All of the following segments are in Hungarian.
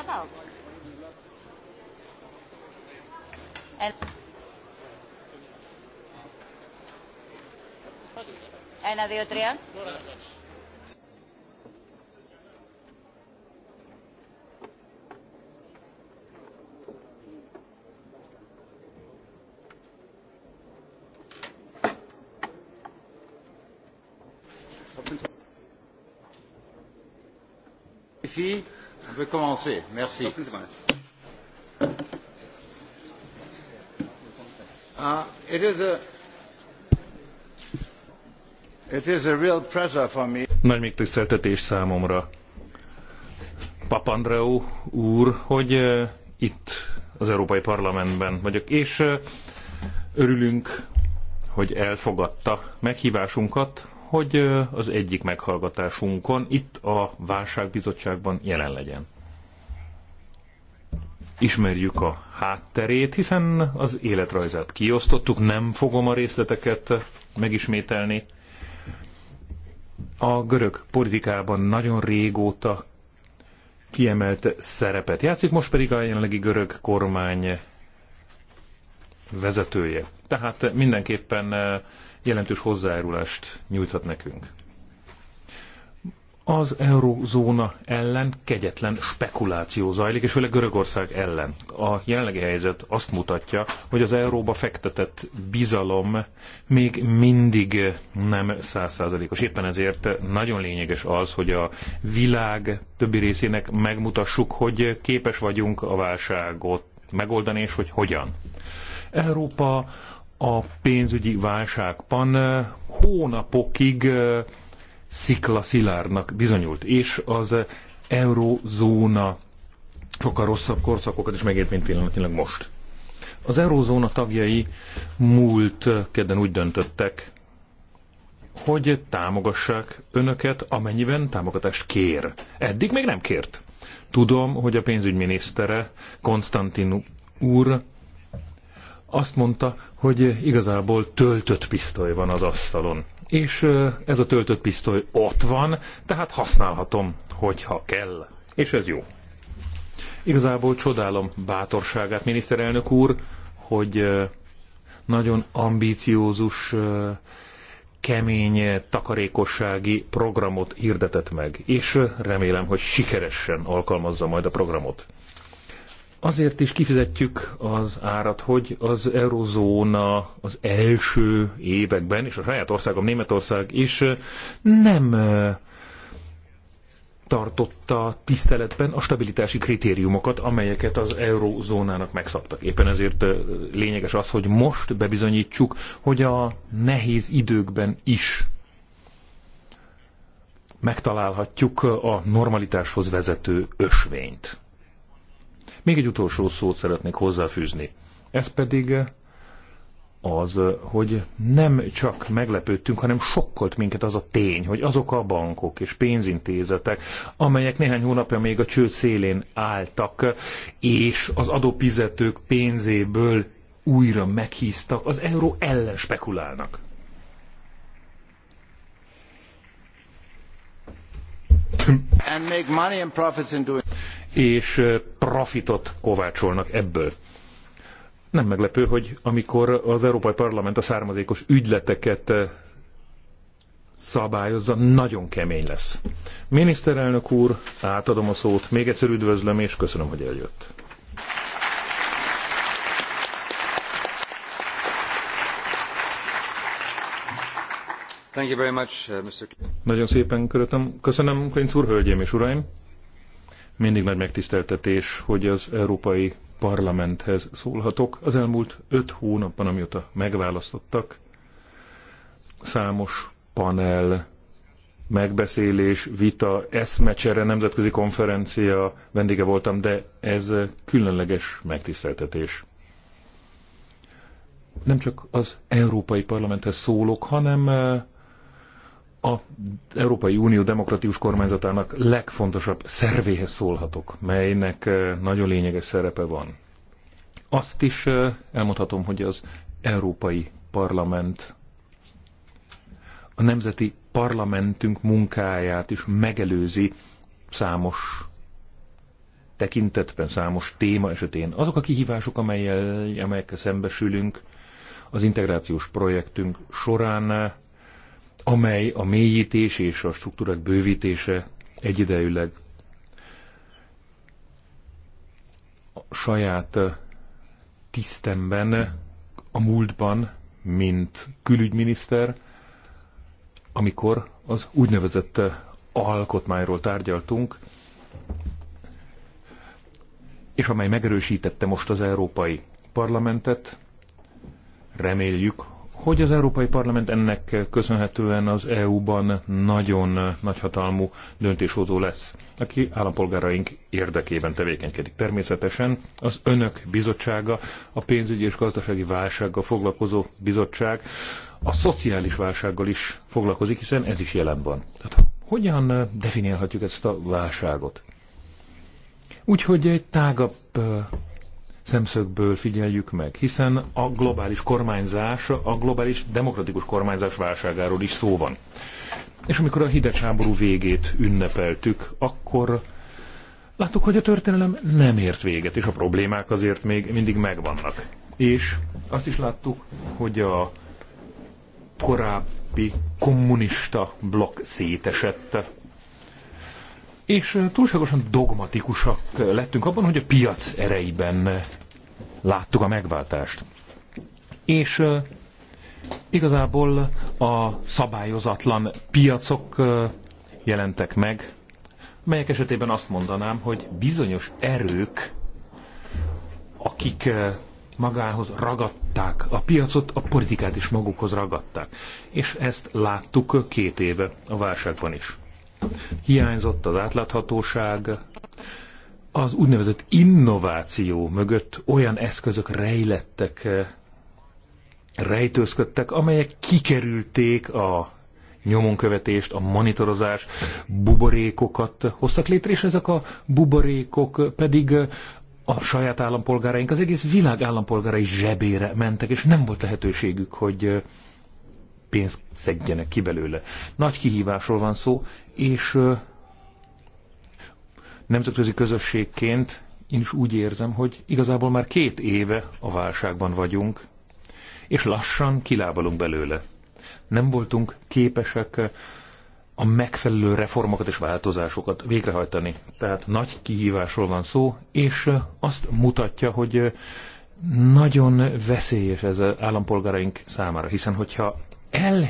about? And, ένα, δύο, τρία. peux commencer. Merci. Uh, Nagy megtiszteltetés számomra, Papandreou úr, hogy uh, itt az Európai Parlamentben vagyok, és uh, örülünk, hogy elfogadta meghívásunkat, hogy az egyik meghallgatásunkon itt a válságbizottságban jelen legyen. Ismerjük a hátterét, hiszen az életrajzát kiosztottuk, nem fogom a részleteket megismételni. A görög politikában nagyon régóta kiemelt szerepet játszik, most pedig a jelenlegi görög kormány vezetője. Tehát mindenképpen jelentős hozzájárulást nyújthat nekünk. Az eurozóna ellen kegyetlen spekuláció zajlik, és főleg Görögország ellen. A jelenlegi helyzet azt mutatja, hogy az euróba fektetett bizalom még mindig nem százszázalékos. Éppen ezért nagyon lényeges az, hogy a világ többi részének megmutassuk, hogy képes vagyunk a válságot megoldani, és hogy hogyan. Európa a pénzügyi válságban eh, hónapokig eh, sziklaszilárnak bizonyult, és az eurozóna sokkal rosszabb korszakokat is megért, mint pillanatilag most. Az eurozóna tagjai múlt kedden úgy döntöttek, hogy támogassák önöket, amennyiben támogatást kér. Eddig még nem kért. Tudom, hogy a pénzügyminisztere, Konstantin úr azt mondta, hogy igazából töltött pisztoly van az asztalon. És ez a töltött pisztoly ott van, tehát használhatom, hogyha kell. És ez jó. Igazából csodálom bátorságát, miniszterelnök úr, hogy nagyon ambíciózus, kemény takarékossági programot hirdetett meg, és remélem, hogy sikeresen alkalmazza majd a programot. Azért is kifizetjük az árat, hogy az eurozóna az első években, és a saját országom Németország is nem tartotta tiszteletben a stabilitási kritériumokat, amelyeket az eurozónának megszabtak. Éppen ezért lényeges az, hogy most bebizonyítsuk, hogy a nehéz időkben is megtalálhatjuk a normalitáshoz vezető ösvényt. Még egy utolsó szót szeretnék hozzáfűzni. Ez pedig az, hogy nem csak meglepődtünk, hanem sokkolt minket az a tény, hogy azok a bankok és pénzintézetek, amelyek néhány hónapja még a csőd szélén álltak, és az adópizetők pénzéből újra meghíztak, az euró ellen spekulálnak. And make money and profits in doing és profitot kovácsolnak ebből. Nem meglepő, hogy amikor az Európai Parlament a származékos ügyleteket szabályozza, nagyon kemény lesz. Miniszterelnök úr, átadom a szót, még egyszer üdvözlöm, és köszönöm, hogy eljött. Thank you very much, uh, Mr. Nagyon szépen köszönöm, köszönöm Klinc úr, hölgyeim és uraim! Mindig nagy megtiszteltetés, hogy az Európai Parlamenthez szólhatok. Az elmúlt öt hónapban, amióta megválasztottak, számos panel, megbeszélés, vita, eszmecsere, nemzetközi konferencia vendége voltam, de ez különleges megtiszteltetés. Nem csak az Európai Parlamenthez szólok, hanem a Európai Unió demokratikus kormányzatának legfontosabb szervéhez szólhatok, melynek nagyon lényeges szerepe van. Azt is elmondhatom, hogy az Európai Parlament a nemzeti parlamentünk munkáját is megelőzi számos tekintetben, számos téma esetén. Azok a kihívások, amelyekkel szembesülünk, az integrációs projektünk során amely a mélyítés és a struktúrák bővítése egyidejűleg a saját tisztemben a múltban, mint külügyminiszter, amikor az úgynevezett alkotmányról tárgyaltunk, és amely megerősítette most az Európai Parlamentet, reméljük, hogy az Európai Parlament ennek köszönhetően az EU-ban nagyon nagyhatalmú döntéshozó lesz, aki állampolgáraink érdekében tevékenykedik. Természetesen az Önök bizottsága, a pénzügyi és gazdasági válsággal foglalkozó bizottság a szociális válsággal is foglalkozik, hiszen ez is jelen van. Tehát hogyan definiálhatjuk ezt a válságot? Úgyhogy egy tágabb szemszögből figyeljük meg, hiszen a globális kormányzás, a globális demokratikus kormányzás válságáról is szó van. És amikor a hidegháború végét ünnepeltük, akkor láttuk, hogy a történelem nem ért véget, és a problémák azért még mindig megvannak. És azt is láttuk, hogy a korábbi kommunista blokk szétesett, és túlságosan dogmatikusak lettünk abban, hogy a piac ereiben láttuk a megváltást. És igazából a szabályozatlan piacok jelentek meg, melyek esetében azt mondanám, hogy bizonyos erők, akik magához ragadták a piacot, a politikát is magukhoz ragadták. És ezt láttuk két éve a válságban is. Hiányzott az átláthatóság, az úgynevezett innováció mögött olyan eszközök rejlettek, eh, rejtőzködtek, amelyek kikerülték a nyomonkövetést, a monitorozás, buborékokat hoztak létre, és ezek a buborékok pedig eh, a saját állampolgáraink, az egész világ állampolgárai zsebére mentek, és nem volt lehetőségük, hogy eh, pénzt szedjenek ki belőle. Nagy kihívásról van szó, és nemzetközi közösségként én is úgy érzem, hogy igazából már két éve a válságban vagyunk, és lassan kilábalunk belőle. Nem voltunk képesek a megfelelő reformokat és változásokat végrehajtani. Tehát nagy kihívásról van szó, és azt mutatja, hogy nagyon veszélyes ez az állampolgáraink számára, hiszen hogyha el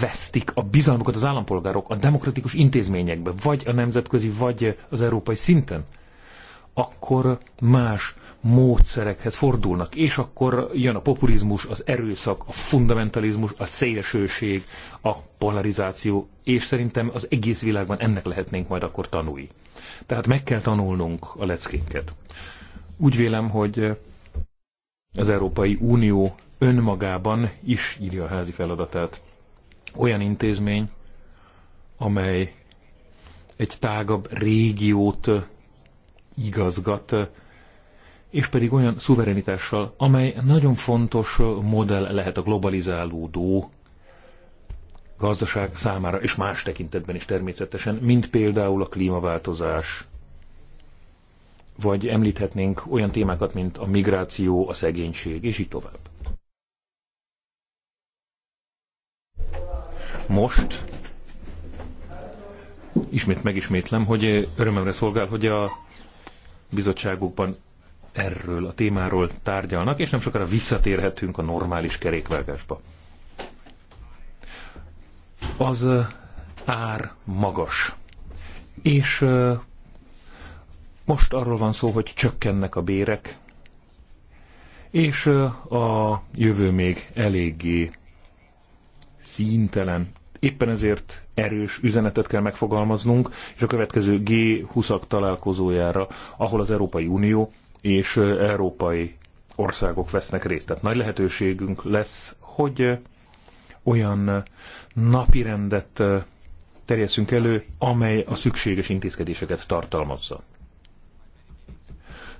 vesztik a bizalmukat az állampolgárok a demokratikus intézményekbe, vagy a nemzetközi, vagy az európai szinten, akkor más módszerekhez fordulnak, és akkor jön a populizmus, az erőszak, a fundamentalizmus, a szélsőség, a polarizáció, és szerintem az egész világban ennek lehetnénk majd akkor tanulni. Tehát meg kell tanulnunk a leckénket. Úgy vélem, hogy az Európai Unió önmagában is írja a házi feladatát olyan intézmény, amely egy tágabb régiót igazgat, és pedig olyan szuverenitással, amely nagyon fontos modell lehet a globalizálódó gazdaság számára, és más tekintetben is természetesen, mint például a klímaváltozás, vagy említhetnénk olyan témákat, mint a migráció, a szegénység, és így tovább. most. Ismét megismétlem, hogy örömemre szolgál, hogy a bizottságukban erről a témáról tárgyalnak, és nem sokára visszatérhetünk a normális kerékvágásba. Az ár magas. És most arról van szó, hogy csökkennek a bérek, és a jövő még eléggé színtelen. Éppen ezért erős üzenetet kell megfogalmaznunk, és a következő G20-ak találkozójára, ahol az Európai Unió és európai országok vesznek részt. Tehát nagy lehetőségünk lesz, hogy olyan napirendet terjesszünk elő, amely a szükséges intézkedéseket tartalmazza.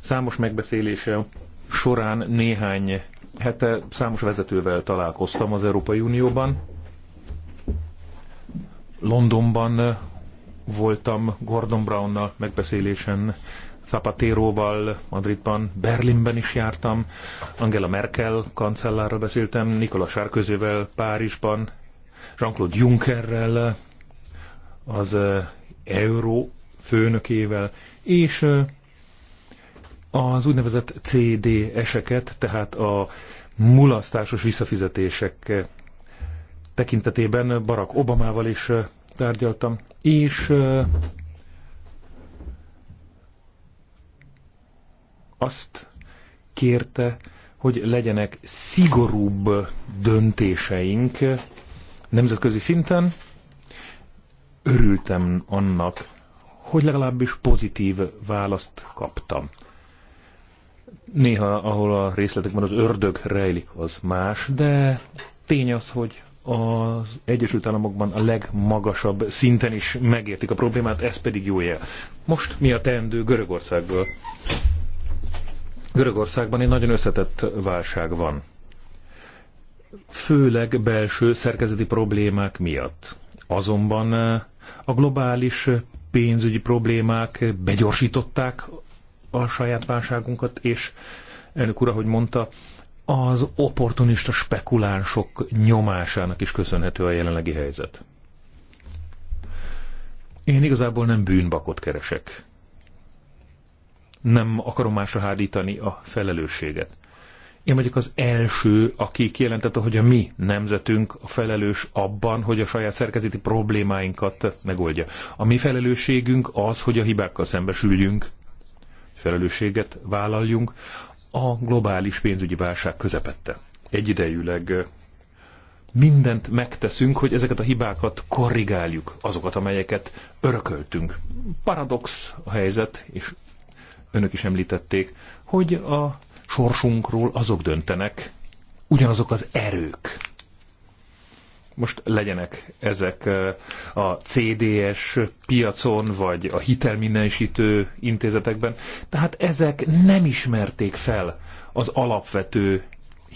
Számos megbeszélése során néhány hete számos vezetővel találkoztam az Európai Unióban, Londonban eh, voltam Gordon Brownnal megbeszélésen, Zapateroval Madridban, Berlinben is jártam, Angela Merkel kancellárral beszéltem, Nikola Sárközővel Párizsban, Jean-Claude Junckerrel, az eh, Euró főnökével, és eh, az úgynevezett CD-eseket, tehát a mulasztásos visszafizetések tekintetében Barack Obamával is tárgyaltam, és azt kérte, hogy legyenek szigorúbb döntéseink nemzetközi szinten. Örültem annak, hogy legalábbis pozitív választ kaptam. Néha, ahol a részletekben az ördög rejlik, az más, de tény az, hogy az Egyesült Államokban a legmagasabb szinten is megértik a problémát, ez pedig jó jel. Most mi a teendő Görögországból? Görögországban egy nagyon összetett válság van. Főleg belső szerkezeti problémák miatt. Azonban eh, a globális pénzügyi problémák begyorsították a saját válságunkat, és elnök úr, ahogy mondta, az opportunista spekulánsok nyomásának is köszönhető a jelenlegi helyzet. Én igazából nem bűnbakot keresek. Nem akarom másra hárítani a felelősséget. Én vagyok az első, aki kijelentette, hogy a mi nemzetünk a felelős abban, hogy a saját szerkezeti problémáinkat megoldja. A mi felelősségünk az, hogy a hibákkal szembesüljünk, felelősséget vállaljunk, a globális pénzügyi válság közepette. Egyidejűleg mindent megteszünk, hogy ezeket a hibákat korrigáljuk, azokat, amelyeket örököltünk. Paradox a helyzet, és önök is említették, hogy a sorsunkról azok döntenek, ugyanazok az erők, most legyenek ezek a CDS piacon, vagy a hitelminősítő intézetekben. Tehát ezek nem ismerték fel az alapvető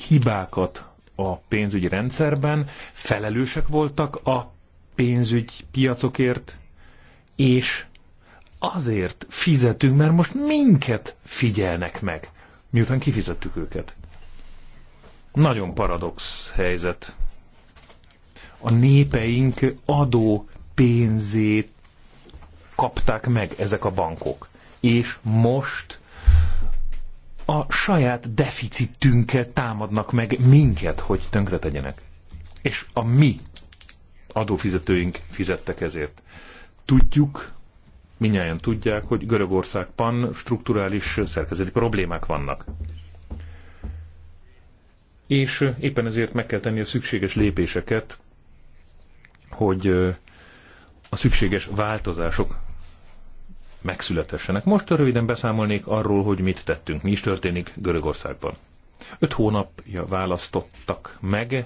hibákat a pénzügyi rendszerben, felelősek voltak a pénzügy piacokért, és azért fizetünk, mert most minket figyelnek meg, miután kifizettük őket. Nagyon paradox helyzet a népeink adó pénzét kapták meg ezek a bankok. És most a saját deficitünkkel támadnak meg minket, hogy tönkre tegyenek. És a mi adófizetőink fizettek ezért. Tudjuk, minnyáján tudják, hogy Görögországban strukturális szerkezeti problémák vannak. És éppen ezért meg kell tenni a szükséges lépéseket hogy a szükséges változások megszületessenek. Most röviden beszámolnék arról, hogy mit tettünk, mi is történik Görögországban. Öt hónapja választottak meg,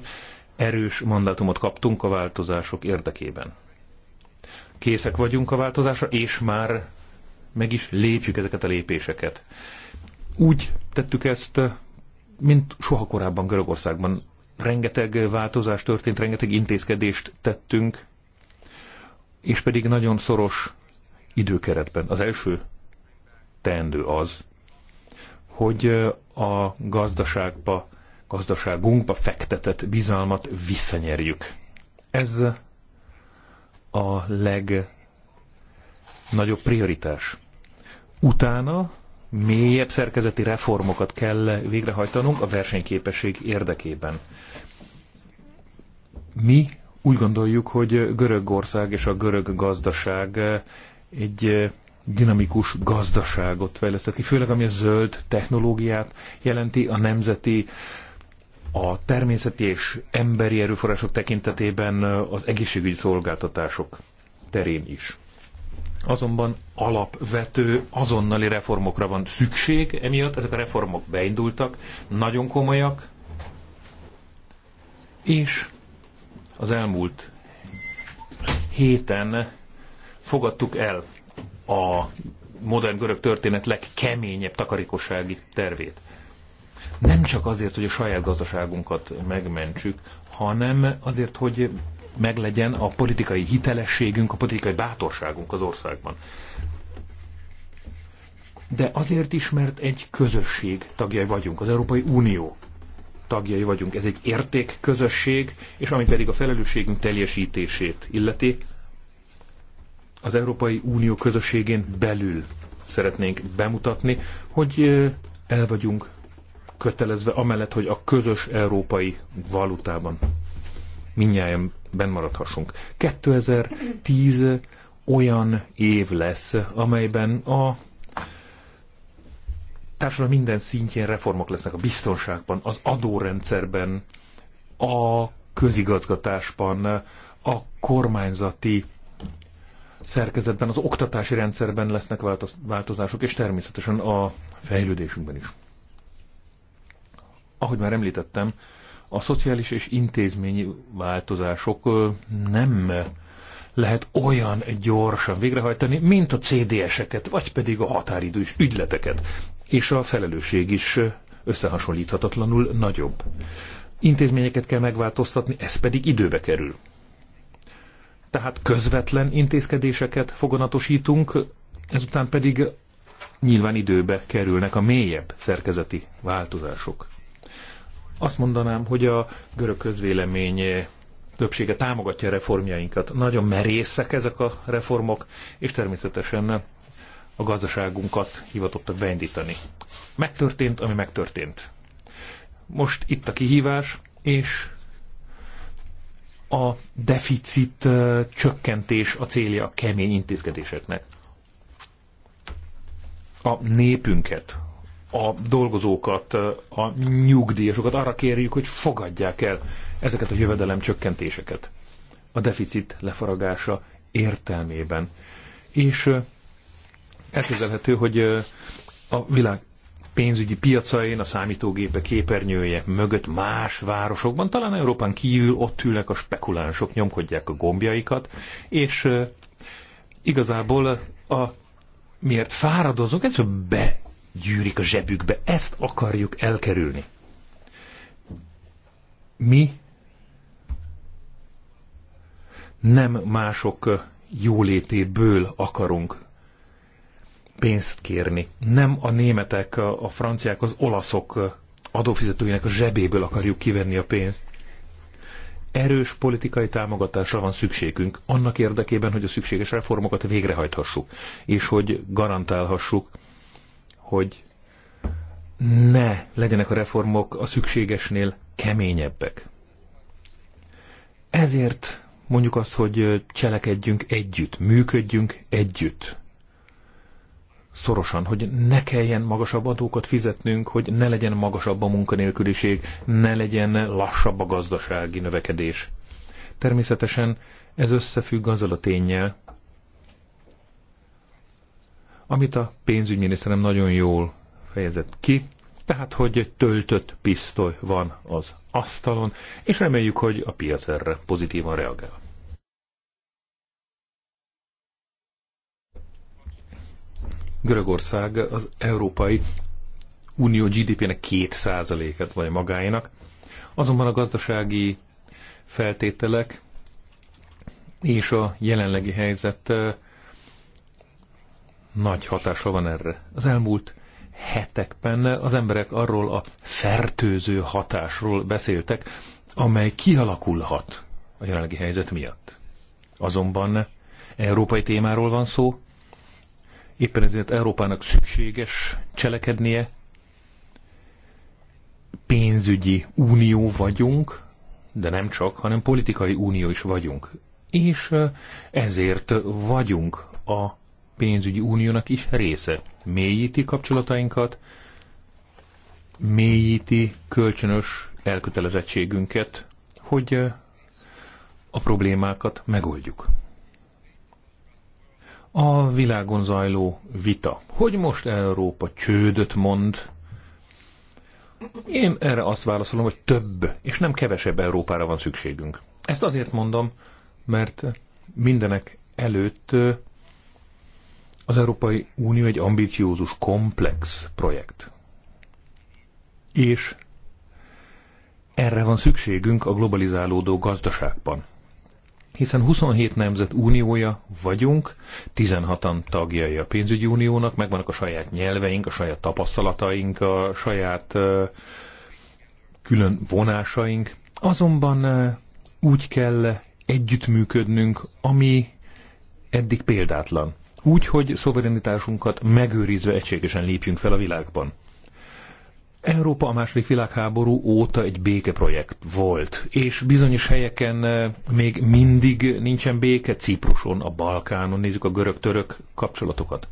erős mandátumot kaptunk a változások érdekében. Készek vagyunk a változásra, és már meg is lépjük ezeket a lépéseket. Úgy tettük ezt, mint soha korábban Görögországban rengeteg változás történt, rengeteg intézkedést tettünk, és pedig nagyon szoros időkeretben. Az első teendő az, hogy a gazdaságba, gazdaságunkba fektetett bizalmat visszanyerjük. Ez a legnagyobb prioritás. Utána mélyebb szerkezeti reformokat kell végrehajtanunk a versenyképesség érdekében. Mi úgy gondoljuk, hogy Görögország és a görög gazdaság eh, egy eh, dinamikus gazdaságot fejlesztett ki, főleg ami a zöld technológiát jelenti, a nemzeti, a természeti és emberi erőforrások tekintetében eh, az egészségügyi szolgáltatások terén is azonban alapvető, azonnali reformokra van szükség, emiatt ezek a reformok beindultak, nagyon komolyak, és az elmúlt héten fogadtuk el a modern görög történet legkeményebb takarékossági tervét. Nem csak azért, hogy a saját gazdaságunkat megmentsük, hanem azért, hogy meglegyen a politikai hitelességünk, a politikai bátorságunk az országban. De azért is, mert egy közösség tagjai vagyunk, az Európai Unió tagjai vagyunk. Ez egy értékközösség, és ami pedig a felelősségünk teljesítését illeti, az Európai Unió közösségén belül szeretnénk bemutatni, hogy el vagyunk kötelezve, amellett, hogy a közös európai valutában minnyáján maradhassunk. 2010 olyan év lesz, amelyben a társadalom minden szintjén reformok lesznek a biztonságban, az adórendszerben, a közigazgatásban, a kormányzati szerkezetben, az oktatási rendszerben lesznek változások, és természetesen a fejlődésünkben is. Ahogy már említettem, a szociális és intézményi változások nem lehet olyan gyorsan végrehajtani, mint a CDS-eket, vagy pedig a határidős ügyleteket. És a felelősség is összehasonlíthatatlanul nagyobb. Intézményeket kell megváltoztatni, ez pedig időbe kerül. Tehát közvetlen intézkedéseket foganatosítunk, ezután pedig nyilván időbe kerülnek a mélyebb szerkezeti változások. Azt mondanám, hogy a görög közvélemény többsége támogatja a reformjainkat. Nagyon merészek ezek a reformok, és természetesen a gazdaságunkat hivatottak beindítani. Megtörtént, ami megtörtént. Most itt a kihívás, és a deficit csökkentés a célja a kemény intézkedéseknek. A népünket a dolgozókat, a nyugdíjasokat arra kérjük, hogy fogadják el ezeket a jövedelem csökkentéseket. A deficit lefaragása értelmében. És elképzelhető, hogy a világ pénzügyi piacain, a számítógépe képernyője mögött más városokban, talán Európán kívül ott ülnek a spekulánsok, nyomkodják a gombjaikat, és igazából a miért fáradozunk, egyszerűen be gyűrik a zsebükbe. Ezt akarjuk elkerülni. Mi nem mások jólétéből akarunk pénzt kérni. Nem a németek, a franciák, az olaszok adófizetőinek a zsebéből akarjuk kivenni a pénzt. Erős politikai támogatásra van szükségünk, annak érdekében, hogy a szükséges reformokat végrehajthassuk, és hogy garantálhassuk, hogy ne legyenek a reformok a szükségesnél keményebbek. Ezért mondjuk azt, hogy cselekedjünk együtt, működjünk együtt. Szorosan, hogy ne kelljen magasabb adókat fizetnünk, hogy ne legyen magasabb a munkanélküliség, ne legyen lassabb a gazdasági növekedés. Természetesen ez összefügg azzal a tényel, amit a pénzügyminiszterem nagyon jól fejezett ki, tehát, hogy egy töltött pisztoly van az asztalon, és reméljük, hogy a piac erre pozitívan reagál. Görögország az Európai Unió GDP-nek 2 százaléket vagy magáénak, azonban a gazdasági feltételek és a jelenlegi helyzet nagy hatása van erre. Az elmúlt hetekben az emberek arról a fertőző hatásról beszéltek, amely kialakulhat a jelenlegi helyzet miatt. Azonban európai témáról van szó, éppen ezért Európának szükséges cselekednie, pénzügyi unió vagyunk, de nem csak, hanem politikai unió is vagyunk. És eh, ezért vagyunk a pénzügyi uniónak is része. Mélyíti kapcsolatainkat, mélyíti kölcsönös elkötelezettségünket, hogy a problémákat megoldjuk. A világon zajló vita, hogy most Európa csődöt mond, én erre azt válaszolom, hogy több és nem kevesebb Európára van szükségünk. Ezt azért mondom, mert mindenek előtt az Európai Unió egy ambiciózus, komplex projekt. És erre van szükségünk a globalizálódó gazdaságban. Hiszen 27 nemzet uniója vagyunk, 16-an tagjai a pénzügyi uniónak, megvannak a saját nyelveink, a saját tapasztalataink, a saját uh, külön vonásaink. Azonban uh, úgy kell együttműködnünk, ami eddig példátlan úgy, hogy szuverenitásunkat megőrizve egységesen lépjünk fel a világban. Európa a második világháború óta egy békeprojekt volt, és bizonyos helyeken eh, még mindig nincsen béke, Cipruson, a Balkánon, nézzük a görög-török kapcsolatokat.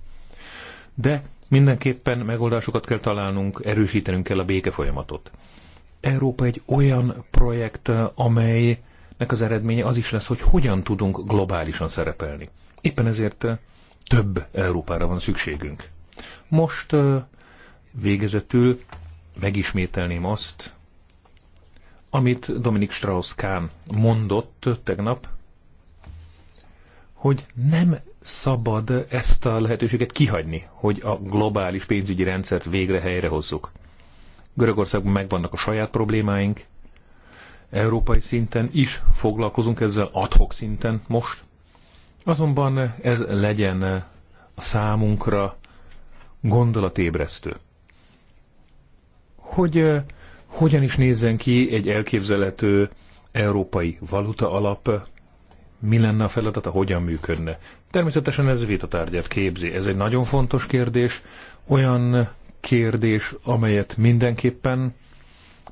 De mindenképpen megoldásokat kell találnunk, erősítenünk kell a béke folyamatot. Európa egy olyan projekt, eh, amelynek az eredménye az is lesz, hogy hogyan tudunk globálisan szerepelni. Éppen ezért eh, több Európára van szükségünk. Most végezetül megismételném azt, amit Dominik Strauss-Kahn mondott tegnap, hogy nem szabad ezt a lehetőséget kihagyni, hogy a globális pénzügyi rendszert végre helyrehozzuk. Görögországban megvannak a saját problémáink, európai szinten is foglalkozunk ezzel adhok szinten most, Azonban ez legyen a számunkra gondolatébresztő. Hogy eh, hogyan is nézzen ki egy elképzelhető európai valuta alap, mi lenne a feladata, hogyan működne. Természetesen ez vitatárgyat képzi. Ez egy nagyon fontos kérdés, olyan kérdés, amelyet mindenképpen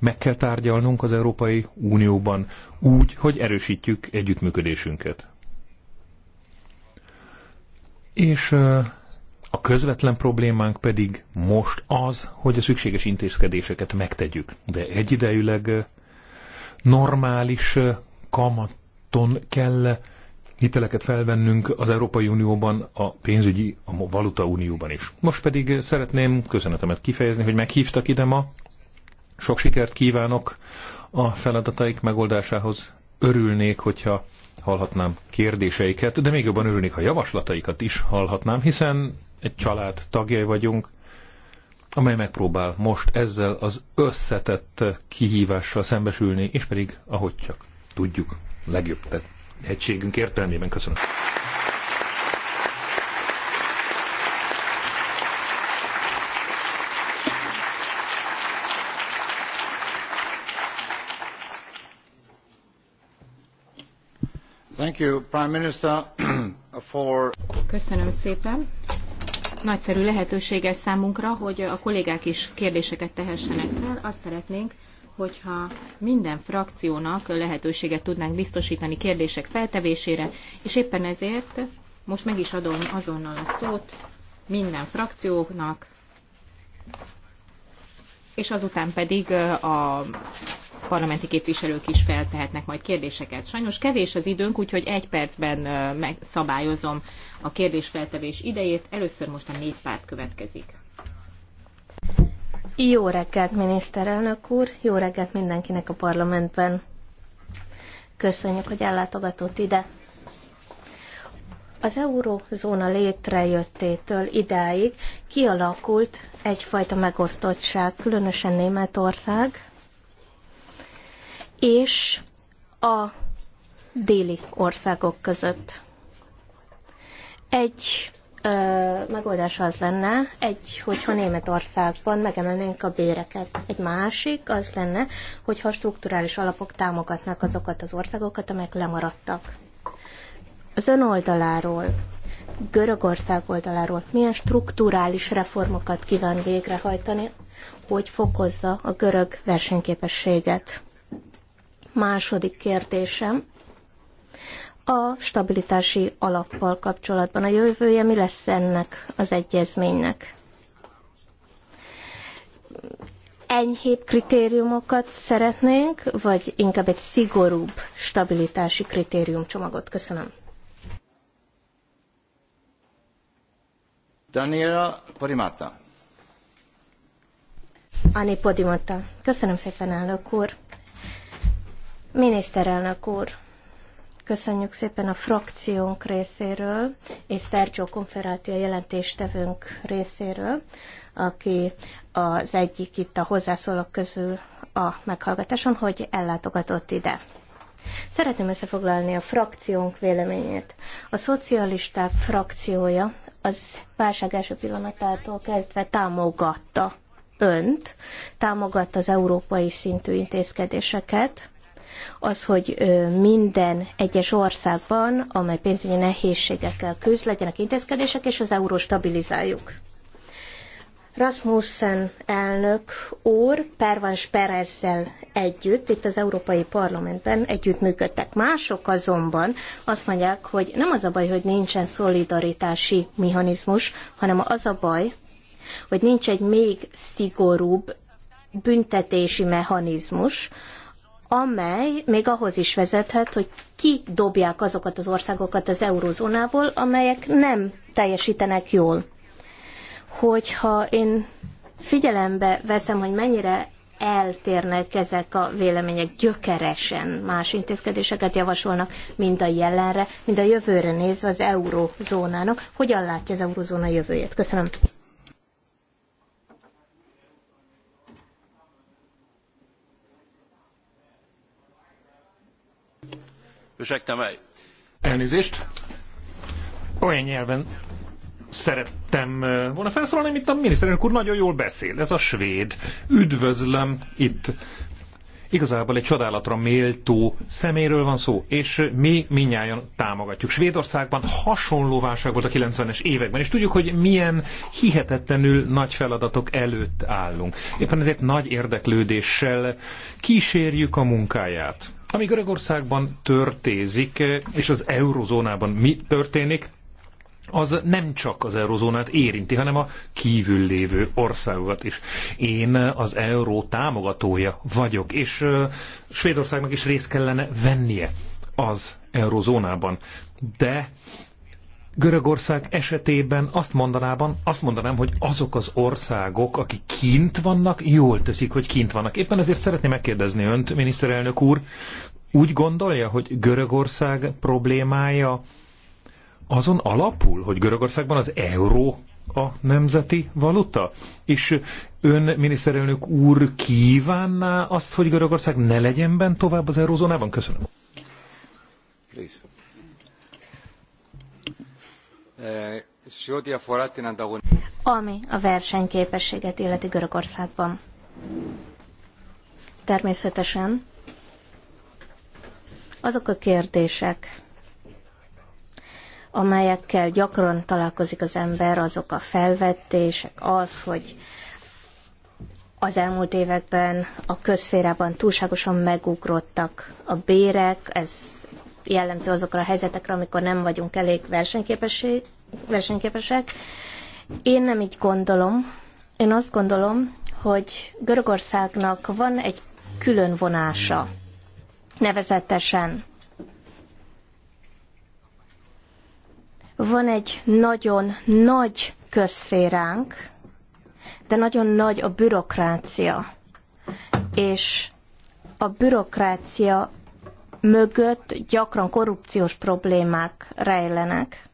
meg kell tárgyalnunk az Európai Unióban úgy, hogy erősítjük együttműködésünket. És a közvetlen problémánk pedig most az, hogy a szükséges intézkedéseket megtegyük. De egyidejűleg normális kamaton kell hiteleket felvennünk az Európai Unióban, a pénzügyi, a valuta unióban is. Most pedig szeretném köszönetemet kifejezni, hogy meghívtak ide ma. Sok sikert kívánok a feladataik megoldásához. Örülnék, hogyha hallhatnám kérdéseiket, de még jobban örülnék, ha javaslataikat is hallhatnám, hiszen egy család tagjai vagyunk, amely megpróbál most ezzel az összetett kihívással szembesülni, és pedig, ahogy csak tudjuk, legjobb egységünk értelmében. Köszönöm. Thank you, Prime Minister, for... Köszönöm szépen. Nagyszerű lehetőség ez számunkra, hogy a kollégák is kérdéseket tehessenek fel. Azt szeretnénk, hogyha minden frakciónak lehetőséget tudnánk biztosítani kérdések feltevésére, és éppen ezért most meg is adom azonnal a szót minden frakcióknak, és azután pedig a parlamenti képviselők is feltehetnek majd kérdéseket. Sajnos kevés az időnk, úgyhogy egy percben megszabályozom a kérdésfeltevés idejét. Először most a párt következik. Jó reggelt, miniszterelnök úr! Jó reggelt mindenkinek a parlamentben! Köszönjük, hogy ellátogatott ide. Az eurózóna létrejöttétől idáig kialakult egyfajta megosztottság, különösen Németország, és a déli országok között. Egy ö, megoldás az lenne, egy, hogyha Németországban megemelnénk a béreket. Egy másik az lenne, hogyha strukturális alapok támogatnák azokat az országokat, amelyek lemaradtak. Az ön oldaláról, Görögország oldaláról milyen strukturális reformokat kíván végrehajtani, hogy fokozza a görög versenyképességet? Második kérdésem. A stabilitási alappal kapcsolatban a jövője mi lesz ennek az egyezménynek? Enyhébb kritériumokat szeretnénk, vagy inkább egy szigorúbb stabilitási kritériumcsomagot? Köszönöm. Daniela Podimata. Ani Podimata. Köszönöm szépen, elnök úr. Miniszterelnök úr, köszönjük szépen a frakciónk részéről, és Sergio Konferáti jelentéstevőnk részéről, aki az egyik itt a hozzászólók közül a meghallgatáson, hogy ellátogatott ide. Szeretném összefoglalni a frakciónk véleményét. A szocialisták frakciója az válság első pillanatától kezdve támogatta önt, támogatta az európai szintű intézkedéseket, az, hogy minden egyes országban, amely pénzügyi nehézségekkel küzd, legyenek intézkedések, és az euró stabilizáljuk. Rasmussen elnök úr Pervans Perezzel együtt, itt az Európai Parlamentben együttműködtek. Mások azonban azt mondják, hogy nem az a baj, hogy nincsen szolidaritási mechanizmus, hanem az a baj, hogy nincs egy még szigorúbb büntetési mechanizmus, amely még ahhoz is vezethet, hogy kidobják azokat az országokat az eurózónából, amelyek nem teljesítenek jól. Hogyha én figyelembe veszem, hogy mennyire eltérnek ezek a vélemények, gyökeresen más intézkedéseket javasolnak, mind a jelenre, mind a jövőre nézve az eurózónának. Hogyan látja az eurózóna jövőjét? Köszönöm. Elnézést. Olyan nyelven szerettem volna felszólalni, mint a miniszterelnök úr nagyon jól beszél. Ez a svéd. Üdvözlöm itt. Igazából egy csodálatra méltó szeméről van szó, és mi minnyáján támogatjuk. Svédországban hasonló válság volt a 90-es években, és tudjuk, hogy milyen hihetetlenül nagy feladatok előtt állunk. Éppen ezért nagy érdeklődéssel kísérjük a munkáját. Ami Görögországban történik és az eurozónában mi történik, az nem csak az eurozónát érinti, hanem a kívül lévő országokat is. Én az euró támogatója vagyok, és Svédországnak is részt kellene vennie az eurozónában. De Görögország esetében azt mondanában, azt mondanám, hogy azok az országok, akik kint vannak, jól teszik, hogy kint vannak. Éppen ezért szeretném megkérdezni önt, miniszterelnök úr, úgy gondolja, hogy Görögország problémája azon alapul, hogy Görögországban az euró a nemzeti valuta? És ön, miniszterelnök úr, kívánná azt, hogy Görögország ne legyen bent tovább az eurózónában? Köszönöm. Please. Ami a versenyképességet illeti Görögországban. Természetesen azok a kérdések, amelyekkel gyakran találkozik az ember, azok a felvetések, az, hogy az elmúlt években a közférában túlságosan megugrottak a bérek, ez jellemző azokra a helyzetekre, amikor nem vagyunk elég versenyképesek. Én nem így gondolom. Én azt gondolom, hogy Görögországnak van egy külön vonása, nevezetesen van egy nagyon nagy közszféránk, de nagyon nagy a bürokrácia. És a bürokrácia mögött gyakran korrupciós problémák rejlenek.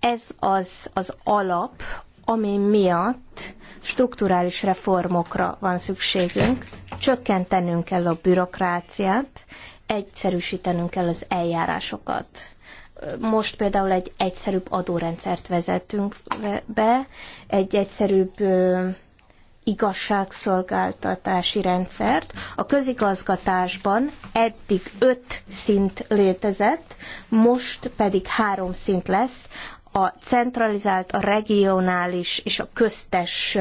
Ez az az alap, ami miatt strukturális reformokra van szükségünk, csökkentenünk kell a bürokráciát, egyszerűsítenünk kell az eljárásokat. Most például egy egyszerűbb adórendszert vezetünk be, egy egyszerűbb igazságszolgáltatási rendszert. A közigazgatásban eddig öt szint létezett, most pedig három szint lesz, a centralizált, a regionális és a köztes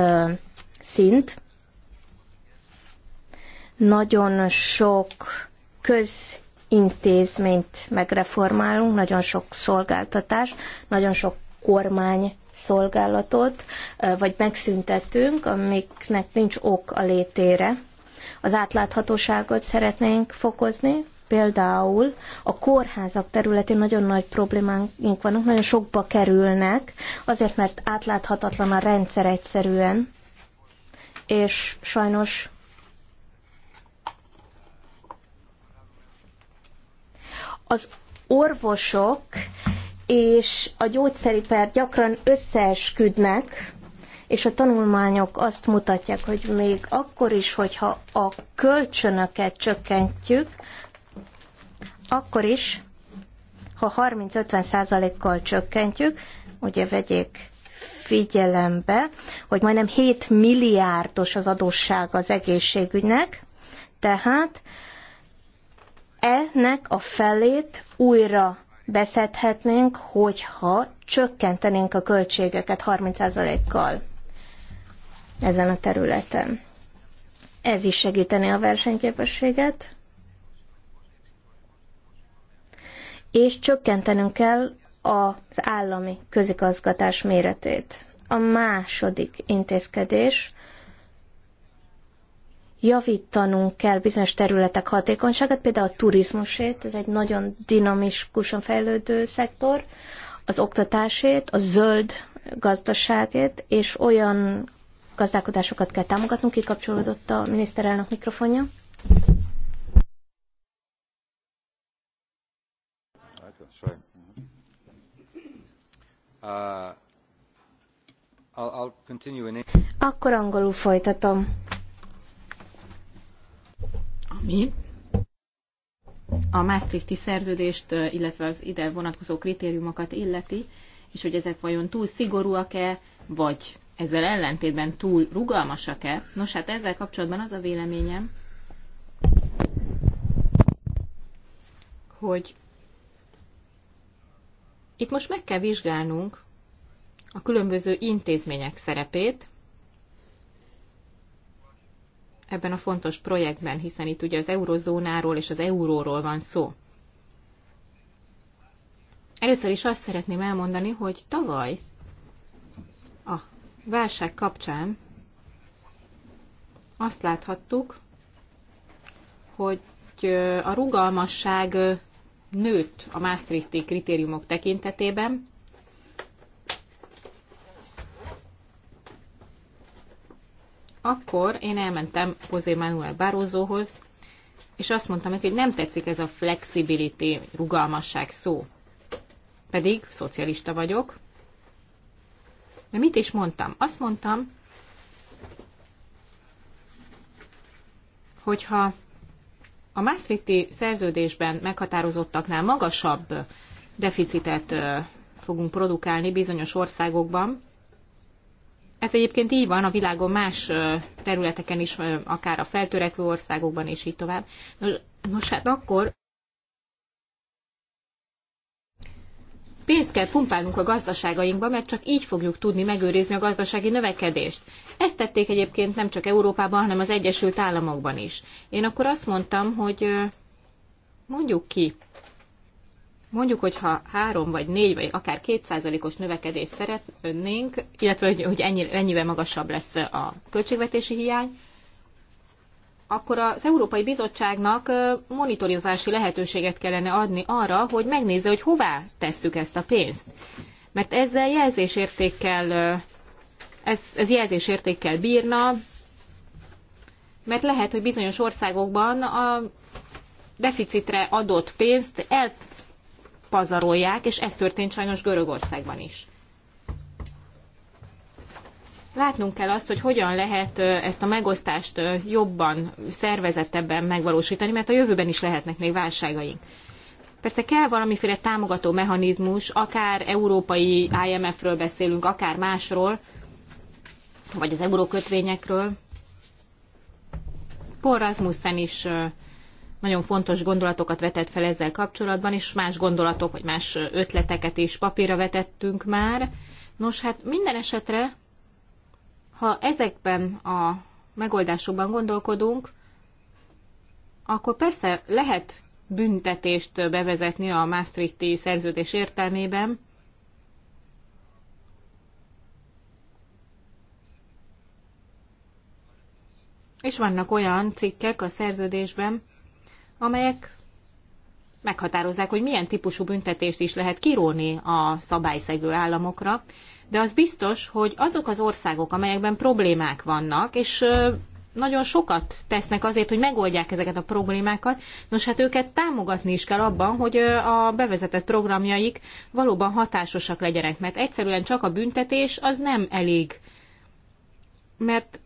szint. Nagyon sok köz intézményt megreformálunk, nagyon sok szolgáltatás, nagyon sok kormány szolgálatot, vagy megszüntetünk, amiknek nincs ok a létére. Az átláthatóságot szeretnénk fokozni, például a kórházak területén nagyon nagy problémánk van, nagyon sokba kerülnek, azért mert átláthatatlan a rendszer egyszerűen, és sajnos az orvosok és a gyógyszeripar gyakran összeesküdnek, és a tanulmányok azt mutatják, hogy még akkor is, hogyha a kölcsönöket csökkentjük, akkor is, ha 30-50 százalékkal csökkentjük, ugye vegyék figyelembe, hogy majdnem 7 milliárdos az adósság az egészségügynek, tehát ennek a felét újra beszedhetnénk, hogyha csökkentenénk a költségeket 30%-kal ezen a területen. Ez is segíteni a versenyképességet, és csökkentenünk kell az állami közigazgatás méretét. A második intézkedés javítanunk kell bizonyos területek hatékonyságát, például a turizmusét, ez egy nagyon dinamikusan fejlődő szektor, az oktatásét, a zöld gazdaságét, és olyan gazdálkodásokat kell támogatnunk, kikapcsolódott a miniszterelnök mikrofonja. Uh, Akkor angolul folytatom mi a Maastrichti szerződést, illetve az ide vonatkozó kritériumokat illeti, és hogy ezek vajon túl szigorúak-e, vagy ezzel ellentétben túl rugalmasak-e. Nos, hát ezzel kapcsolatban az a véleményem, hogy itt most meg kell vizsgálnunk a különböző intézmények szerepét, ebben a fontos projektben, hiszen itt ugye az eurozónáról és az euróról van szó. Először is azt szeretném elmondani, hogy tavaly a válság kapcsán azt láthattuk, hogy a rugalmasság nőtt a Maastrichti kritériumok tekintetében, akkor én elmentem José Manuel Barózóhoz, és azt mondtam neki, hogy nem tetszik ez a flexibility, rugalmasság szó. Pedig szocialista vagyok. De mit is mondtam? Azt mondtam, hogyha a Maastrichti szerződésben meghatározottaknál magasabb deficitet fogunk produkálni bizonyos országokban, ez egyébként így van a világon más területeken is, akár a feltörekvő országokban, és így tovább. Nos, hát akkor Pénzt kell pumpálnunk a gazdaságainkba, mert csak így fogjuk tudni megőrizni a gazdasági növekedést. Ezt tették egyébként nem csak Európában, hanem az Egyesült Államokban is. Én akkor azt mondtam, hogy mondjuk ki mondjuk, hogyha három vagy négy vagy akár kétszázalékos növekedést szeretnénk, illetve hogy, hogy ennyi, ennyivel magasabb lesz a költségvetési hiány, akkor az Európai Bizottságnak monitorizási lehetőséget kellene adni arra, hogy megnézze, hogy hová tesszük ezt a pénzt. Mert ezzel jelzésértékkel, ez, ez jelzésértékkel bírna, mert lehet, hogy bizonyos országokban a deficitre adott pénzt el pazarolják, és ez történt sajnos Görögországban is. Látnunk kell azt, hogy hogyan lehet ezt a megosztást jobban, szervezettebben megvalósítani, mert a jövőben is lehetnek még válságaink. Persze kell valamiféle támogató mechanizmus, akár európai IMF-ről beszélünk, akár másról, vagy az eurókötvényekről. Paul Rasmussen is nagyon fontos gondolatokat vetett fel ezzel kapcsolatban, és más gondolatok, vagy más ötleteket is papírra vetettünk már. Nos, hát minden esetre, ha ezekben a megoldásokban gondolkodunk, akkor persze lehet büntetést bevezetni a Maastrichti szerződés értelmében, És vannak olyan cikkek a szerződésben, amelyek meghatározzák, hogy milyen típusú büntetést is lehet kiróni a szabályszegő államokra, de az biztos, hogy azok az országok, amelyekben problémák vannak, és nagyon sokat tesznek azért, hogy megoldják ezeket a problémákat. Nos, hát őket támogatni is kell abban, hogy a bevezetett programjaik valóban hatásosak legyenek, mert egyszerűen csak a büntetés az nem elég. Mert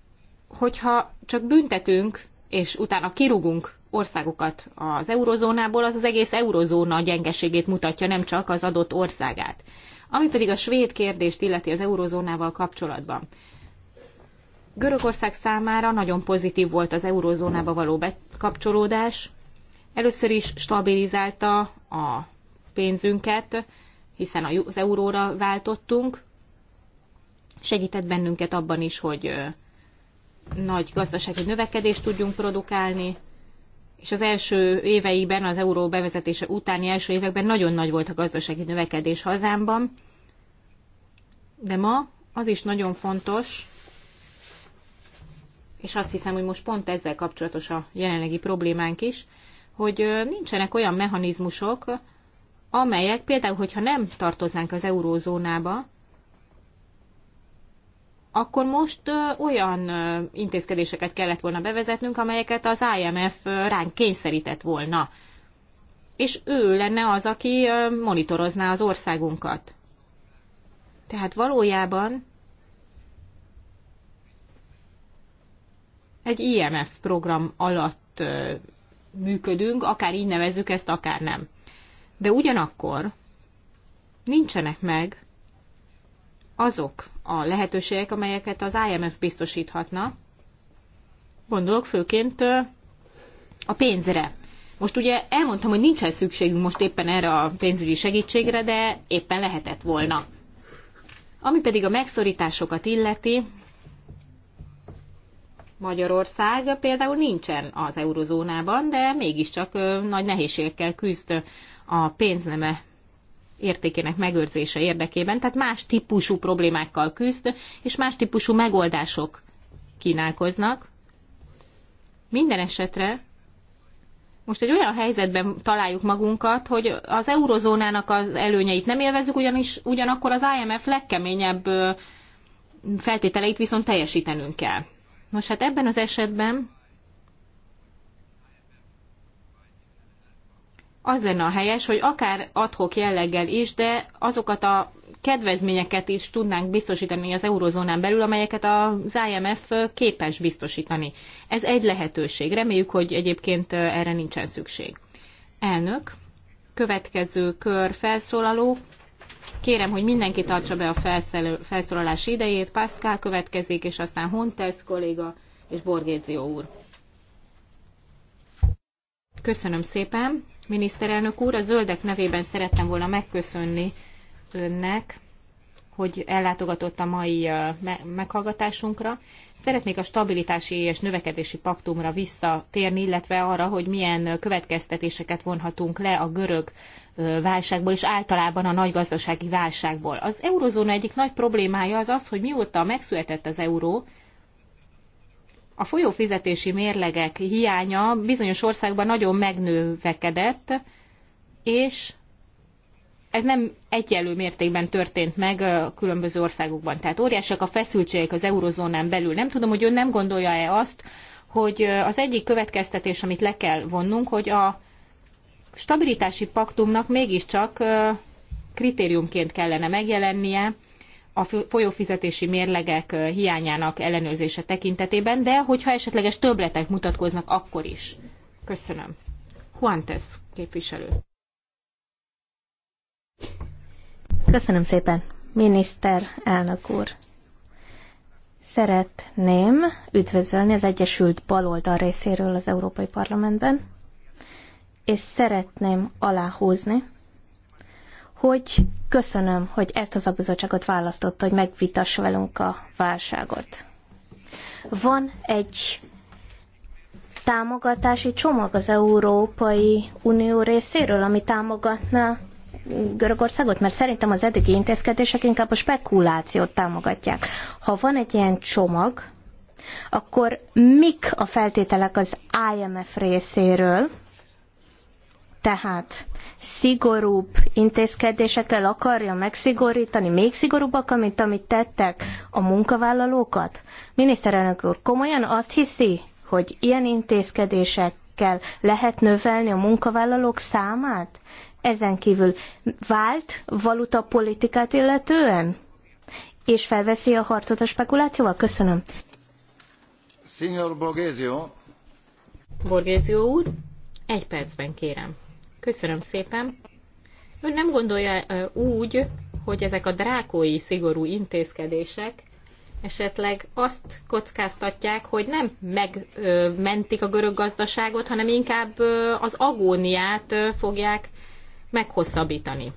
hogyha csak büntetünk, és utána kirugunk országokat az eurozónából, az az egész eurozóna gyengeségét mutatja, nem csak az adott országát. Ami pedig a svéd kérdést illeti az eurozónával kapcsolatban. Görögország számára nagyon pozitív volt az eurozónába való bekapcsolódás. Először is stabilizálta a pénzünket, hiszen az euróra váltottunk. Segített bennünket abban is, hogy nagy gazdasági növekedést tudjunk produkálni, és az első éveiben, az euró bevezetése utáni első években nagyon nagy volt a gazdasági növekedés hazámban, de ma az is nagyon fontos, és azt hiszem, hogy most pont ezzel kapcsolatos a jelenlegi problémánk is, hogy nincsenek olyan mechanizmusok, amelyek például, hogyha nem tartoznánk az eurózónába, akkor most olyan intézkedéseket kellett volna bevezetnünk, amelyeket az IMF ránk kényszerített volna. És ő lenne az, aki monitorozná az országunkat. Tehát valójában egy IMF program alatt működünk, akár így nevezzük ezt, akár nem. De ugyanakkor nincsenek meg azok a lehetőségek, amelyeket az IMF biztosíthatna. Gondolok főként a pénzre. Most ugye elmondtam, hogy nincsen szükségünk most éppen erre a pénzügyi segítségre, de éppen lehetett volna. Ami pedig a megszorításokat illeti, Magyarország például nincsen az eurozónában, de mégiscsak nagy nehézségekkel küzd a pénzneme értékének megőrzése érdekében, tehát más típusú problémákkal küzd, és más típusú megoldások kínálkoznak. Minden esetre most egy olyan helyzetben találjuk magunkat, hogy az eurozónának az előnyeit nem élvezzük, ugyanis ugyanakkor az IMF legkeményebb feltételeit viszont teljesítenünk kell. Nos, hát ebben az esetben az lenne a helyes, hogy akár adhok jelleggel is, de azokat a kedvezményeket is tudnánk biztosítani az eurozónán belül, amelyeket az IMF képes biztosítani. Ez egy lehetőség. Reméljük, hogy egyébként erre nincsen szükség. Elnök, következő kör felszólaló. Kérem, hogy mindenki tartsa be a felszólalás idejét. Pászkál következik, és aztán Hontes kolléga és Borgézió úr. Köszönöm szépen. Miniszterelnök úr, a zöldek nevében szerettem volna megköszönni önnek, hogy ellátogatott a mai meghallgatásunkra. Szeretnék a stabilitási és növekedési paktumra visszatérni, illetve arra, hogy milyen következtetéseket vonhatunk le a görög válságból, és általában a nagy gazdasági válságból. Az eurozóna egyik nagy problémája az az, hogy mióta megszületett az euró, a folyófizetési mérlegek hiánya bizonyos országban nagyon megnővekedett, és ez nem egyenlő mértékben történt meg a különböző országokban. Tehát óriásak a feszültségek az eurozónán belül. Nem tudom, hogy ön nem gondolja-e azt, hogy az egyik következtetés, amit le kell vonnunk, hogy a stabilitási paktumnak mégiscsak kritériumként kellene megjelennie a folyófizetési mérlegek hiányának ellenőrzése tekintetében, de hogyha esetleges többletek mutatkoznak, akkor is. Köszönöm. Juantes képviselő. Köszönöm szépen, miniszter elnök úr. Szeretném üdvözölni az Egyesült Baloldal részéről az Európai Parlamentben, és szeretném aláhúzni, hogy köszönöm, hogy ezt a szakbizottságot választotta, hogy megvitassa velünk a válságot. Van egy támogatási csomag az Európai Unió részéről, ami támogatná Görögországot, mert szerintem az eddigi intézkedések inkább a spekulációt támogatják. Ha van egy ilyen csomag, akkor mik a feltételek az IMF részéről? Tehát szigorúbb intézkedésekkel akarja megszigorítani, még szigorúbbak, mint amit tettek a munkavállalókat? Miniszterelnök úr, komolyan azt hiszi, hogy ilyen intézkedésekkel lehet növelni a munkavállalók számát? Ezen kívül vált valutapolitikát illetően? És felveszi a harcot a spekulációval? Köszönöm. Signor Borghezio. Borghezio úr, egy percben kérem. Köszönöm szépen. Ön nem gondolja úgy, hogy ezek a drákói szigorú intézkedések esetleg azt kockáztatják, hogy nem megmentik a görög gazdaságot, hanem inkább az agóniát fogják meghosszabbítani.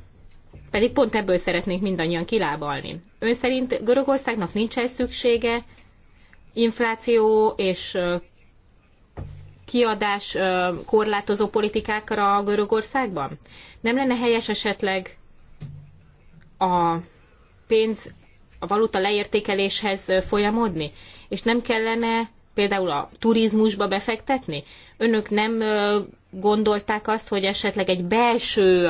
Pedig pont ebből szeretnénk mindannyian kilábalni. Ön szerint Görögországnak nincs ez szüksége infláció és kiadás korlátozó politikákra a Görögországban? Nem lenne helyes esetleg a pénz, a valuta leértékeléshez folyamodni? És nem kellene például a turizmusba befektetni? Önök nem gondolták azt, hogy esetleg egy belső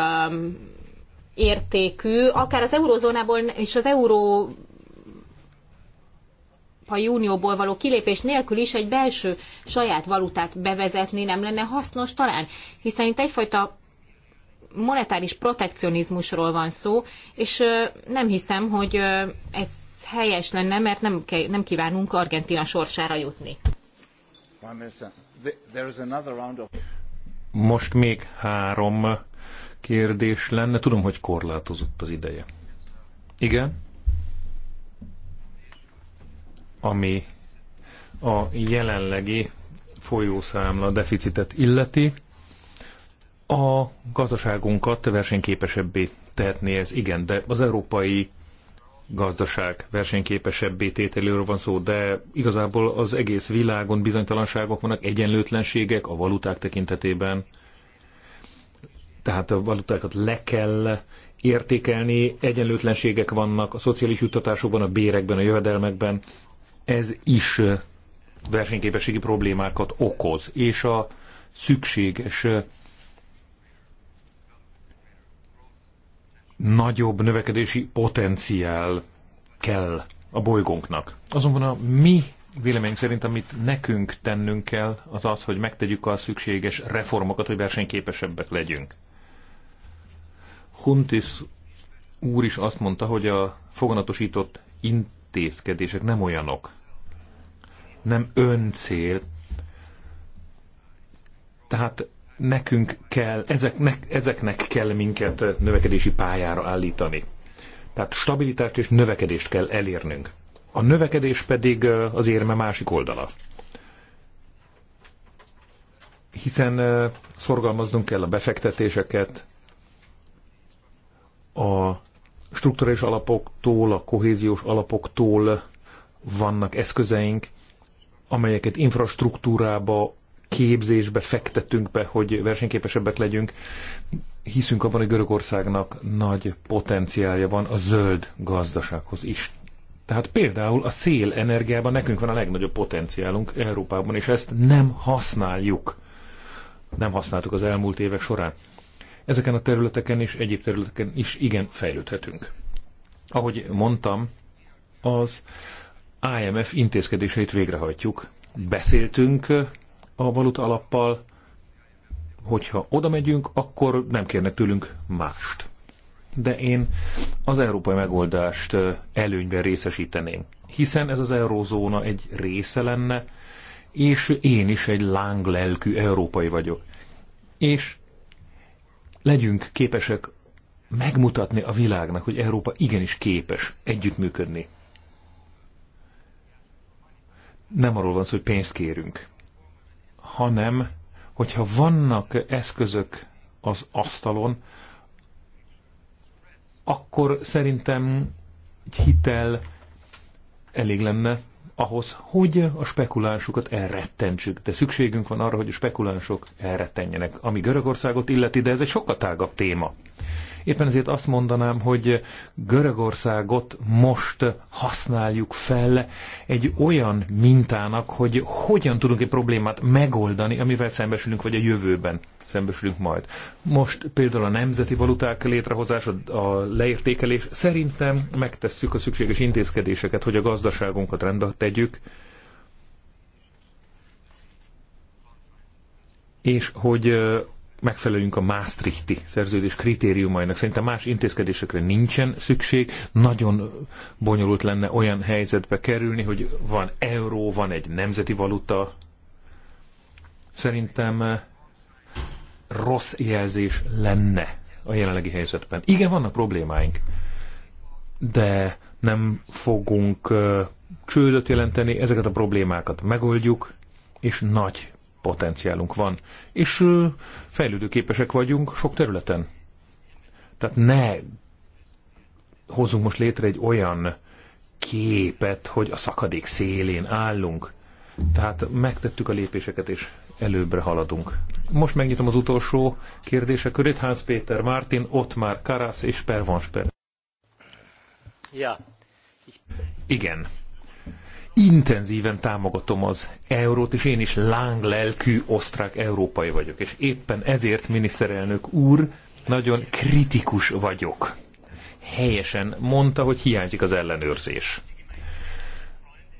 értékű, akár az eurozónából és az euró Európai Unióból való kilépés nélkül is egy belső saját valutát bevezetni nem lenne hasznos talán, hiszen itt egyfajta monetáris protekcionizmusról van szó, és nem hiszem, hogy ez helyes lenne, mert nem, nem kívánunk Argentina sorsára jutni. Most még három kérdés lenne. Tudom, hogy korlátozott az ideje. Igen? ami a jelenlegi folyószámla deficitet illeti, a gazdaságunkat versenyképesebbé tehetné ez, igen, de az európai gazdaság versenyképesebbé tételéről van szó, de igazából az egész világon bizonytalanságok vannak, egyenlőtlenségek a valuták tekintetében. Tehát a valutákat le kell értékelni, egyenlőtlenségek vannak a szociális juttatásokban, a bérekben, a jövedelmekben, ez is versenyképességi problémákat okoz, és a szükséges nagyobb növekedési potenciál kell a bolygónknak. Azonban a mi véleményünk szerint, amit nekünk tennünk kell, az az, hogy megtegyük a szükséges reformokat, hogy versenyképesebbek legyünk. Huntis úr is azt mondta, hogy a foganatosított intézkedések nem olyanok, nem öncél. Tehát nekünk kell, ezeknek, ezeknek kell minket növekedési pályára állítani. Tehát stabilitást és növekedést kell elérnünk. A növekedés pedig az érme másik oldala. Hiszen szorgalmaznunk kell a befektetéseket, a strukturális alapoktól, a kohéziós alapoktól vannak eszközeink, amelyeket infrastruktúrába, képzésbe fektetünk be, hogy versenyképesebbek legyünk. Hiszünk abban, hogy Görögországnak nagy potenciálja van a zöld gazdasághoz is. Tehát például a szélenergiában nekünk van a legnagyobb potenciálunk Európában, és ezt nem használjuk. Nem használtuk az elmúlt évek során. Ezeken a területeken és egyéb területeken is igen fejlődhetünk. Ahogy mondtam, az IMF intézkedéseit végrehajtjuk. Beszéltünk a valuta alappal, hogyha oda megyünk, akkor nem kérnek tőlünk mást. De én az európai megoldást előnyben részesíteném, hiszen ez az eurózóna egy része lenne, és én is egy lánglelkű európai vagyok. És legyünk képesek megmutatni a világnak, hogy Európa igenis képes együttműködni nem arról van szó, hogy pénzt kérünk, hanem hogyha vannak eszközök az asztalon, akkor szerintem egy hitel elég lenne ahhoz, hogy a spekulánsokat elrettentsük. De szükségünk van arra, hogy a spekulánsok elrettenjenek, ami Görögországot illeti, de ez egy sokkal tágabb téma. Éppen ezért azt mondanám, hogy Görögországot most használjuk fel egy olyan mintának, hogy hogyan tudunk egy problémát megoldani, amivel szembesülünk, vagy a jövőben szembesülünk majd. Most például a nemzeti valuták létrehozása, a leértékelés. Szerintem megtesszük a szükséges intézkedéseket, hogy a gazdaságunkat rendbe tegyük, és hogy Megfelelünk a Maastrichti szerződés kritériumainak. Szerintem más intézkedésekre nincsen szükség. Nagyon bonyolult lenne olyan helyzetbe kerülni, hogy van euró, van egy nemzeti valuta. Szerintem eh, rossz jelzés lenne a jelenlegi helyzetben. Igen, vannak problémáink, de nem fogunk eh, csődöt jelenteni, ezeket a problémákat megoldjuk, és nagy potenciálunk van, és fejlődőképesek vagyunk sok területen. Tehát ne hozunk most létre egy olyan képet, hogy a szakadék szélén állunk. Tehát megtettük a lépéseket, és előbbre haladunk. Most megnyitom az utolsó kérdések körét. Hans Péter Martin, Ottmar Karasz és Pervansper. Ja. Igen intenzíven támogatom az eurót, és én is lánglelkű osztrák európai vagyok. És éppen ezért, miniszterelnök úr, nagyon kritikus vagyok. Helyesen mondta, hogy hiányzik az ellenőrzés.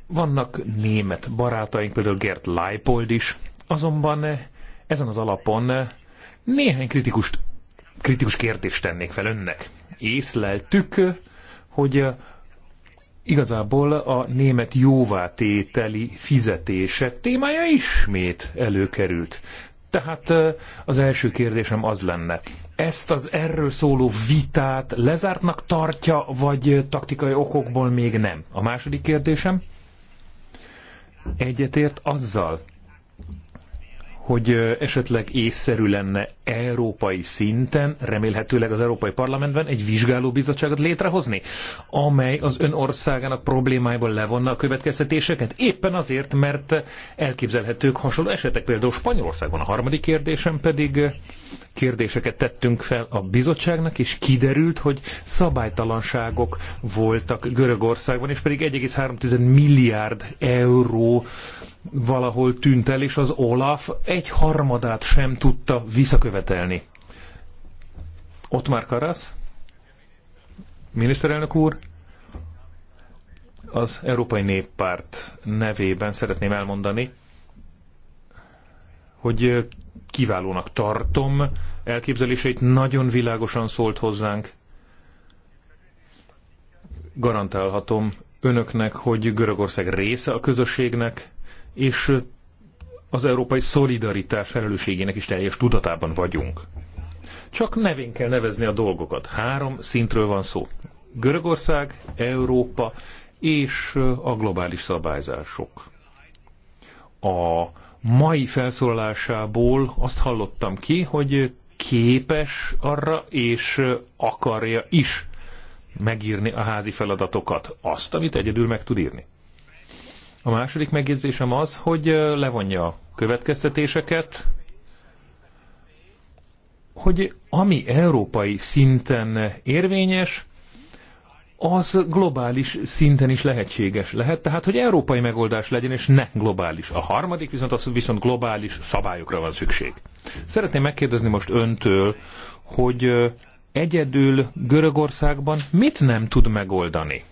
Vannak német barátaink, például Gert Leipold is, azonban ezen az alapon néhány kritikust, kritikus kérdést tennék fel önnek. Észleltük, hogy igazából a német jóvátételi fizetések témája ismét előkerült. Tehát az első kérdésem az lenne, ezt az erről szóló vitát lezártnak tartja, vagy taktikai okokból még nem? A második kérdésem, egyetért azzal, hogy esetleg észszerű lenne európai szinten, remélhetőleg az Európai Parlamentben egy vizsgálóbizottságot létrehozni, amely az ön országának problémáiból levonna a következtetéseket, éppen azért, mert elképzelhetők hasonló esetek, például Spanyolországban. A harmadik kérdésem pedig kérdéseket tettünk fel a bizottságnak, és kiderült, hogy szabálytalanságok voltak Görögországban, és pedig 1,3 milliárd euró valahol tűnt el, és az Olaf egy harmadát sem tudta visszakövetelni. Ott már Karasz, miniszterelnök úr, az Európai Néppárt nevében szeretném elmondani, hogy kiválónak tartom elképzeléseit, nagyon világosan szólt hozzánk. Garantálhatom önöknek, hogy Görögország része a közösségnek, és az európai szolidaritás felelősségének is teljes tudatában vagyunk. Csak nevén kell nevezni a dolgokat. Három szintről van szó. Görögország, Európa és a globális szabályzások. A mai felszólalásából azt hallottam ki, hogy képes arra és akarja is megírni a házi feladatokat, azt, amit egyedül meg tud írni. A második megjegyzésem az, hogy levonja a következtetéseket, hogy ami európai szinten érvényes, az globális szinten is lehetséges lehet, tehát hogy európai megoldás legyen, és ne globális. A harmadik viszont az viszont globális szabályokra van szükség. Szeretném megkérdezni most öntől, hogy egyedül Görögországban mit nem tud megoldani?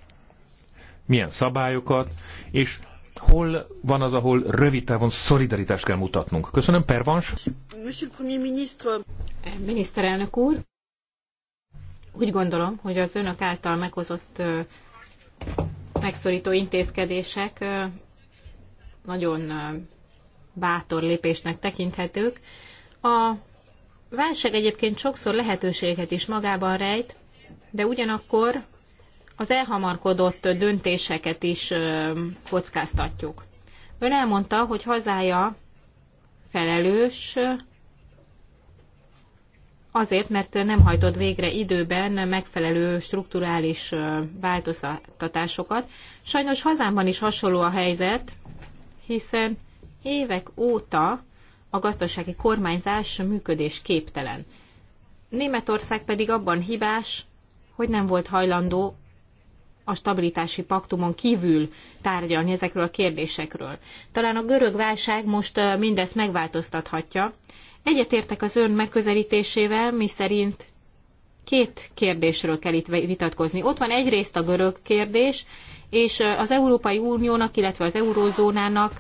Milyen szabályokat, és hol van az, ahol rövid távon szolidaritást kell mutatnunk. Köszönöm, Pervans. Miniszterelnök úr, úgy gondolom, hogy az önök által meghozott megszorító intézkedések nagyon bátor lépésnek tekinthetők. A válság egyébként sokszor lehetőséget is magában rejt, de ugyanakkor az elhamarkodott döntéseket is kockáztatjuk. Ön elmondta, hogy hazája felelős azért, mert nem hajtott végre időben megfelelő strukturális változtatásokat. Sajnos hazámban is hasonló a helyzet, hiszen évek óta a gazdasági kormányzás működés képtelen. Németország pedig abban hibás, hogy nem volt hajlandó a stabilitási paktumon kívül tárgyalni ezekről a kérdésekről. Talán a görög válság most mindezt megváltoztathatja. Egyetértek az ön megközelítésével, mi szerint két kérdésről kell itt vitatkozni. Ott van egyrészt a görög kérdés, és az Európai Uniónak, illetve az eurózónának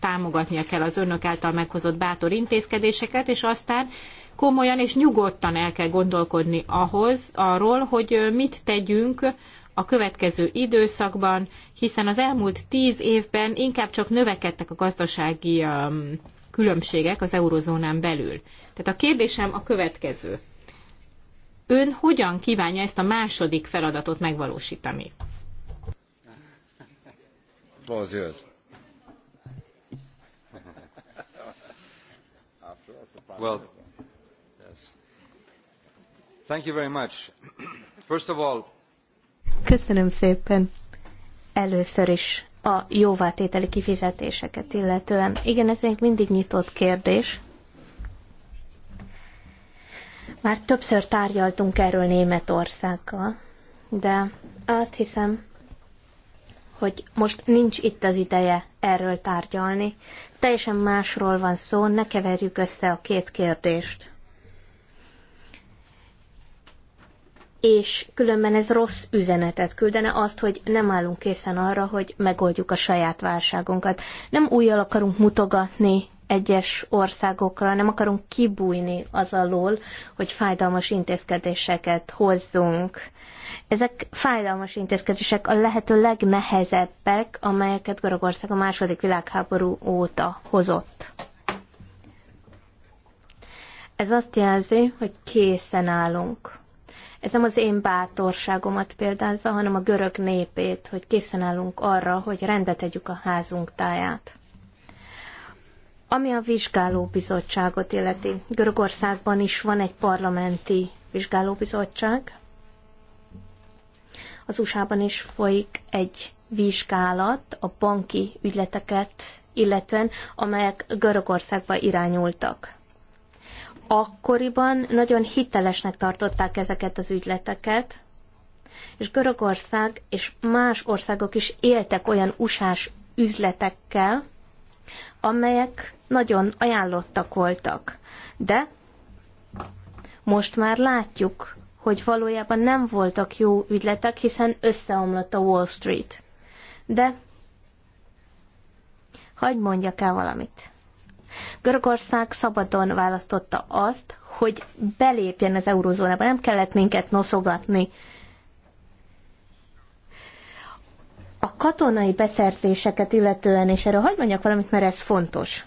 támogatnia kell az önök által meghozott bátor intézkedéseket, és aztán komolyan és nyugodtan el kell gondolkodni ahhoz, arról, hogy mit tegyünk a következő időszakban, hiszen az elmúlt tíz évben inkább csak növekedtek a gazdasági um, különbségek az eurozónán belül. Tehát a kérdésem a következő. Ön hogyan kívánja ezt a második feladatot megvalósítani? Poziosz. Well, thank you very much. First of all, Köszönöm szépen. Először is a jóvátételi kifizetéseket illetően. Igen, ez még mindig nyitott kérdés. Már többször tárgyaltunk erről Németországgal, de azt hiszem, hogy most nincs itt az ideje erről tárgyalni. Teljesen másról van szó, ne keverjük össze a két kérdést. és különben ez rossz üzenetet küldene azt, hogy nem állunk készen arra, hogy megoldjuk a saját válságunkat. Nem újjal akarunk mutogatni egyes országokra, nem akarunk kibújni az alól, hogy fájdalmas intézkedéseket hozzunk. Ezek fájdalmas intézkedések a lehető legnehezebbek, amelyeket Görögország a második világháború óta hozott. Ez azt jelzi, hogy készen állunk ez nem az én bátorságomat példázza, hanem a görög népét, hogy készen állunk arra, hogy rendet tegyük a házunk táját. Ami a vizsgálóbizottságot illeti, Görögországban is van egy parlamenti vizsgálóbizottság. Az USA-ban is folyik egy vizsgálat a banki ügyleteket illetően, amelyek Görögországba irányultak akkoriban nagyon hitelesnek tartották ezeket az ügyleteket, és Görögország és más országok is éltek olyan usás üzletekkel, amelyek nagyon ajánlottak voltak. De most már látjuk, hogy valójában nem voltak jó ügyletek, hiszen összeomlott a Wall Street. De hagyd mondjak el valamit. Görögország szabadon választotta azt, hogy belépjen az eurózónába, nem kellett minket noszogatni. A katonai beszerzéseket illetően, és erről hagyd mondjak valamit, mert ez fontos.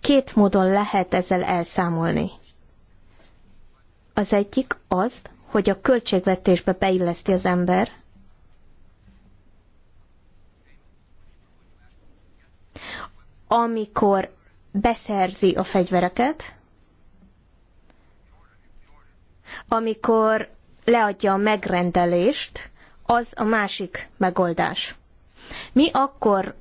Két módon lehet ezzel elszámolni. Az egyik az, hogy a költségvetésbe beilleszti az ember, amikor beszerzi a fegyvereket, amikor leadja a megrendelést, az a másik megoldás. Mi akkor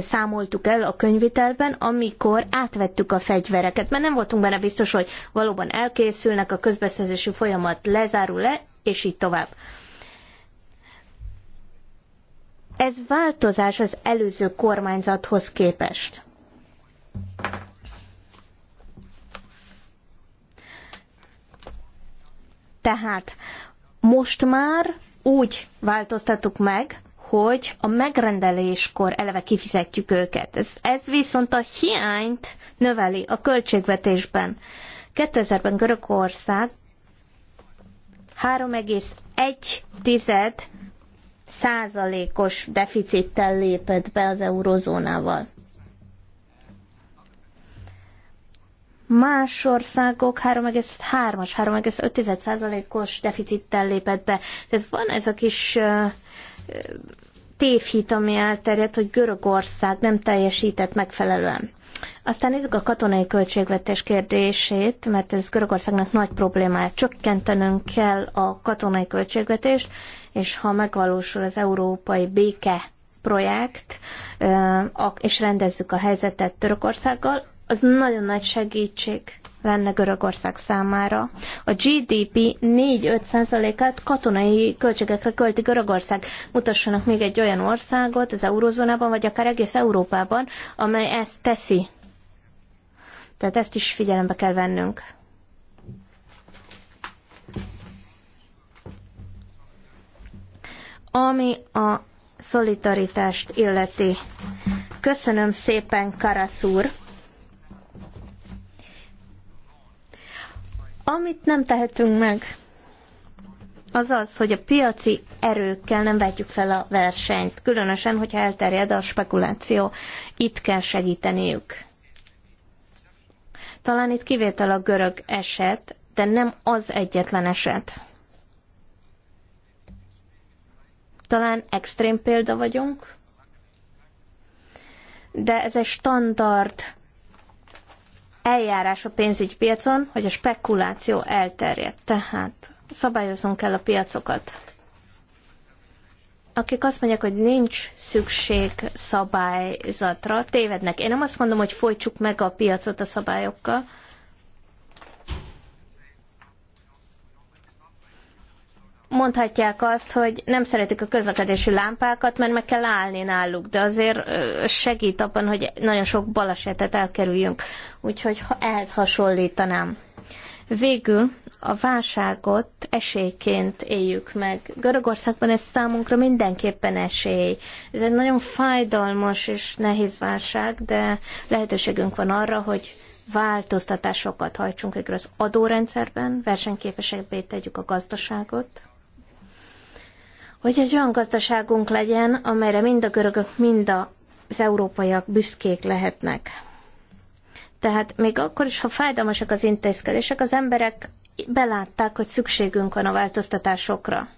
számoltuk el a könyvitelben, amikor átvettük a fegyvereket, mert nem voltunk benne biztos, hogy valóban elkészülnek, a közbeszerzési folyamat lezárul-e, és így tovább. Ez változás az előző kormányzathoz képest. Tehát most már úgy változtattuk meg, hogy a megrendeléskor eleve kifizetjük őket. Ez, ez viszont a hiányt növeli a költségvetésben. 2000-ben Görögország 3,1 százalékos deficittel lépett be az eurozónával. Más országok 3,3-as, 3,5 százalékos deficittel lépett be. ez van ez a kis tévhit, ami elterjedt, hogy Görögország nem teljesített megfelelően. Aztán nézzük a katonai költségvetés kérdését, mert ez Görögországnak nagy problémája. Csökkentenünk kell a katonai költségvetést, és ha megvalósul az európai béke projekt, és rendezzük a helyzetet Törökországgal, az nagyon nagy segítség lenne Görögország számára. A GDP 4-5 százalékát katonai költségekre költi Görögország. Mutassanak még egy olyan országot az eurózónában, vagy akár egész Európában, amely ezt teszi. Tehát ezt is figyelembe kell vennünk. Ami a szolidaritást illeti. Köszönöm szépen, Karasz úr! Amit nem tehetünk meg, az az, hogy a piaci erőkkel nem vetjük fel a versenyt, különösen, hogyha elterjed a spekuláció. Itt kell segíteniük. Talán itt kivétel a görög eset, de nem az egyetlen eset. talán extrém példa vagyunk, de ez egy standard eljárás a piacon, hogy a spekuláció elterjed. Tehát szabályozunk kell a piacokat. Akik azt mondják, hogy nincs szükség szabályzatra, tévednek. Én nem azt mondom, hogy folytsuk meg a piacot a szabályokkal, mondhatják azt, hogy nem szeretik a közlekedési lámpákat, mert meg kell állni náluk, de azért segít abban, hogy nagyon sok balesetet elkerüljünk. Úgyhogy ehhez hasonlítanám. Végül a válságot esélyként éljük meg. Görögországban ez számunkra mindenképpen esély. Ez egy nagyon fájdalmas és nehéz válság, de lehetőségünk van arra, hogy változtatásokat hajtsunk végre az adórendszerben, versenyképesebbé tegyük a gazdaságot, hogy egy olyan gazdaságunk legyen, amelyre mind a görögök, mind az európaiak büszkék lehetnek. Tehát még akkor is, ha fájdalmasak az intézkedések, az emberek belátták, hogy szükségünk van a változtatásokra.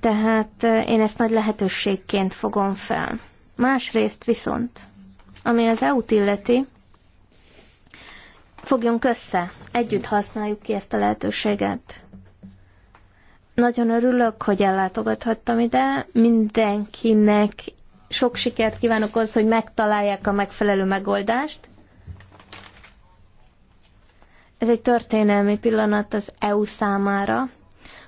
Tehát eh, én ezt nagy lehetőségként fogom fel. Másrészt viszont, ami az EU-t illeti, fogjunk össze, együtt használjuk ki ezt a lehetőséget. Nagyon örülök, hogy ellátogathattam ide. Mindenkinek sok sikert kívánok az, hogy megtalálják a megfelelő megoldást. Ez egy történelmi pillanat az EU számára,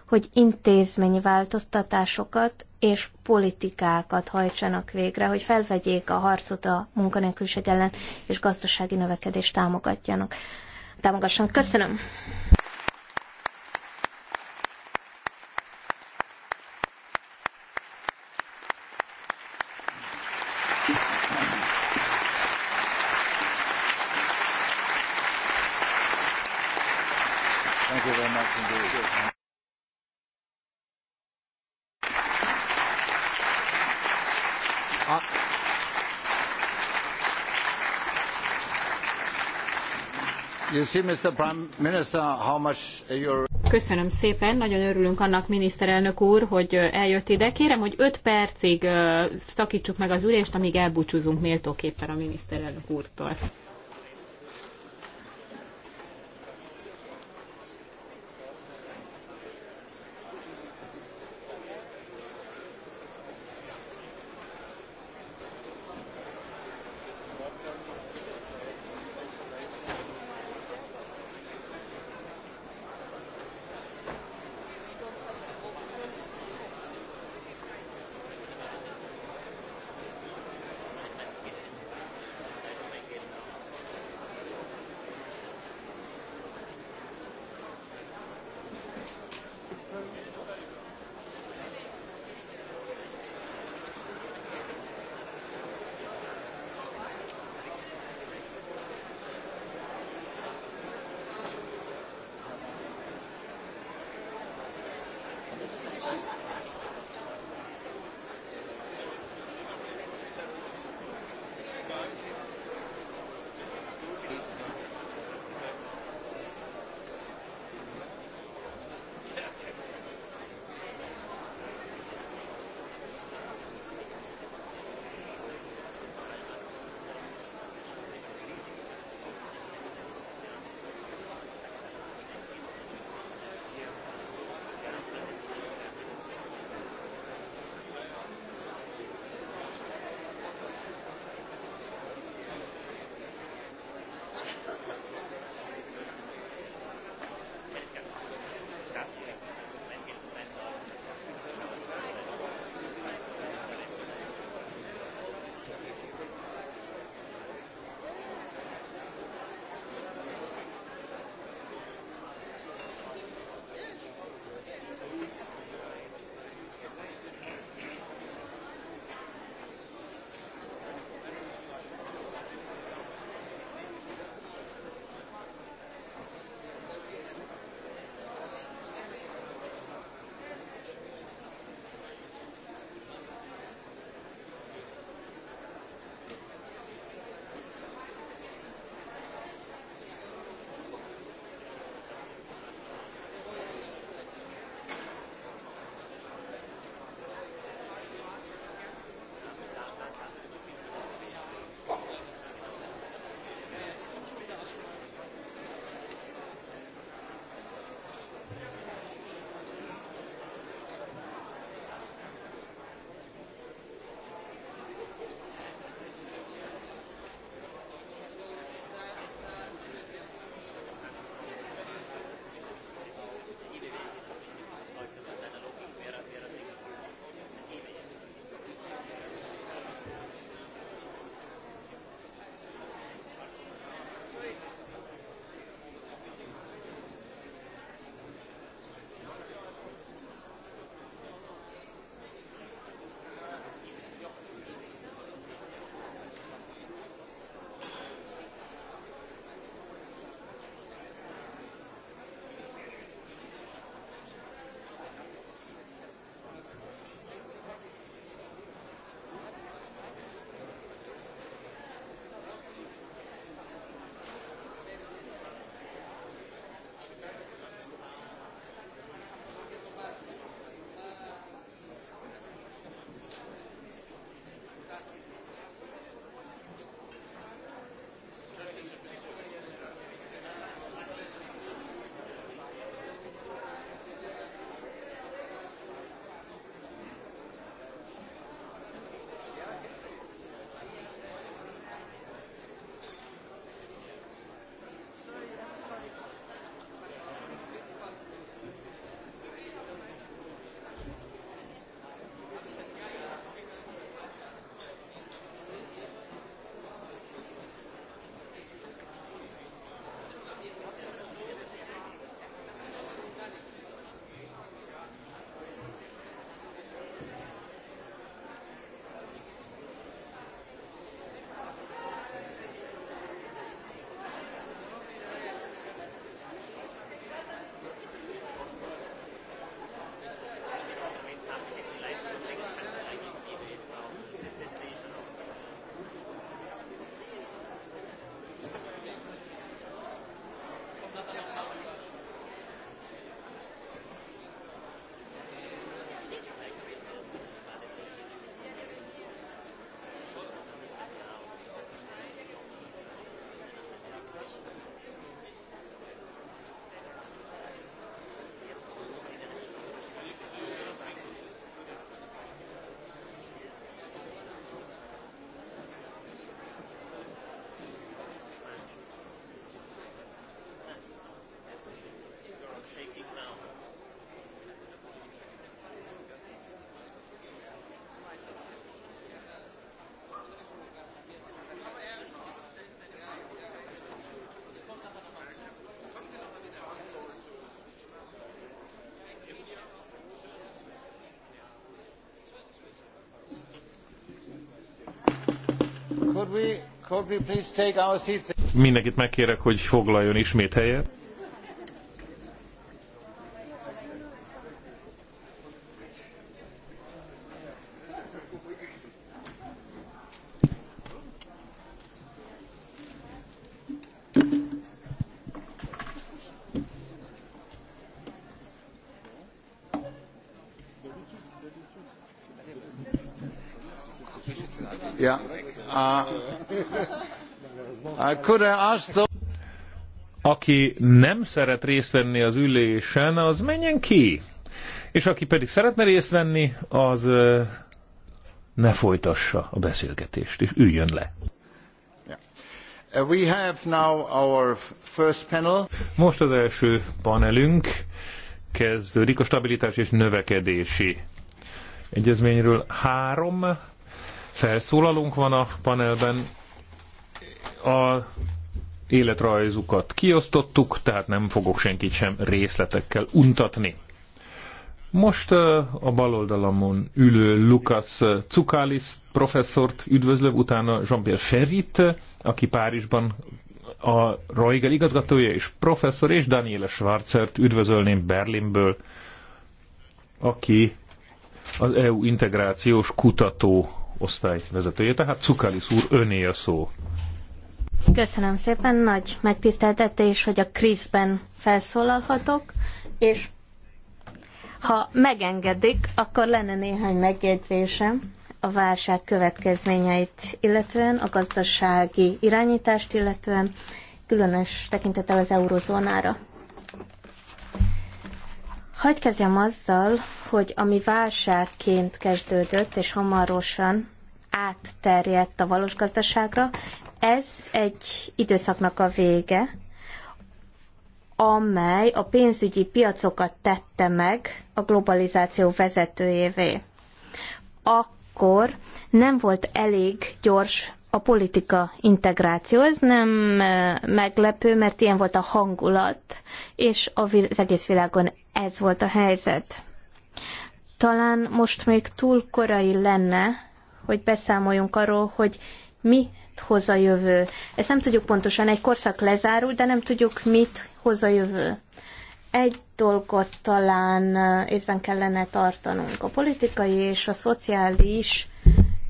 hogy intézményi változtatásokat és politikákat hajtsanak végre, hogy felvegyék a harcot a munkanélküliség ellen, és gazdasági növekedést támogatjanak. Támogassanak. Köszönöm! Köszönöm szépen, nagyon örülünk annak, miniszterelnök úr, hogy eljött ide. Kérem, hogy 5 percig szakítsuk meg az ülést, amíg elbúcsúzunk méltóképpen a miniszterelnök úrtól. Mindenkit megkérek, hogy foglaljon ismét helyet. Aki nem szeret részt venni az ülésen, az menjen ki. És aki pedig szeretne részt venni, az ne folytassa a beszélgetést, és üljön le. Uh, we have now our first panel. Most az első panelünk kezdődik a stabilitás és növekedési egyezményről. Három felszólalónk van a panelben, a életrajzukat kiosztottuk, tehát nem fogok senkit sem részletekkel untatni. Most eh, a bal oldalamon ülő Lukas Cukalis professzort üdvözlöm, utána Jean-Pierre Ferrit, aki Párizsban a Reugel igazgatója és professzor, és Daniele Schwarzert üdvözölném Berlinből, aki az EU integrációs kutató osztály vezetője. Tehát Cukalis úr, öné a szó. Köszönöm szépen, nagy megtiszteltetés, hogy a Kriszben felszólalhatok, és ha megengedik, akkor lenne néhány megjegyzésem a válság következményeit illetően, a gazdasági irányítást illetően, különös tekintettel az eurozónára. Hagy kezdjem azzal, hogy ami válságként kezdődött, és hamarosan átterjedt a valós gazdaságra, ez egy időszaknak a vége, amely a pénzügyi piacokat tette meg a globalizáció vezetőjévé. Akkor nem volt elég gyors a politika integráció. Ez nem eh, meglepő, mert ilyen volt a hangulat, és az egész világon ez volt a helyzet. Talán most még túl korai lenne, hogy beszámoljunk arról, hogy mi hoz a jövő. Ezt nem tudjuk pontosan, egy korszak lezárul, de nem tudjuk, mit hoz a jövő. Egy dolgot talán eh, észben kellene tartanunk. A politikai és a szociális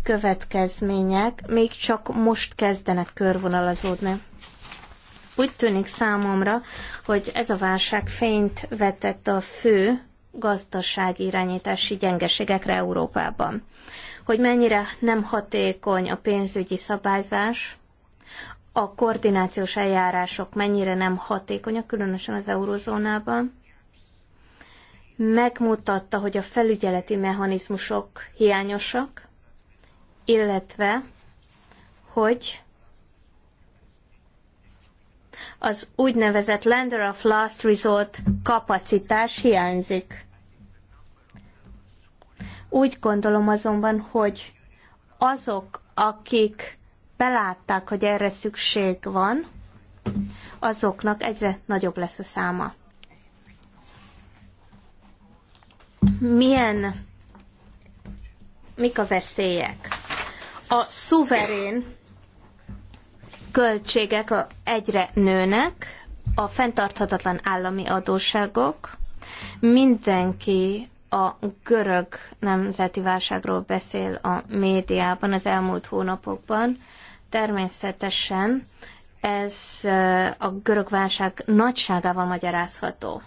következmények még csak most kezdenek körvonalazódni. Úgy tűnik számomra, hogy ez a válság fényt vetett a fő gazdasági irányítási gyengeségekre Európában hogy mennyire nem hatékony a pénzügyi szabályzás, a koordinációs eljárások mennyire nem hatékonyak, különösen az eurozónában. Megmutatta, hogy a felügyeleti mechanizmusok hiányosak, illetve, hogy az úgynevezett lender of last resort kapacitás hiányzik. Úgy gondolom azonban, hogy azok, akik belátták, hogy erre szükség van, azoknak egyre nagyobb lesz a száma. Milyen, mik a veszélyek? A szuverén költségek egyre nőnek, a fenntarthatatlan állami adóságok, mindenki a görög nemzeti válságról beszél a médiában az elmúlt hónapokban. Természetesen ez a görög válság nagyságával magyarázható.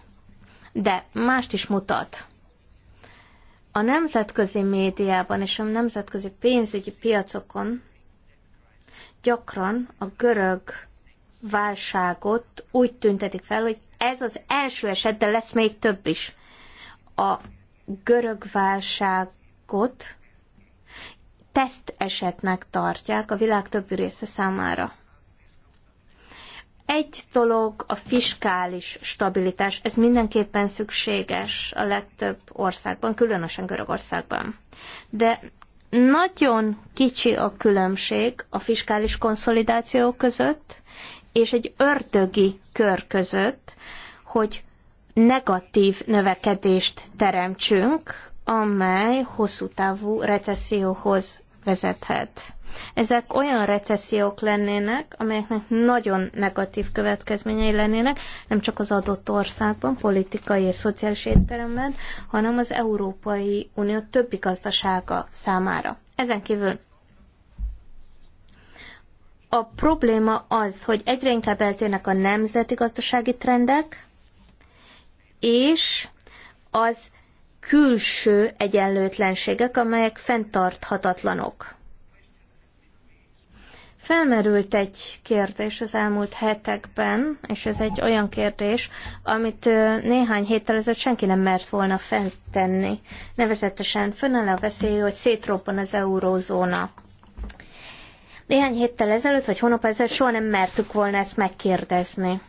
De mást is mutat. A nemzetközi médiában és a nemzetközi pénzügyi piacokon gyakran a görög válságot úgy tüntetik fel, hogy ez az első eset, de lesz még több is. A görög válságot teszt esetnek tartják a világ többi része számára. Egy dolog a fiskális stabilitás, ez mindenképpen szükséges a legtöbb országban, különösen Görögországban. De nagyon kicsi a különbség a fiskális konszolidáció között, és egy ördögi kör között, hogy negatív növekedést teremtsünk, amely hosszú távú recesszióhoz vezethet. Ezek olyan recessziók lennének, amelyeknek nagyon negatív következményei lennének, nem csak az adott országban, politikai és szociális étteremben, hanem az Európai Unió többi gazdasága számára. Ezen kívül a probléma az, hogy egyre inkább eltérnek a nemzeti gazdasági trendek, és az külső egyenlőtlenségek, amelyek fenntarthatatlanok. Felmerült egy kérdés az elmúlt hetekben, és ez egy olyan kérdés, amit néhány héttel ezelőtt senki nem mert volna feltenni. Nevezetesen fönnel a veszély, hogy szétrobban az eurózóna. Néhány héttel ezelőtt, vagy hónap ezelőtt soha nem mertük volna ezt megkérdezni.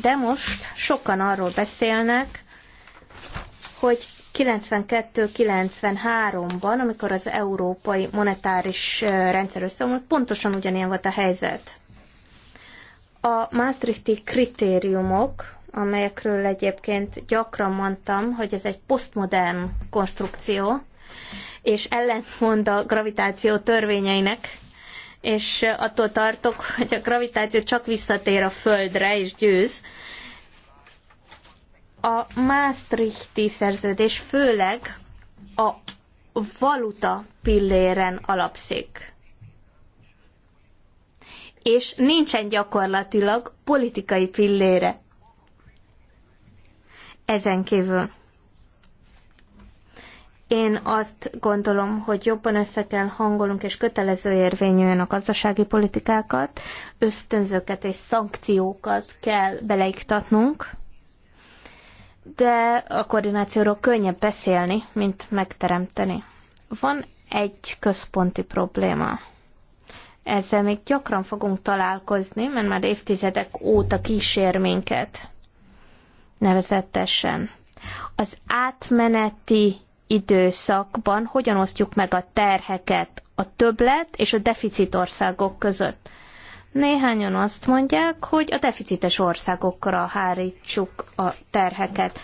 De most sokan arról beszélnek, hogy 92-93-ban, amikor az európai monetáris rendszer összeomlott, pontosan ugyanilyen volt a helyzet. A Maastrichti kritériumok, amelyekről egyébként gyakran mondtam, hogy ez egy posztmodern konstrukció, és ellentmond a gravitáció törvényeinek, és attól tartok, hogy a gravitáció csak visszatér a Földre és győz. A Maastrichti szerződés főleg a valuta pilléren alapszik. És nincsen gyakorlatilag politikai pillére. Ezen kívül én azt gondolom, hogy jobban össze kell hangolunk és kötelező érvényűen a gazdasági politikákat, ösztönzőket és szankciókat kell beleiktatnunk, de a koordinációról könnyebb beszélni, mint megteremteni. Van egy központi probléma. Ezzel még gyakran fogunk találkozni, mert már évtizedek óta kísér minket. Nevezetesen. Az átmeneti időszakban hogyan osztjuk meg a terheket a többlet és a deficit országok között. Néhányan azt mondják, hogy a deficites országokra hárítsuk a terheket.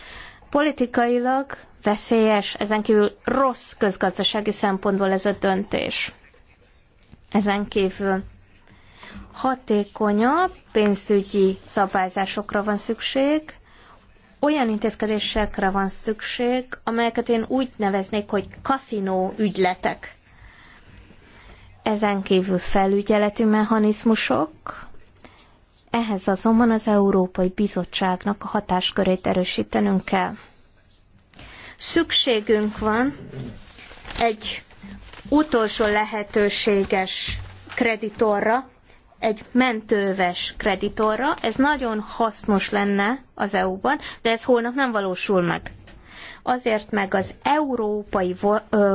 Politikailag veszélyes, ezen kívül rossz közgazdasági szempontból ez a döntés. Ezen kívül hatékonyabb pénzügyi szabályzásokra van szükség, olyan intézkedésekre van szükség, amelyeket én úgy neveznék, hogy kaszinó ügyletek. Ezen kívül felügyeleti mechanizmusok, ehhez azonban az Európai Bizottságnak a hatáskörét erősítenünk kell. Szükségünk van egy utolsó lehetőséges kreditorra, egy mentőves kreditorra, ez nagyon hasznos lenne az EU-ban, de ez holnap nem valósul meg. Azért meg az európai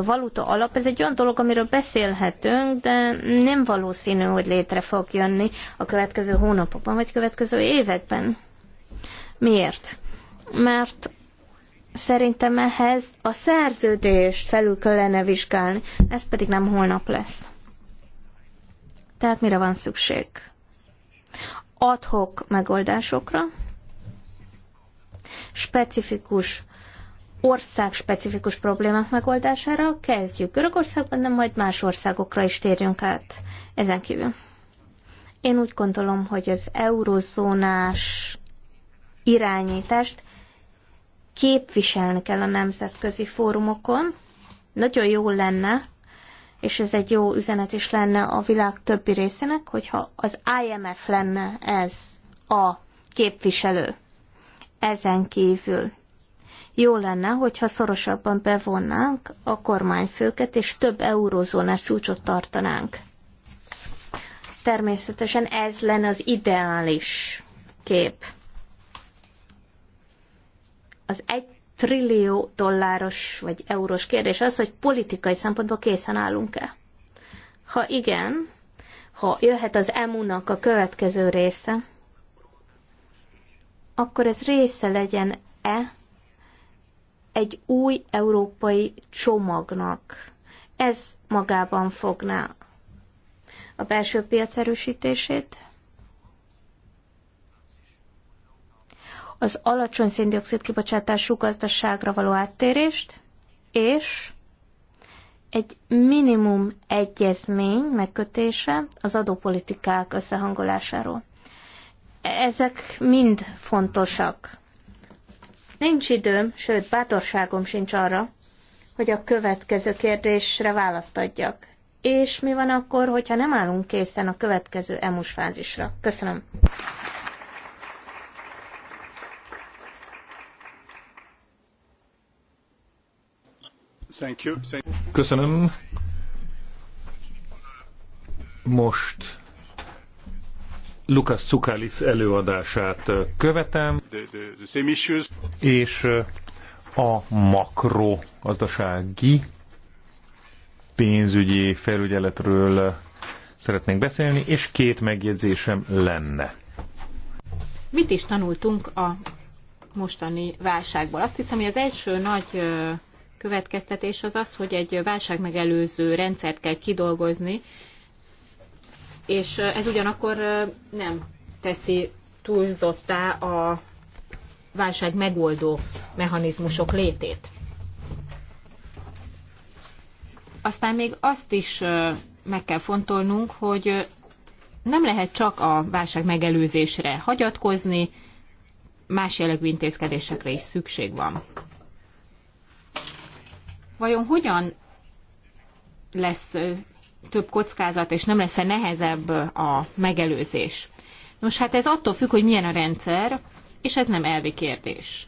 valuta alap, ez egy olyan dolog, amiről beszélhetünk, de nem valószínű, hogy létre fog jönni a következő hónapokban, vagy következő években. Miért? Mert szerintem ehhez a szerződést felül kellene vizsgálni, ez pedig nem holnap lesz. Tehát mire van szükség? Adhok megoldásokra, specifikus ország specifikus problémák megoldására kezdjük Görögországban, de majd más országokra is térjünk át ezen kívül. Én úgy gondolom, hogy az eurozónás irányítást képviselni kell a nemzetközi fórumokon. Nagyon jó lenne, és ez egy jó üzenet is lenne a világ többi részének, hogyha az IMF lenne ez a képviselő. Ezen kívül jó lenne, hogyha szorosabban bevonnánk a kormányfőket, és több eurózónás csúcsot tartanánk. Természetesen ez lenne az ideális kép. Az egy trillió dolláros vagy eurós kérdés az, hogy politikai szempontból készen állunk-e. Ha igen, ha jöhet az EMU-nak a következő része, akkor ez része legyen-e egy új európai csomagnak. Ez magában fogná a belső piac erősítését, az alacsony széndiokszid kibocsátású gazdaságra való áttérést, és egy minimum egyezmény megkötése az adópolitikák összehangolásáról. Ezek mind fontosak. Nincs időm, sőt bátorságom sincs arra, hogy a következő kérdésre választ adjak. És mi van akkor, hogyha nem állunk készen a következő emus fázisra? Köszönöm. Thank you. Thank you. Köszönöm. Most Lucas Cukalis előadását követem, the, the, the és a gazdasági pénzügyi felügyeletről szeretnénk beszélni, és két megjegyzésem lenne. Mit is tanultunk a mostani válságból? Azt hiszem, hogy az első nagy következtetés az az, hogy egy válságmegelőző rendszert kell kidolgozni, és ez ugyanakkor nem teszi túlzottá a válság megoldó mechanizmusok létét. Aztán még azt is meg kell fontolnunk, hogy nem lehet csak a válság megelőzésre hagyatkozni, más jellegű intézkedésekre is szükség van vajon hogyan lesz több kockázat, és nem lesz-e nehezebb a megelőzés. Nos, hát ez attól függ, hogy milyen a rendszer, és ez nem elvi kérdés.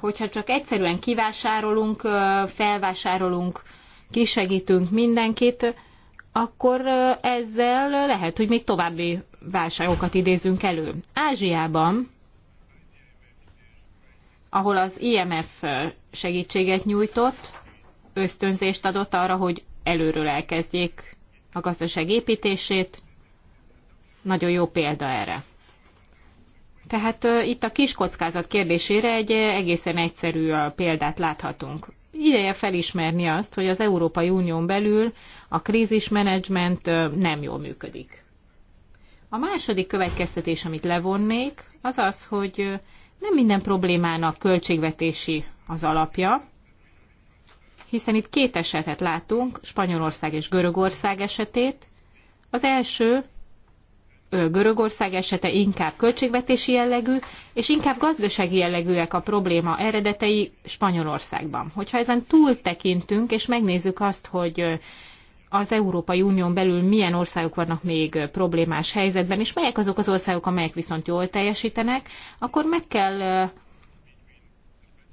Hogyha csak egyszerűen kivásárolunk, felvásárolunk, kisegítünk mindenkit, akkor ezzel lehet, hogy még további válságokat idézünk elő. Ázsiában ahol az IMF segítséget nyújtott, ösztönzést adott arra, hogy előről elkezdjék a gazdaság építését. Nagyon jó példa erre. Tehát uh, itt a kis kockázat kérdésére egy egészen egyszerű uh, példát láthatunk. Ideje felismerni azt, hogy az Európai Unión belül a krízismenedzsment uh, nem jól működik. A második következtetés, amit levonnék, az az, hogy nem minden problémának költségvetési az alapja, hiszen itt két esetet látunk, Spanyolország és Görögország esetét. Az első Görögország esete inkább költségvetési jellegű, és inkább gazdasági jellegűek a probléma eredetei Spanyolországban. Hogyha ezen túl tekintünk, és megnézzük azt, hogy az Európai Unión belül milyen országok vannak még problémás helyzetben, és melyek azok az országok, amelyek viszont jól teljesítenek, akkor meg kell,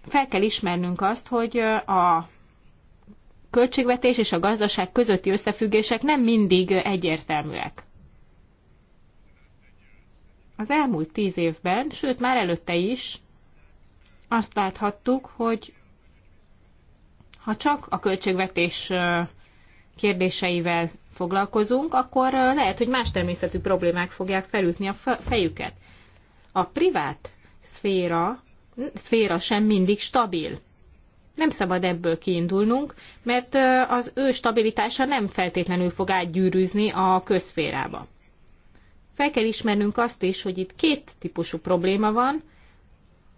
fel kell ismernünk azt, hogy a költségvetés és a gazdaság közötti összefüggések nem mindig egyértelműek. Az elmúlt tíz évben, sőt már előtte is azt láthattuk, hogy ha csak a költségvetés kérdéseivel foglalkozunk, akkor lehet, hogy más természetű problémák fogják felütni a fejüket. A privát szféra, szféra sem mindig stabil. Nem szabad ebből kiindulnunk, mert az ő stabilitása nem feltétlenül fog átgyűrűzni a közszférába. Fel kell ismernünk azt is, hogy itt két típusú probléma van.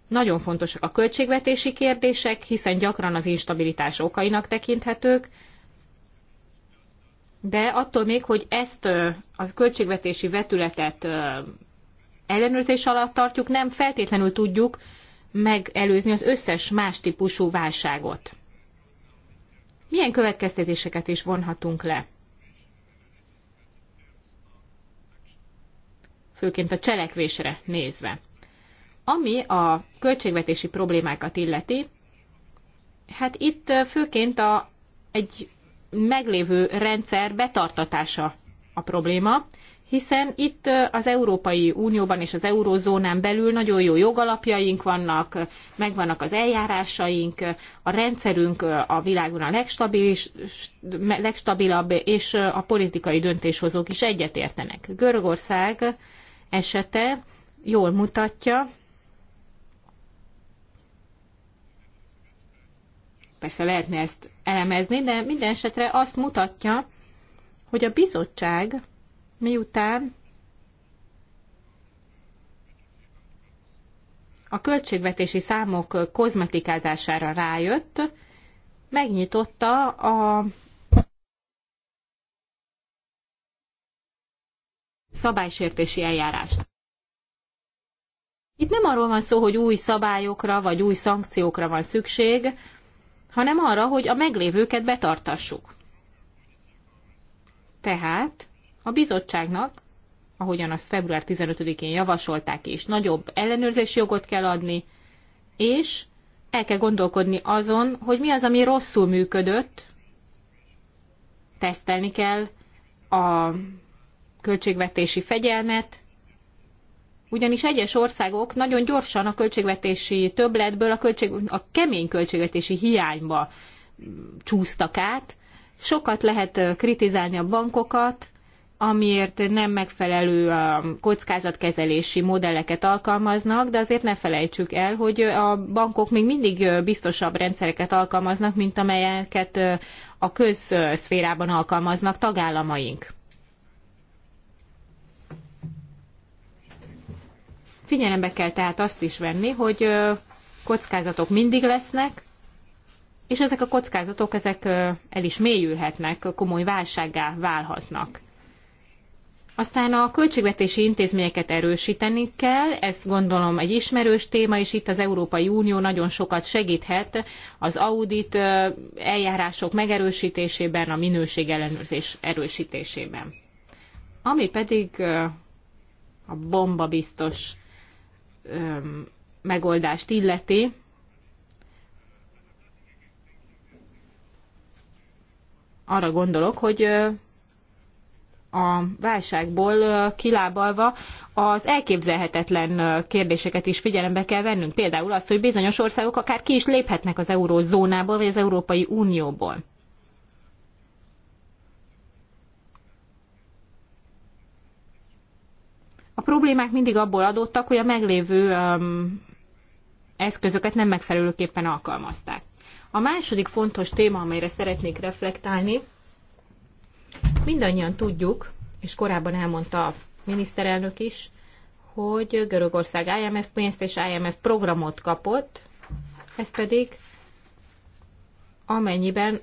Nagyon fontosak a költségvetési kérdések, hiszen gyakran az instabilitás okainak tekinthetők, de attól még, hogy ezt a költségvetési vetületet ellenőrzés alatt tartjuk, nem feltétlenül tudjuk megelőzni az összes más típusú válságot. Milyen következtetéseket is vonhatunk le? Főként a cselekvésre nézve. Ami a költségvetési problémákat illeti, hát itt főként a, egy meglévő rendszer betartatása a probléma, hiszen itt az Európai Unióban és az eurózónán belül nagyon jó jogalapjaink vannak, megvannak az eljárásaink, a rendszerünk a világon a legstabilis, legstabilabb, és a politikai döntéshozók is egyetértenek. Görögország esete jól mutatja, Persze lehetne ezt elemezni, de minden esetre azt mutatja, hogy a bizottság miután a költségvetési számok kozmetikázására rájött, megnyitotta a szabálysértési eljárást. Itt nem arról van szó, hogy új szabályokra vagy új szankciókra van szükség, hanem arra, hogy a meglévőket betartassuk. Tehát a bizottságnak, ahogyan azt február 15-én javasolták is, nagyobb ellenőrzési jogot kell adni, és el kell gondolkodni azon, hogy mi az, ami rosszul működött, tesztelni kell a költségvetési fegyelmet, ugyanis egyes országok nagyon gyorsan a költségvetési többletből a, költség, a kemény költségvetési hiányba csúsztak át. Sokat lehet kritizálni a bankokat, amiért nem megfelelő kockázatkezelési modelleket alkalmaznak, de azért ne felejtsük el, hogy a bankok még mindig biztosabb rendszereket alkalmaznak, mint amelyeket a közszférában alkalmaznak tagállamaink. Figyelembe kell tehát azt is venni, hogy kockázatok mindig lesznek, és ezek a kockázatok ezek el is mélyülhetnek, komoly válsággá válhatnak. Aztán a költségvetési intézményeket erősíteni kell, ez gondolom egy ismerős téma, és itt az Európai Unió nagyon sokat segíthet az audit eljárások megerősítésében, a minőség ellenőrzés erősítésében. Ami pedig a bomba biztos megoldást illeti, arra gondolok, hogy a válságból kilábalva az elképzelhetetlen kérdéseket is figyelembe kell vennünk. Például azt, hogy bizonyos országok akár ki is léphetnek az eurózónából, vagy az Európai Unióból. problémák mindig abból adódtak, hogy a meglévő um, eszközöket nem megfelelőképpen alkalmazták. A második fontos téma, amelyre szeretnék reflektálni, mindannyian tudjuk, és korábban elmondta a miniszterelnök is, hogy Görögország IMF pénzt és IMF programot kapott, ez pedig amennyiben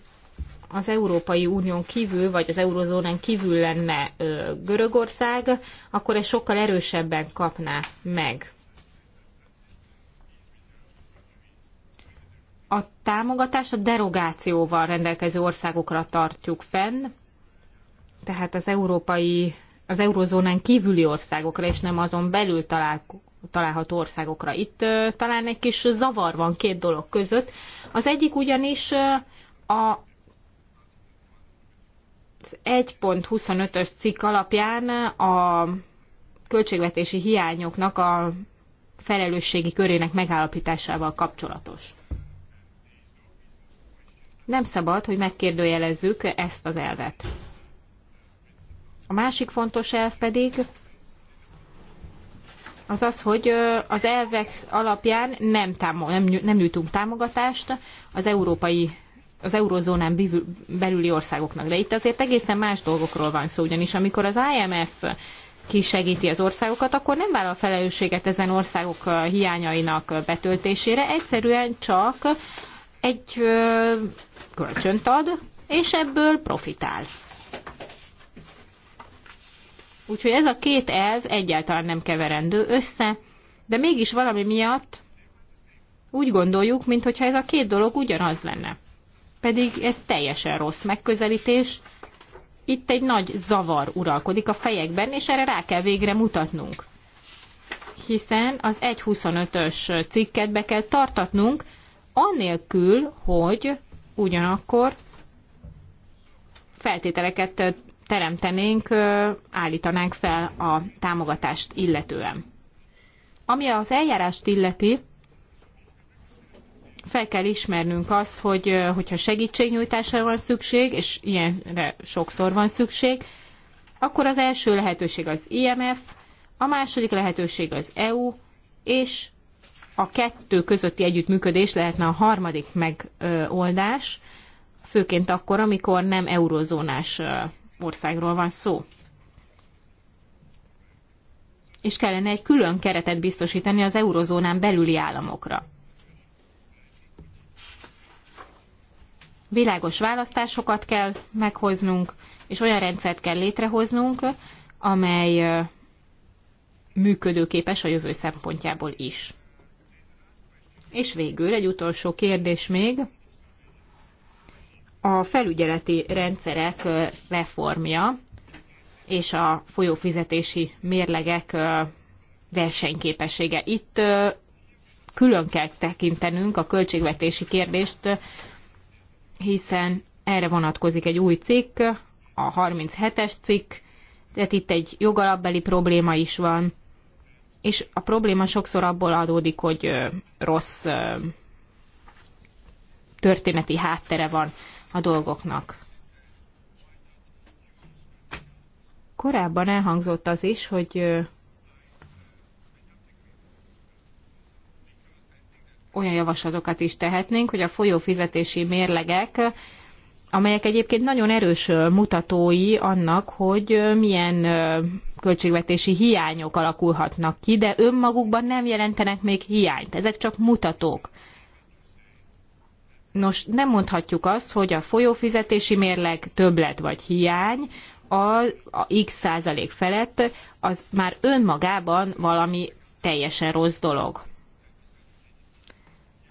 az Európai Unión kívül, vagy az Eurozónán kívül lenne Görögország, akkor ez sokkal erősebben kapná meg a támogatás a derogációval rendelkező országokra tartjuk fenn, tehát az európai, az eurozónán kívüli országokra, és nem azon belül talál, található országokra. Itt ö, talán egy kis zavar van két dolog között. Az egyik ugyanis ö, a az 1.25-ös cikk alapján a költségvetési hiányoknak a felelősségi körének megállapításával kapcsolatos. Nem szabad, hogy megkérdőjelezzük ezt az elvet. A másik fontos elv pedig az az, hogy az elvek alapján nem, nem, nem nyújtunk támogatást az európai az eurozónán bívül, belüli országoknak. De itt azért egészen más dolgokról van szó, ugyanis amikor az IMF kisegíti az országokat, akkor nem vállal felelősséget ezen országok hiányainak betöltésére, egyszerűen csak egy ö, kölcsönt ad, és ebből profitál. Úgyhogy ez a két elv egyáltalán nem keverendő össze, de mégis valami miatt úgy gondoljuk, mintha ez a két dolog ugyanaz lenne pedig ez teljesen rossz megközelítés. Itt egy nagy zavar uralkodik a fejekben, és erre rá kell végre mutatnunk. Hiszen az 1.25-ös cikket be kell tartatnunk, annélkül, hogy ugyanakkor feltételeket teremtenénk, állítanánk fel a támogatást illetően. Ami az eljárást illeti, fel kell ismernünk azt, hogy hogyha segítségnyújtásra van szükség, és ilyenre sokszor van szükség, akkor az első lehetőség az IMF, a második lehetőség az EU, és a kettő közötti együttműködés lehetne a harmadik megoldás, főként akkor, amikor nem eurozónás országról van szó. És kellene egy külön keretet biztosítani az eurozónán belüli államokra. világos választásokat kell meghoznunk, és olyan rendszert kell létrehoznunk, amely működőképes a jövő szempontjából is. És végül egy utolsó kérdés még. A felügyeleti rendszerek reformja és a folyófizetési mérlegek versenyképessége. Itt külön kell tekintenünk a költségvetési kérdést hiszen erre vonatkozik egy új cikk, a 37-es cikk, tehát itt egy jogalapbeli probléma is van, és a probléma sokszor abból adódik, hogy rossz történeti háttere van a dolgoknak. Korábban elhangzott az is, hogy olyan javaslatokat is tehetnénk, hogy a folyófizetési mérlegek, amelyek egyébként nagyon erős mutatói annak, hogy milyen költségvetési hiányok alakulhatnak ki, de önmagukban nem jelentenek még hiányt. Ezek csak mutatók. Nos, nem mondhatjuk azt, hogy a folyófizetési mérleg többlet vagy hiány, a, a x százalék felett, az már önmagában valami teljesen rossz dolog.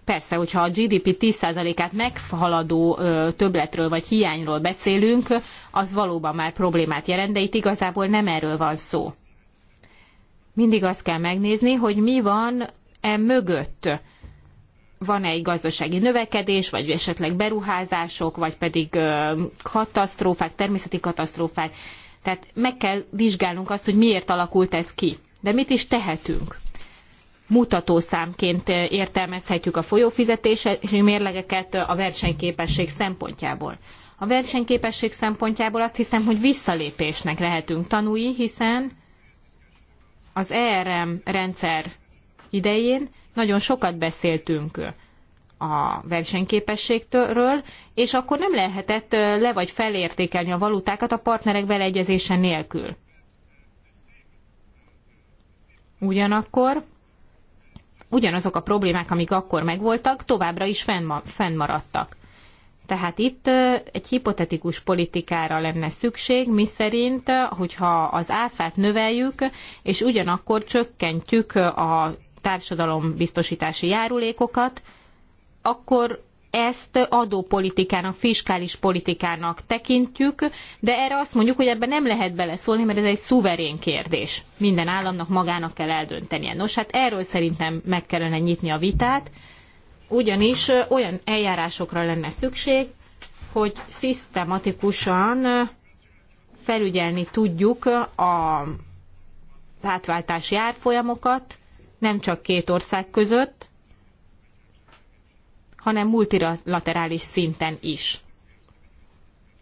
Persze, hogyha a GDP 10%-át meghaladó többletről vagy hiányról beszélünk, az valóban már problémát jelent, de itt igazából nem erről van szó. Mindig azt kell megnézni, hogy mi van e mögött. Van-e egy gazdasági növekedés, vagy esetleg beruházások, vagy pedig katasztrófák, természeti katasztrófák. Tehát meg kell vizsgálnunk azt, hogy miért alakult ez ki. De mit is tehetünk? mutatószámként értelmezhetjük a folyófizetési mérlegeket a versenyképesség szempontjából. A versenyképesség szempontjából azt hiszem, hogy visszalépésnek lehetünk tanúi, hiszen az ERM rendszer idején nagyon sokat beszéltünk a versenyképességről, és akkor nem lehetett le vagy felértékelni a valutákat a partnerek beleegyezése nélkül. Ugyanakkor ugyanazok a problémák, amik akkor megvoltak, továbbra is fennmaradtak. Tehát itt egy hipotetikus politikára lenne szükség, miszerint, hogyha az áfát növeljük, és ugyanakkor csökkentjük a társadalombiztosítási járulékokat, akkor ezt adópolitikának, fiskális politikának tekintjük, de erre azt mondjuk, hogy ebben nem lehet beleszólni, mert ez egy szuverén kérdés. Minden államnak magának kell eldöntenie. Nos, hát erről szerintem meg kellene nyitni a vitát, ugyanis olyan eljárásokra lenne szükség, hogy szisztematikusan felügyelni tudjuk a átváltási árfolyamokat, nem csak két ország között, hanem multilaterális szinten is.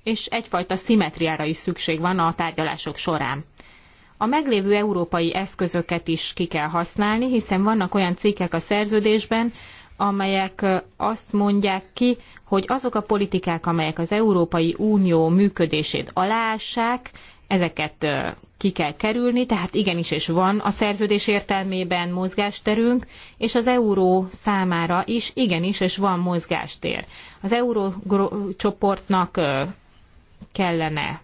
És egyfajta szimetriára is szükség van a tárgyalások során. A meglévő európai eszközöket is ki kell használni, hiszen vannak olyan cikkek a szerződésben, amelyek azt mondják ki, hogy azok a politikák, amelyek az Európai Unió működését alássák, ezeket ki kell kerülni, tehát igenis és van a szerződés értelmében mozgásterünk, és az euró számára is igenis és van mozgástér. Az euró csoportnak kellene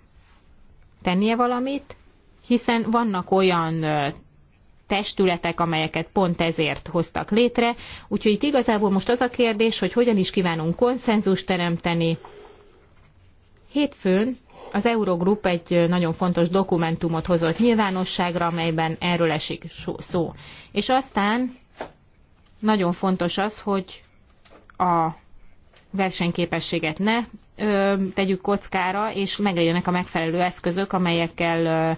tennie valamit, hiszen vannak olyan testületek, amelyeket pont ezért hoztak létre. Úgyhogy itt igazából most az a kérdés, hogy hogyan is kívánunk konszenzus teremteni. Hétfőn az Eurogrup egy nagyon fontos dokumentumot hozott nyilvánosságra, amelyben erről esik szó. És aztán nagyon fontos az, hogy a versenyképességet ne ö, tegyük kockára, és meglegyenek a megfelelő eszközök, amelyekkel ö,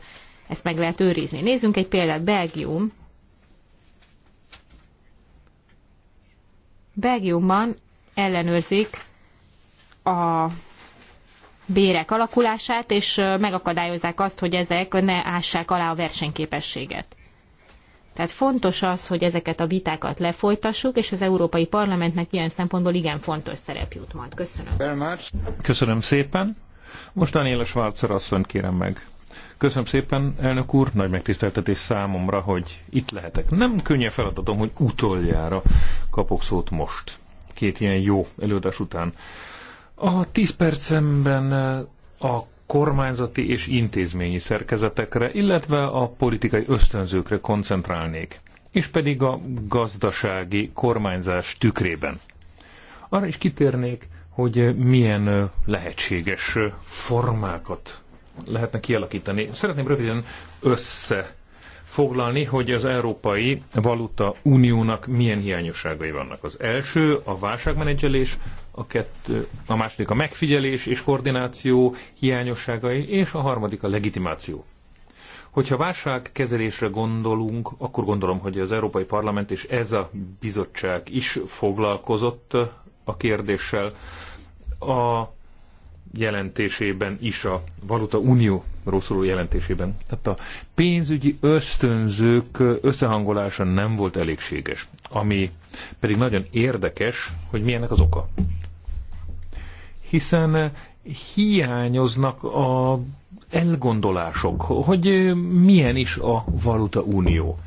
ezt meg lehet őrizni. Nézzünk egy példát, Belgium. Belgiumban ellenőrzik a bérek alakulását, és megakadályozzák azt, hogy ezek ne ássák alá a versenyképességet. Tehát fontos az, hogy ezeket a vitákat lefolytassuk, és az Európai Parlamentnek ilyen szempontból igen fontos szerep jut majd. Köszönöm. Köszönöm szépen. Most Daniela Schwarzer asszonyt kérem meg. Köszönöm szépen, elnök úr, nagy megtiszteltetés számomra, hogy itt lehetek. Nem könnyen feladatom, hogy utoljára kapok szót most, két ilyen jó előadás után. A 10 percemben a kormányzati és intézményi szerkezetekre, illetve a politikai ösztönzőkre koncentrálnék, és pedig a gazdasági kormányzás tükrében. Arra is kitérnék, hogy milyen lehetséges formákat lehetne kialakítani. Szeretném röviden összefoglalni, hogy az Európai Valuta Uniónak milyen hiányosságai vannak. Az első a válságmenedzselés, a, kettő, a második a megfigyelés és koordináció hiányosságai, és a harmadik a legitimáció. Hogyha válságkezelésre gondolunk, akkor gondolom, hogy az Európai Parlament és ez a bizottság is foglalkozott a kérdéssel a jelentésében is, a Valuta Unió rosszuló jelentésében. Tehát a pénzügyi ösztönzők összehangolása nem volt elégséges, ami pedig nagyon érdekes, hogy milyennek az oka hiszen hiányoznak a elgondolások, hogy milyen is a valuta unió.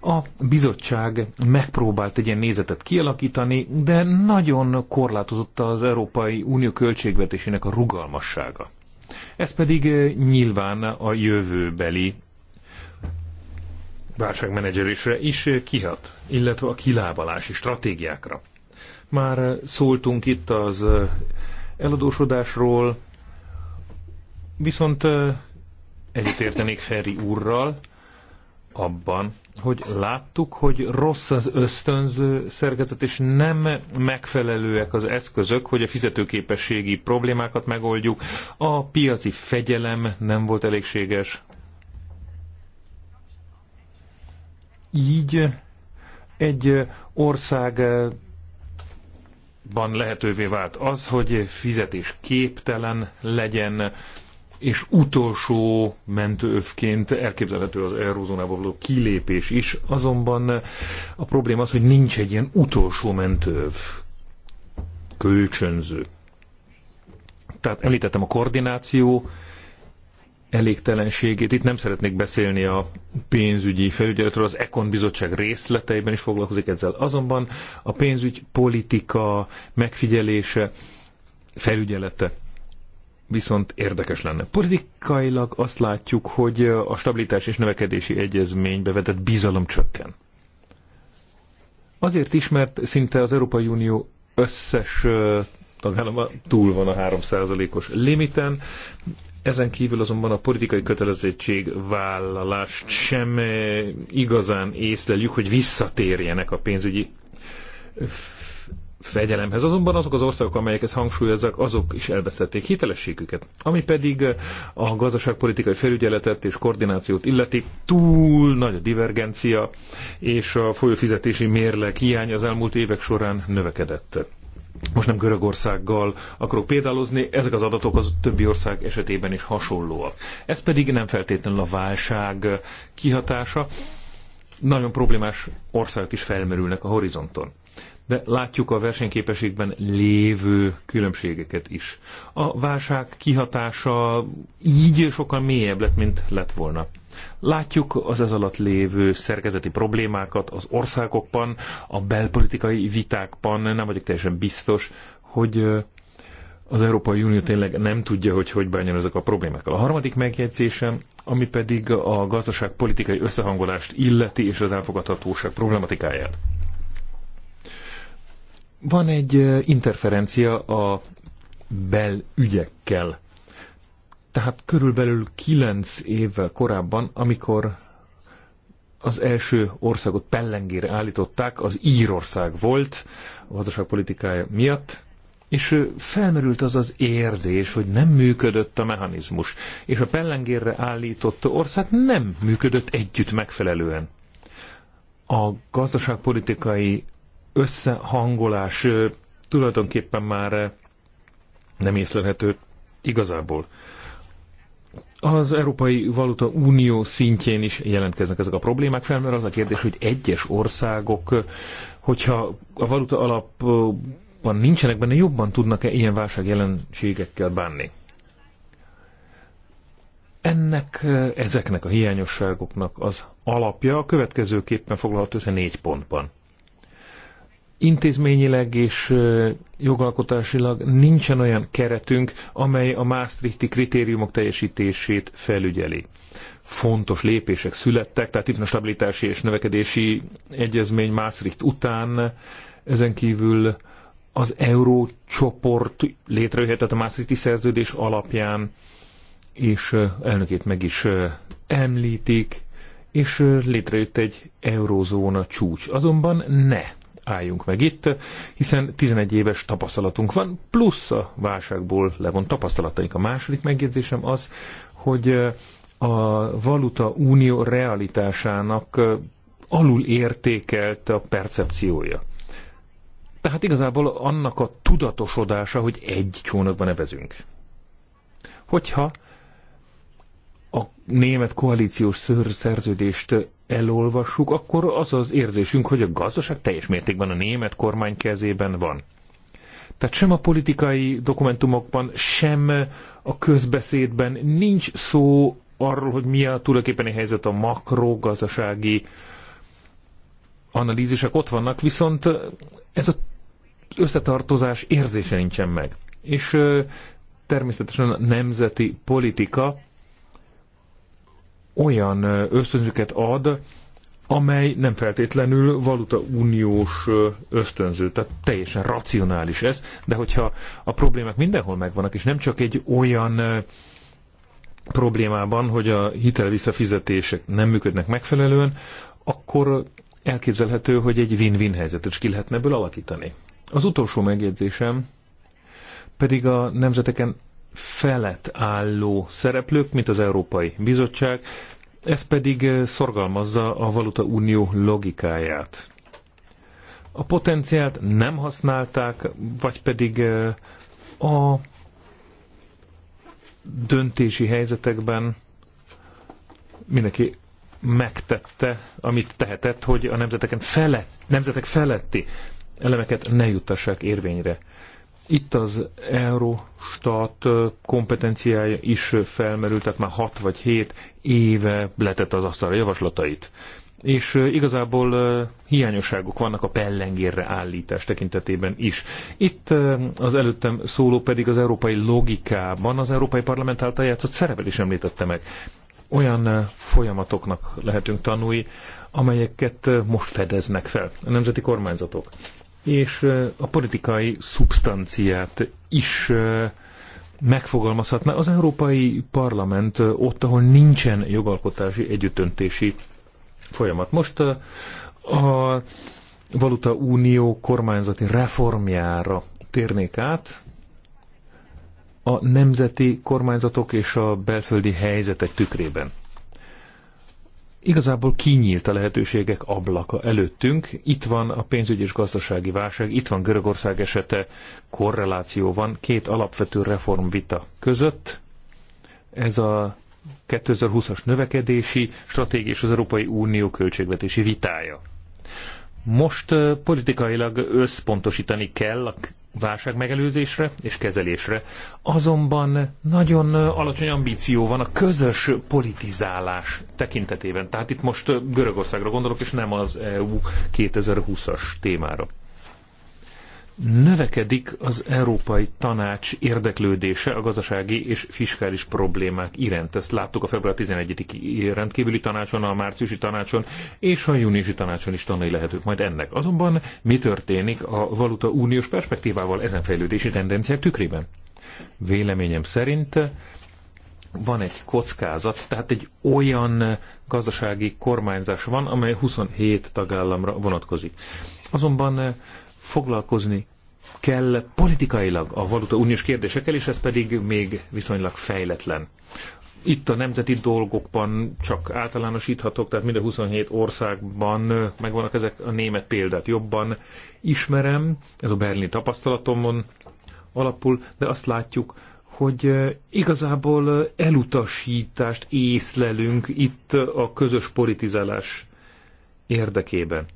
A bizottság megpróbált egy ilyen nézetet kialakítani, de nagyon korlátozott az Európai Unió költségvetésének a rugalmassága. Ez pedig eh, nyilván a jövőbeli válságmenedzselésre is kihat, illetve a kilábalási stratégiákra. Már szóltunk itt az eh, eladósodásról, viszont egyetértenék Ferri úrral abban, hogy láttuk, hogy rossz az ösztönző szerkezet, és nem megfelelőek az eszközök, hogy a fizetőképességi problémákat megoldjuk. A piaci fegyelem nem volt elégséges. Így egy ország ban lehetővé vált az, hogy fizetés képtelen legyen, és utolsó mentőövként elképzelhető az eurozónából való kilépés is, azonban a probléma az, hogy nincs egy ilyen utolsó mentőöv kölcsönző. Tehát említettem a koordináció elégtelenségét. Itt nem szeretnék beszélni a pénzügyi felügyeletről, az Ekon bizottság részleteiben is foglalkozik ezzel. Azonban a pénzügy politika megfigyelése, felügyelete viszont érdekes lenne. Politikailag azt látjuk, hogy a stabilitás és növekedési egyezménybe vetett bizalom csökken. Azért is, mert szinte az Európai Unió összes tagállama túl van a 3%-os limiten, ezen kívül azonban a politikai kötelezettségvállalást sem eh, igazán észleljük, hogy visszatérjenek a pénzügyi fegyelemhez. Azonban azok az országok, amelyek ezt hangsúlyozzák, azok is elvesztették hitelességüket. Ami pedig eh, a gazdaságpolitikai felügyeletet és koordinációt illeti, túl nagy a divergencia, és a folyófizetési mérleg hiány az elmúlt évek során növekedett. Most nem Görögországgal akarok példálozni, ezek az adatok az többi ország esetében is hasonlóak. Ez pedig nem feltétlenül a válság kihatása. Nagyon problémás országok is felmerülnek a horizonton de látjuk a versenyképességben lévő különbségeket is. A válság kihatása így sokkal mélyebb lett, mint lett volna. Látjuk az ez alatt lévő szerkezeti problémákat az országokban, a belpolitikai vitákban, nem vagyok teljesen biztos, hogy az Európai Unió tényleg nem tudja, hogy hogy bánjon ezek a problémákkal. A harmadik megjegyzésem, ami pedig a gazdaságpolitikai összehangolást illeti és az elfogadhatóság problematikáját. Van egy interferencia a belügyekkel. Tehát körülbelül kilenc évvel korábban, amikor az első országot pellengére állították, az Írország volt a gazdaságpolitikája miatt, és felmerült az az érzés, hogy nem működött a mechanizmus, és a pellengérre állított ország nem működött együtt megfelelően. A gazdaságpolitikai összehangolás tulajdonképpen már nem észlelhető igazából. Az Európai Valuta Unió szintjén is jelentkeznek ezek a problémák fel, mert az a kérdés, hogy egyes országok, hogyha a valuta alapban nincsenek benne, jobban tudnak-e ilyen válság jelenségekkel bánni? Ennek, ezeknek a hiányosságoknak az alapja következőképpen foglalható össze négy pontban intézményileg és jogalkotásilag nincsen olyan keretünk, amely a Maastrichti kritériumok teljesítését felügyeli. Fontos lépések születtek, tehát itt a stabilitási és növekedési egyezmény Maastricht után, ezen kívül az eurócsoport létrejöhetett a Maastrichti szerződés alapján, és elnökét meg is említik, és létrejött egy eurózóna csúcs. Azonban ne álljunk meg itt, hiszen 11 éves tapasztalatunk van, plusz a válságból levont tapasztalataink. A második megjegyzésem az, hogy a valuta unió realitásának alul értékelt a percepciója. Tehát igazából annak a tudatosodása, hogy egy csónakban nevezünk. Hogyha a német koalíciós szerződést elolvassuk, akkor az az érzésünk, hogy a gazdaság teljes mértékben a német kormány kezében van. Tehát sem a politikai dokumentumokban, sem a közbeszédben nincs szó arról, hogy mi a tulajdonképpeni helyzet a makrogazdasági analízisek ott vannak, viszont ez a összetartozás érzése nincsen meg. És természetesen a nemzeti politika olyan ösztönzőket ad, amely nem feltétlenül valuta uniós ösztönző, tehát teljesen racionális ez, de hogyha a problémák mindenhol megvannak, és nem csak egy olyan problémában, hogy a hitel visszafizetések nem működnek megfelelően, akkor elképzelhető, hogy egy win-win helyzetet is ki lehetne ebből alakítani. Az utolsó megjegyzésem pedig a nemzeteken felett álló szereplők, mint az Európai Bizottság, ez pedig eh, szorgalmazza a valuta unió logikáját. A potenciált nem használták, vagy pedig eh, a döntési helyzetekben mindenki megtette, amit tehetett, hogy a nemzeteken felett, nemzetek feletti elemeket ne juttassák érvényre. Itt az Eurostat kompetenciája is felmerült, tehát már 6 vagy 7 éve letett az asztalra javaslatait. És igazából hiányosságok vannak a pellengérre állítás tekintetében is. Itt az előttem szóló pedig az európai logikában az Európai Parlament által játszott szerepet is említette meg. Olyan folyamatoknak lehetünk tanulni, amelyeket most fedeznek fel a nemzeti kormányzatok és a politikai szubstanciát is megfogalmazhatná az Európai Parlament ott, ahol nincsen jogalkotási együttöntési folyamat. Most a Valuta Unió kormányzati reformjára térnék át, a nemzeti kormányzatok és a belföldi helyzetek tükrében. Igazából kinyílt a lehetőségek ablaka előttünk. Itt van a pénzügyi és gazdasági válság, itt van Görögország esete, korreláció van két alapvető reformvita között. Ez a 2020-as növekedési stratégia és az Európai Unió költségvetési vitája. Most politikailag összpontosítani kell a válságmegelőzésre és kezelésre. Azonban nagyon alacsony ambíció van a közös politizálás tekintetében. Tehát itt most Görögországra gondolok, és nem az EU 2020-as témára növekedik az Európai Tanács érdeklődése a gazdasági és fiskális problémák iránt. Ezt láttuk a február 11-i rendkívüli tanácson, a márciusi tanácson és a júniusi tanácson is tanulni lehetünk majd ennek. Azonban mi történik a valuta uniós perspektívával ezen fejlődési tendenciák tükrében? Véleményem szerint van egy kockázat, tehát egy olyan gazdasági kormányzás van, amely 27 tagállamra vonatkozik. Azonban foglalkozni kell politikailag a valuta uniós kérdésekkel, és ez pedig még viszonylag fejletlen. Itt a nemzeti dolgokban csak általánosíthatok, tehát mind a 27 országban megvannak ezek a német példát jobban ismerem, ez a berlini tapasztalatomon alapul, de azt látjuk, hogy igazából elutasítást észlelünk itt a közös politizálás érdekében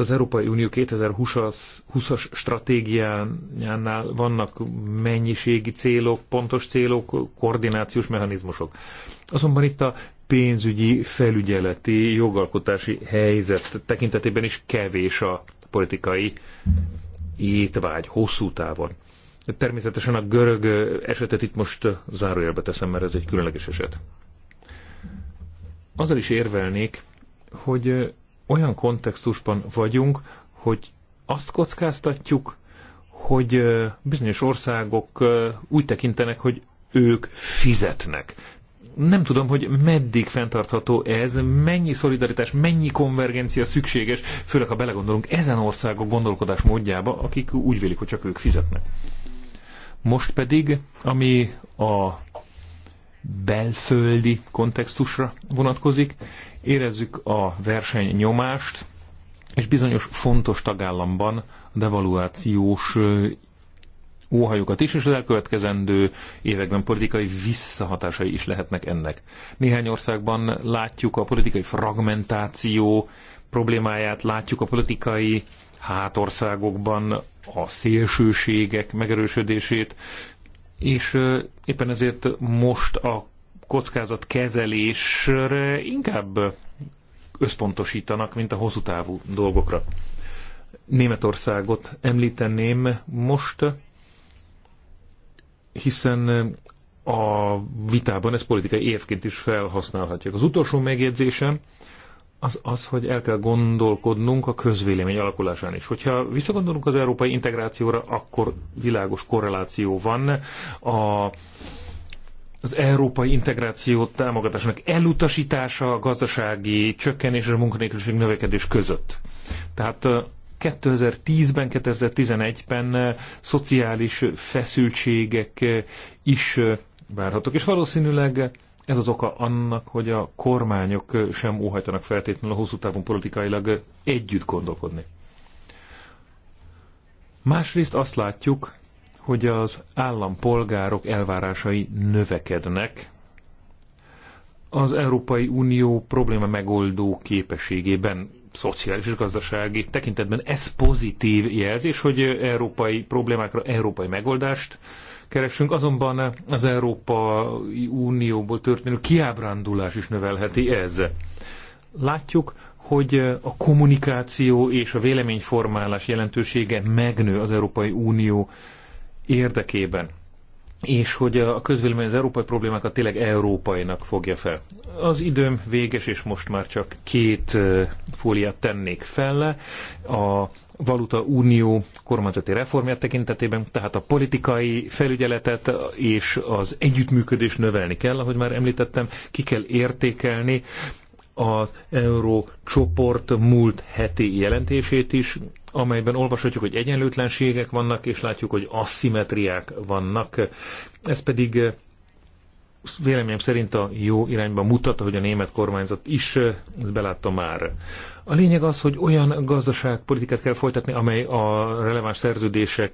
az Európai Unió 2020-as stratégiánál vannak mennyiségi célok, pontos célok, koordinációs mechanizmusok. Azonban itt a pénzügyi felügyeleti jogalkotási helyzet tekintetében is kevés a politikai étvágy hosszú távon. Természetesen a görög esetet itt most zárójelbe teszem, mert ez egy különleges eset. Azzal is érvelnék, hogy olyan kontextusban vagyunk, hogy azt kockáztatjuk, hogy bizonyos országok úgy tekintenek, hogy ők fizetnek. Nem tudom, hogy meddig fenntartható ez, mennyi szolidaritás, mennyi konvergencia szükséges, főleg ha belegondolunk ezen országok gondolkodás módjába, akik úgy vélik, hogy csak ők fizetnek. Most pedig, ami a belföldi kontextusra vonatkozik. Érezzük a verseny nyomást, és bizonyos fontos tagállamban a devaluációs óhajokat is, és az elkövetkezendő években politikai visszahatásai is lehetnek ennek. Néhány országban látjuk a politikai fragmentáció problémáját, látjuk a politikai hátországokban a szélsőségek megerősödését, és éppen ezért most a kezelésre inkább összpontosítanak, mint a hosszú távú dolgokra. Németországot említeném most, hiszen a vitában ez politikai évként is felhasználhatják. Az utolsó megjegyzésem az az, hogy el kell gondolkodnunk a közvélemény alakulásán is. Hogyha visszagondolunk az európai integrációra, akkor világos korreláció van a az európai integráció támogatásának elutasítása a gazdasági csökkenés és a munkanélküliség növekedés között. Tehát 2010-ben, 2011-ben szociális feszültségek is várhatók, és valószínűleg ez az oka annak, hogy a kormányok sem óhajtanak feltétlenül a hosszú távon politikailag együtt gondolkodni. Másrészt azt látjuk, hogy az állampolgárok elvárásai növekednek, az Európai Unió probléma megoldó képességében, szociális és gazdasági tekintetben ez pozitív jelzés, hogy európai problémákra európai megoldást Keresünk azonban az Európai Unióból történő kiábrándulás is növelheti ez. Látjuk, hogy a kommunikáció és a véleményformálás jelentősége megnő az Európai Unió érdekében és hogy a közvélemény az európai problémákat tényleg európainak fogja fel. Az időm véges, és most már csak két fóliát tennék fel. A valuta unió kormányzati reformját tekintetében, tehát a politikai felügyeletet és az együttműködést növelni kell, ahogy már említettem, ki kell értékelni az Euró csoport múlt heti jelentését is, amelyben olvashatjuk, hogy egyenlőtlenségek vannak, és látjuk, hogy asszimetriák vannak. Ez pedig eh, véleményem szerint a jó irányba mutat, hogy a német kormányzat is eh, belátta már. A lényeg az, hogy olyan gazdaságpolitikát kell folytatni, amely a releváns szerződések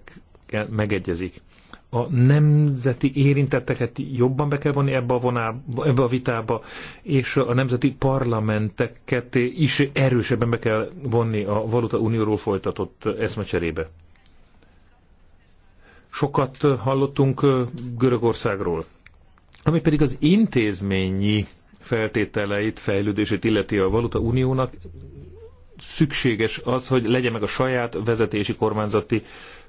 megegyezik a nemzeti érintetteket jobban be kell vonni ebbe a, vonába, ebbe a vitába, és a nemzeti parlamenteket is erősebben be kell vonni a Valuta Unióról folytatott eszmecserébe. Sokat hallottunk Görögországról, ami pedig az intézményi feltételeit, fejlődését illeti a Valuta Uniónak, szükséges az, hogy legyen meg a saját vezetési kormányzati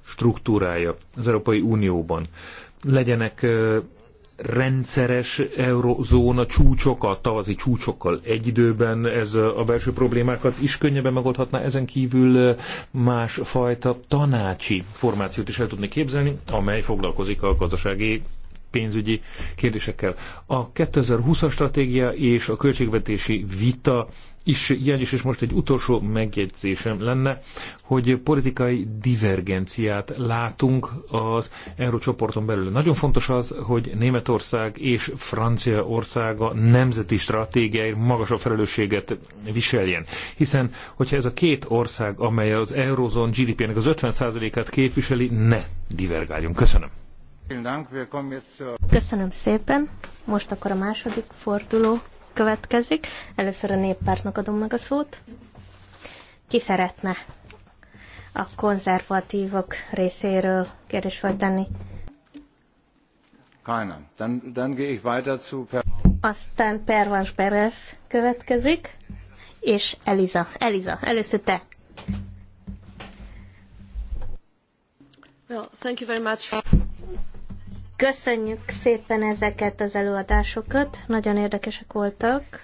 struktúrája az Európai Unióban. Legyenek rendszeres eurozóna csúcsok, a tavazi csúcsokkal egy időben ez a belső problémákat is könnyebben megoldhatná, ezen kívül másfajta tanácsi formációt is el tudni képzelni, amely foglalkozik a gazdasági pénzügyi kérdésekkel. A 2020-as stratégia és a költségvetési vita is ilyen is, és most egy utolsó megjegyzésem lenne, hogy politikai divergenciát látunk az eurócsoporton belül. Nagyon fontos az, hogy Németország és Franciaország a nemzeti stratégiai magasabb felelősséget viseljen. Hiszen, hogyha ez a két ország, amely az eurozón GDP-nek az 50%-át képviseli, ne divergáljon. Köszönöm. Köszönöm szépen. Most akkor a második forduló következik. Először a néppártnak adom meg a szót. Ki szeretne a konzervatívok részéről kérdést feltenni? Keiner. Dann, dann gehe ich weiter zu per Aztán Pervans Perez következik, és Eliza. Eliza, először te. Well, thank you very much. Köszönjük szépen ezeket az előadásokat, nagyon érdekesek voltak,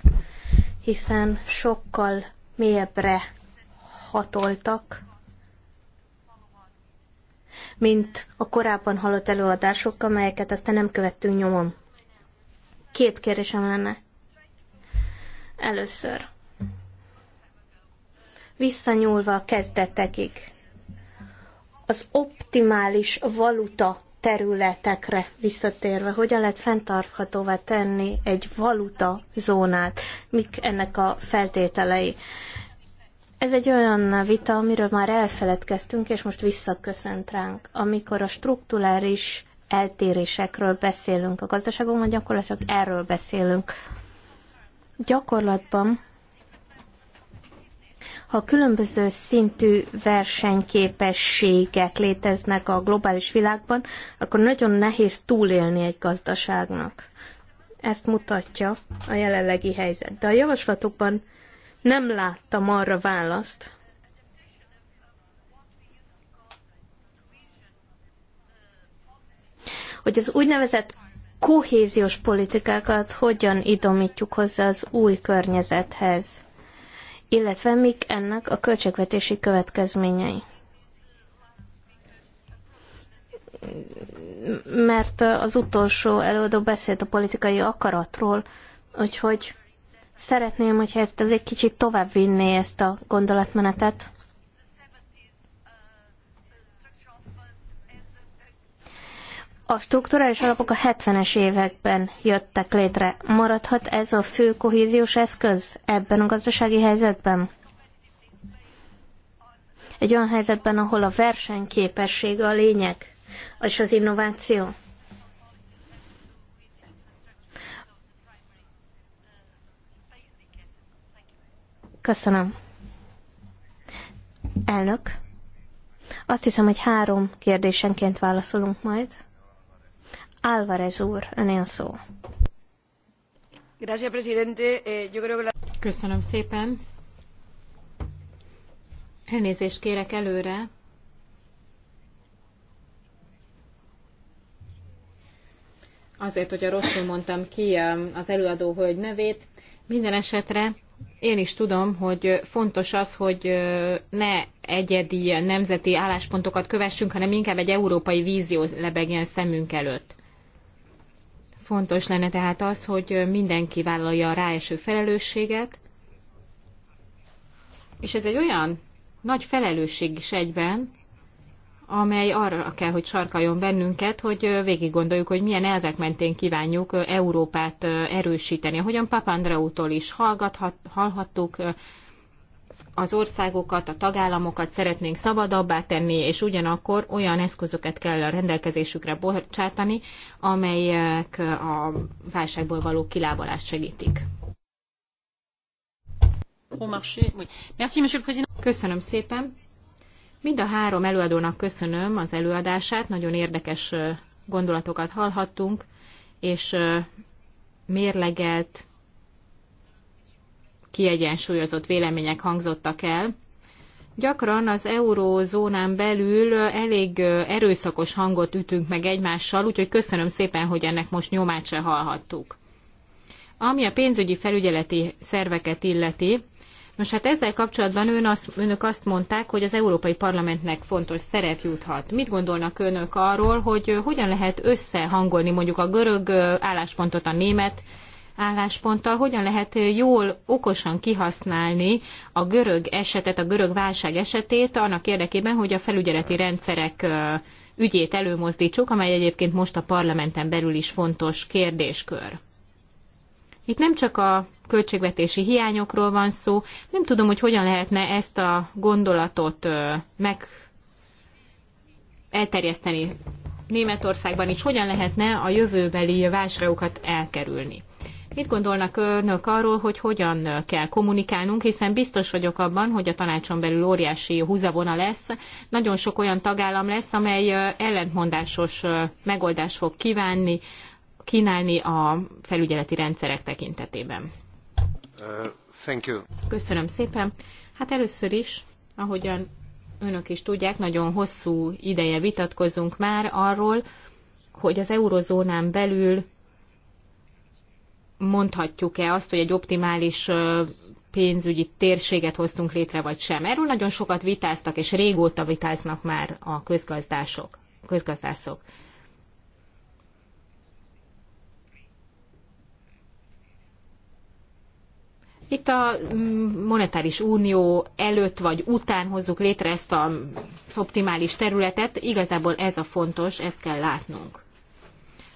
hiszen sokkal mélyebbre hatoltak, mint a korábban hallott előadások, amelyeket aztán nem követtünk nyomon. Két kérdésem lenne. Először. Visszanyúlva a kezdetekig. Az optimális valuta területekre visszatérve, hogyan lehet fenntarthatóvá tenni egy valuta zónát, mik ennek a feltételei. Ez egy olyan vita, amiről már elfeledkeztünk, és most visszaköszönt ránk. Amikor a strukturális eltérésekről beszélünk a gazdaságokban, gyakorlatilag erről beszélünk. Gyakorlatban ha különböző szintű versenyképességek léteznek a globális világban, akkor nagyon nehéz túlélni egy gazdaságnak. Ezt mutatja a jelenlegi helyzet. De a javaslatokban nem láttam arra választ, hogy az úgynevezett kohéziós politikákat hogyan idomítjuk hozzá az új környezethez illetve mik ennek a költségvetési következményei. Mert az utolsó előadó beszélt a politikai akaratról, úgyhogy szeretném, hogyha ezt egy kicsit tovább vinné ezt a gondolatmenetet. A strukturális alapok a 70-es években jöttek létre. Maradhat ez a fő kohéziós eszköz ebben a gazdasági helyzetben? Egy olyan helyzetben, ahol a versenyképesség a lényeg, és az innováció. Köszönöm. Elnök. Azt hiszem, hogy három kérdésenként válaszolunk majd. Álvarez úr, önél szó. Eh, Köszönöm szépen. Elnézést kérek előre. Azért, hogy a rosszul mondtam ki um, az előadó hölgy nevét. Minden esetre én is tudom, hogy fontos az, hogy uh, ne egyedi nemzeti álláspontokat kövessünk, hanem inkább egy európai vízió lebegjen szemünk előtt. Fontos lenne tehát az, hogy mindenki vállalja a ráeső felelősséget, és ez egy olyan nagy felelősség is egyben, amely arra kell, hogy sarkaljon bennünket, hogy végig gondoljuk, hogy milyen elvek mentén kívánjuk Európát erősíteni. Ahogyan Papandreútól is hallgathat, hallhattuk, az országokat, a tagállamokat szeretnénk szabadabbá tenni, és ugyanakkor olyan eszközöket kell a rendelkezésükre bocsátani, amelyek a válságból való kilábalást segítik. Köszönöm szépen. Mind a három előadónak köszönöm az előadását, nagyon érdekes gondolatokat hallhattunk, és mérlegelt kiegyensúlyozott vélemények hangzottak el. Gyakran az eurózónán belül elég erőszakos hangot ütünk meg egymással, úgyhogy köszönöm szépen, hogy ennek most nyomát se hallhattuk. Ami a pénzügyi felügyeleti szerveket illeti, Nos hát ezzel kapcsolatban ön azt, önök azt mondták, hogy az Európai Parlamentnek fontos szerep juthat. Mit gondolnak önök arról, hogy hogyan lehet összehangolni mondjuk a görög álláspontot a német állásponttal hogyan lehet jól, okosan kihasználni a görög esetet, a görög válság esetét annak érdekében, hogy a felügyeleti rendszerek ügyét előmozdítsuk, amely egyébként most a parlamenten belül is fontos kérdéskör. Itt nem csak a költségvetési hiányokról van szó, nem tudom, hogy hogyan lehetne ezt a gondolatot meg elterjeszteni Németországban is, hogyan lehetne a jövőbeli válságokat elkerülni. Mit gondolnak önök arról, hogy hogyan kell kommunikálnunk, hiszen biztos vagyok abban, hogy a tanácson belül óriási húzavona lesz. Nagyon sok olyan tagállam lesz, amely ellentmondásos megoldást fog kívánni, kínálni a felügyeleti rendszerek tekintetében. Uh, thank you. Köszönöm szépen. Hát először is, ahogyan önök is tudják, nagyon hosszú ideje vitatkozunk már arról, hogy az eurozónán belül mondhatjuk-e azt, hogy egy optimális pénzügyi térséget hoztunk létre, vagy sem. Erről nagyon sokat vitáztak, és régóta vitáznak már a közgazdások, közgazdászok. Itt a mm, monetáris unió előtt vagy után hozzuk létre ezt az optimális területet, igazából ez a fontos, ezt kell látnunk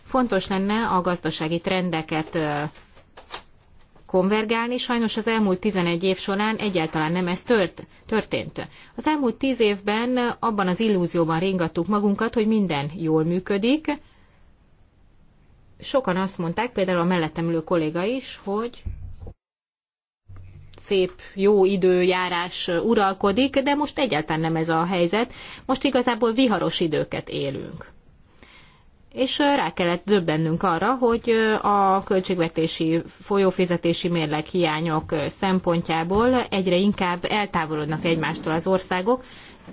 fontos lenne a gazdasági trendeket konvergálni, sajnos az elmúlt 11 év során egyáltalán nem ez tört, történt. Az elmúlt 10 évben abban az illúzióban ringattuk magunkat, hogy minden jól működik. Sokan azt mondták, például a mellettem ülő kolléga is, hogy szép, jó időjárás uralkodik, de most egyáltalán nem ez a helyzet. Most igazából viharos időket élünk és rá kellett döbbennünk arra, hogy a költségvetési folyófizetési mérleg hiányok szempontjából egyre inkább eltávolodnak egymástól az országok,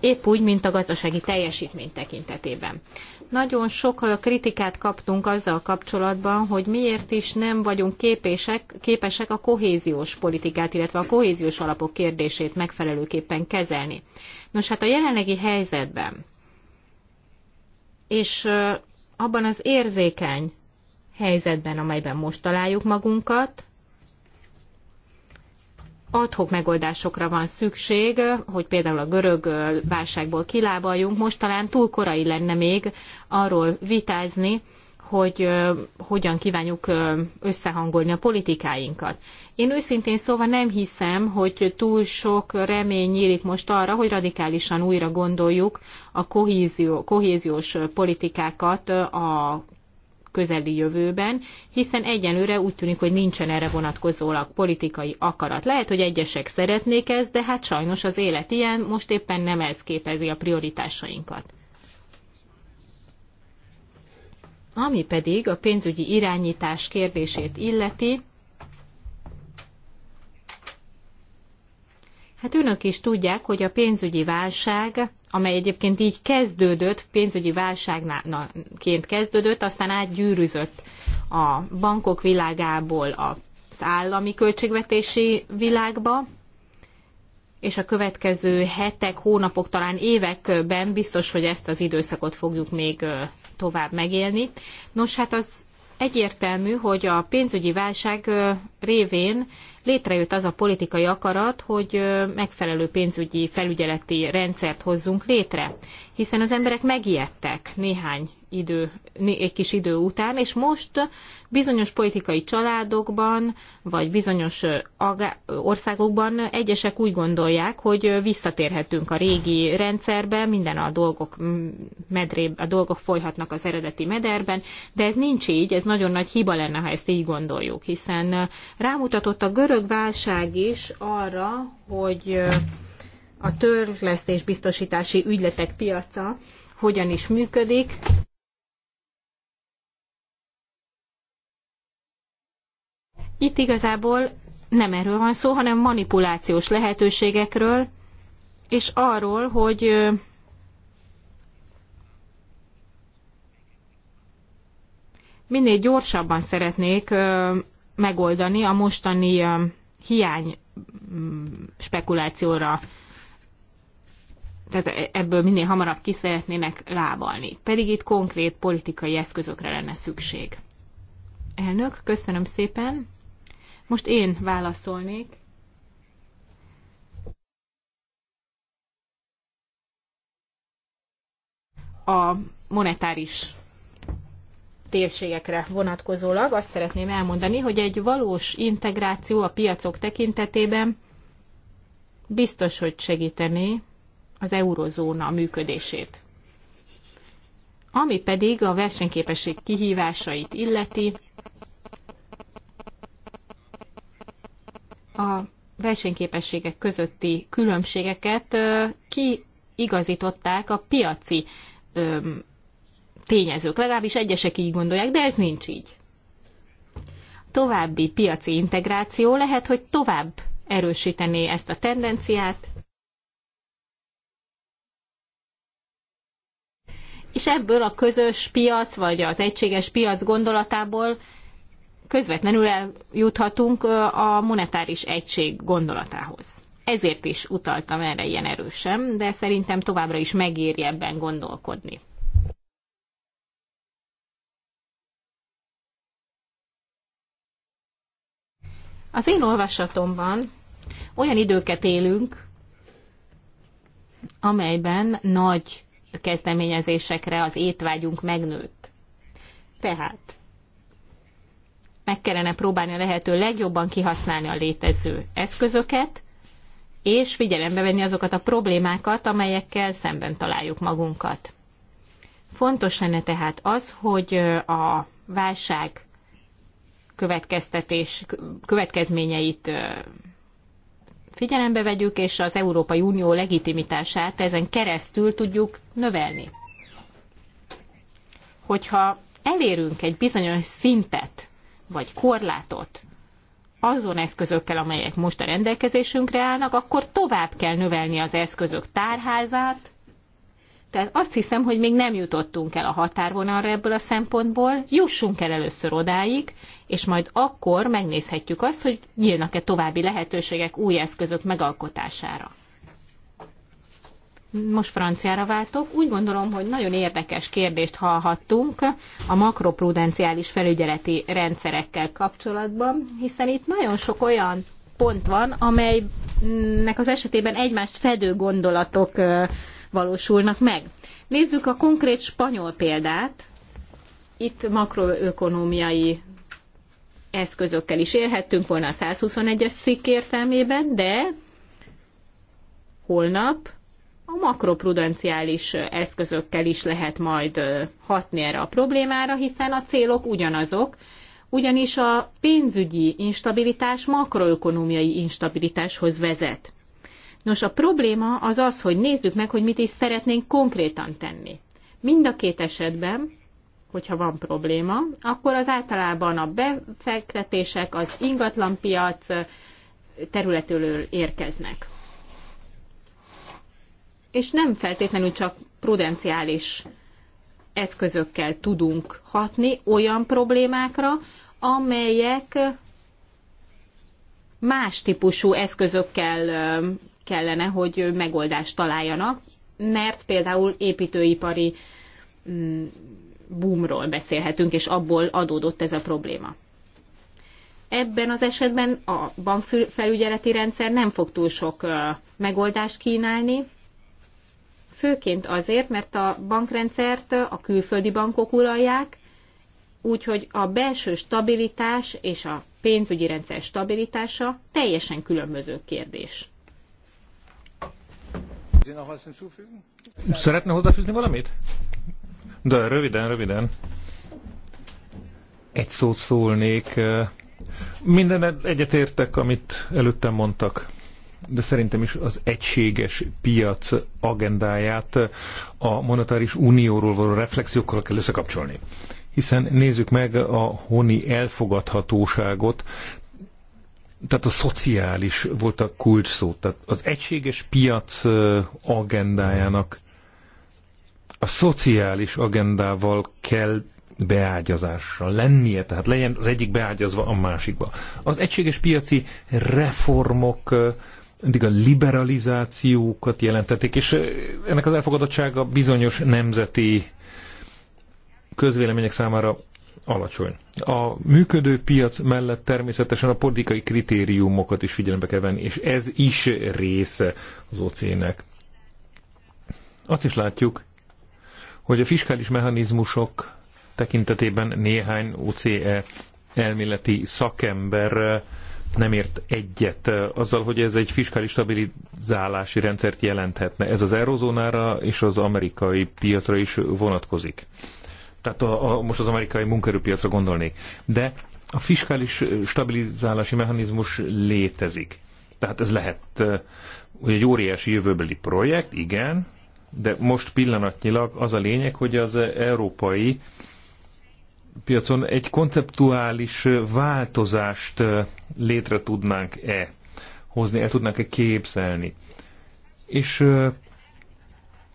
épp úgy, mint a gazdasági teljesítmény tekintetében. Nagyon sok kritikát kaptunk azzal kapcsolatban, hogy miért is nem vagyunk képesek, képesek a kohéziós politikát, illetve a kohéziós alapok kérdését megfelelőképpen kezelni. Nos, hát a jelenlegi helyzetben, és abban az érzékeny helyzetben, amelyben most találjuk magunkat, adhok megoldásokra van szükség, hogy például a görög válságból kilábaljunk. Most talán túl korai lenne még arról vitázni, hogy hogyan kívánjuk összehangolni a politikáinkat. Én őszintén szóval nem hiszem, hogy túl sok remény nyílik most arra, hogy radikálisan újra gondoljuk a kohézió, kohéziós politikákat a közeli jövőben, hiszen egyenlőre úgy tűnik, hogy nincsen erre vonatkozólag politikai akarat. Lehet, hogy egyesek szeretnék ezt, de hát sajnos az élet ilyen, most éppen nem ez képezi a prioritásainkat. Ami pedig a pénzügyi irányítás kérdését illeti, Hát önök is tudják, hogy a pénzügyi válság, amely egyébként így kezdődött, pénzügyi válságként kezdődött, aztán átgyűrűzött a bankok világából az állami költségvetési világba, és a következő hetek, hónapok, talán években biztos, hogy ezt az időszakot fogjuk még tovább megélni. Nos, hát az egyértelmű, hogy a pénzügyi válság révén létrejött az a politikai akarat, hogy megfelelő pénzügyi felügyeleti rendszert hozzunk létre hiszen az emberek megijedtek néhány idő, egy kis idő után, és most bizonyos politikai családokban, vagy bizonyos országokban egyesek úgy gondolják, hogy visszatérhetünk a régi rendszerbe, minden a dolgok, medrébb, a dolgok folyhatnak az eredeti mederben, de ez nincs így, ez nagyon nagy hiba lenne, ha ezt így gondoljuk, hiszen rámutatott a görög válság is arra, hogy a törlesztés biztosítási ügyletek piaca hogyan is működik. Itt igazából nem erről van szó, hanem manipulációs lehetőségekről, és arról, hogy minél gyorsabban szeretnék megoldani a mostani hiány spekulációra tehát e- ebből minél hamarabb ki szeretnének lábalni. Pedig itt konkrét politikai eszközökre lenne szükség. Elnök, köszönöm szépen. Most én válaszolnék. A monetáris térségekre vonatkozólag azt szeretném elmondani, hogy egy valós integráció a piacok tekintetében biztos, hogy segítené az eurozóna működését. Ami pedig a versenyképesség kihívásait illeti, a versenyképességek közötti különbségeket kiigazították a piaci tényezők. Legalábbis egyesek így gondolják, de ez nincs így. További piaci integráció lehet, hogy tovább erősítené ezt a tendenciát, és ebből a közös piac, vagy az egységes piac gondolatából közvetlenül eljuthatunk a monetáris egység gondolatához. Ezért is utaltam erre ilyen erősen, de szerintem továbbra is megéri ebben gondolkodni. Az én olvasatomban olyan időket élünk, amelyben nagy kezdeményezésekre az étvágyunk megnőtt. Tehát meg kellene próbálni a lehető legjobban kihasználni a létező eszközöket, és figyelembe venni azokat a problémákat, amelyekkel szemben találjuk magunkat. Fontos lenne tehát az, hogy a válság következtetés, következményeit figyelembe vegyük, és az Európai Unió legitimitását ezen keresztül tudjuk növelni. Hogyha elérünk egy bizonyos szintet, vagy korlátot azon eszközökkel, amelyek most a rendelkezésünkre állnak, akkor tovább kell növelni az eszközök tárházát, tehát azt hiszem, hogy még nem jutottunk el a határvonalra ebből a szempontból. Jussunk el először odáig, és majd akkor megnézhetjük azt, hogy nyílnak-e további lehetőségek új eszközök megalkotására. Most franciára váltok. Úgy gondolom, hogy nagyon érdekes kérdést hallhattunk a makroprudenciális felügyeleti rendszerekkel kapcsolatban, hiszen itt nagyon sok olyan pont van, amelynek az esetében egymást fedő gondolatok valósulnak meg. Nézzük a konkrét spanyol példát. Itt makroökonomiai eszközökkel is élhettünk volna a 121-es cikk értelmében, de holnap a makroprudenciális eszközökkel is lehet majd hatni erre a problémára, hiszen a célok ugyanazok, ugyanis a pénzügyi instabilitás makroökonomiai instabilitáshoz vezet. Nos, a probléma az az, hogy nézzük meg, hogy mit is szeretnénk konkrétan tenni. Mind a két esetben, hogyha van probléma, akkor az általában a befektetések, az ingatlanpiac eh, területülől érkeznek. És nem feltétlenül csak prudenciális eszközökkel tudunk hatni olyan problémákra, amelyek más típusú eszközökkel eh, kellene, hogy megoldást találjanak, mert például építőipari mm, boomról beszélhetünk, és abból adódott ez a probléma. Ebben az esetben a bankfelügyeleti rendszer nem fog túl sok megoldást kínálni, főként azért, mert a bankrendszert a külföldi bankok uralják, úgyhogy a belső stabilitás és a pénzügyi rendszer stabilitása teljesen különböző kérdés. Szeretne hozzáfűzni valamit? De röviden, röviden. Egy szót szólnék. Minden egyetértek, amit előttem mondtak, de szerintem is az egységes piac agendáját a monetáris unióról való reflexiókkal kell összekapcsolni. Hiszen nézzük meg a honi elfogadhatóságot, tehát a szociális volt a kulcs szó, tehát az egységes piac agendájának a szociális agendával kell beágyazással lennie, tehát legyen az egyik beágyazva a másikba. Az egységes piaci reformok mindig a liberalizációkat jelentették, és ennek az elfogadottsága bizonyos nemzeti közvélemények számára alacsony. A működő piac mellett természetesen a politikai kritériumokat is figyelembe kell venni, és ez is része az OC-nek. Azt is látjuk, hogy a fiskális mechanizmusok tekintetében néhány OCE elméleti szakember nem ért egyet azzal, hogy ez egy fiskális stabilizálási rendszert jelenthetne. Ez az eurozónára és az amerikai piacra is vonatkozik tehát a, a, most az amerikai munkerőpiacra gondolnék. De a fiskális stabilizálási mechanizmus létezik. Tehát ez lehet hogy egy óriási jövőbeli projekt, igen, de most pillanatnyilag az a lényeg, hogy az európai piacon egy konceptuális változást létre tudnánk-e hozni, el tudnánk-e képzelni. És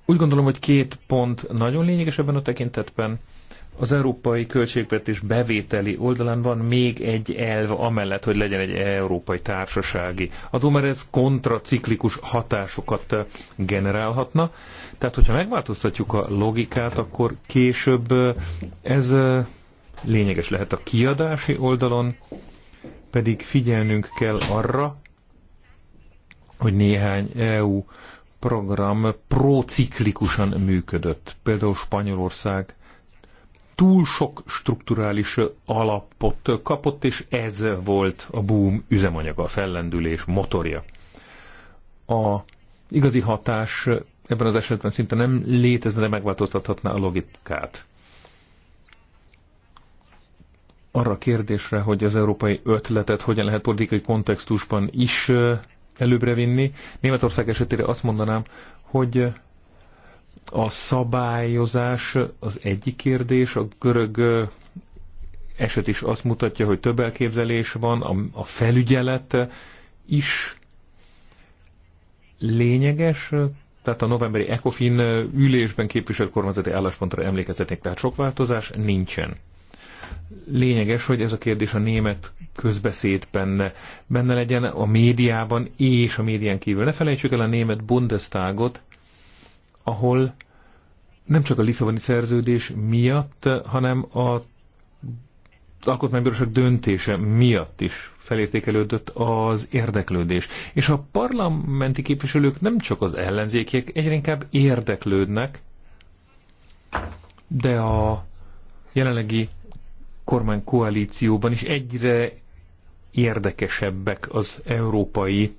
úgy gondolom, hogy két pont nagyon lényeges ebben a tekintetben. Az európai költségvetés bevételi oldalán van még egy elv, amellett, hogy legyen egy európai társasági adó, mert ez kontraciklikus hatásokat eh, generálhatna. Tehát, hogyha megváltoztatjuk a logikát, akkor később eh, ez eh, lényeges lehet a kiadási oldalon, pedig figyelnünk kell arra, hogy néhány EU program prociklikusan működött. Például Spanyolország túl sok strukturális alapot kapott, és ez volt a boom üzemanyaga, a fellendülés motorja. A igazi hatás ebben az esetben szinte nem létezne, de megváltoztathatná a logikát. Arra a kérdésre, hogy az európai ötletet hogyan lehet politikai kontextusban is előbbre vinni. Németország esetére azt mondanám, hogy a szabályozás az egyik kérdés, a görög eset is azt mutatja, hogy több elképzelés van, a felügyelet is lényeges, tehát a novemberi ECOFIN ülésben képviselt kormányzati álláspontra emlékeztetnék, tehát sok változás nincsen. Lényeges, hogy ez a kérdés a német közbeszédben benne legyen, a médiában és a médián kívül. Ne felejtsük el a német Bundestagot, ahol nem csak a Lisszaboni szerződés miatt, hanem a alkotmánybíróság döntése miatt is felértékelődött az érdeklődés. És a parlamenti képviselők nem csak az ellenzékiek, egyre inkább érdeklődnek, de a jelenlegi kormánykoalícióban is egyre érdekesebbek az európai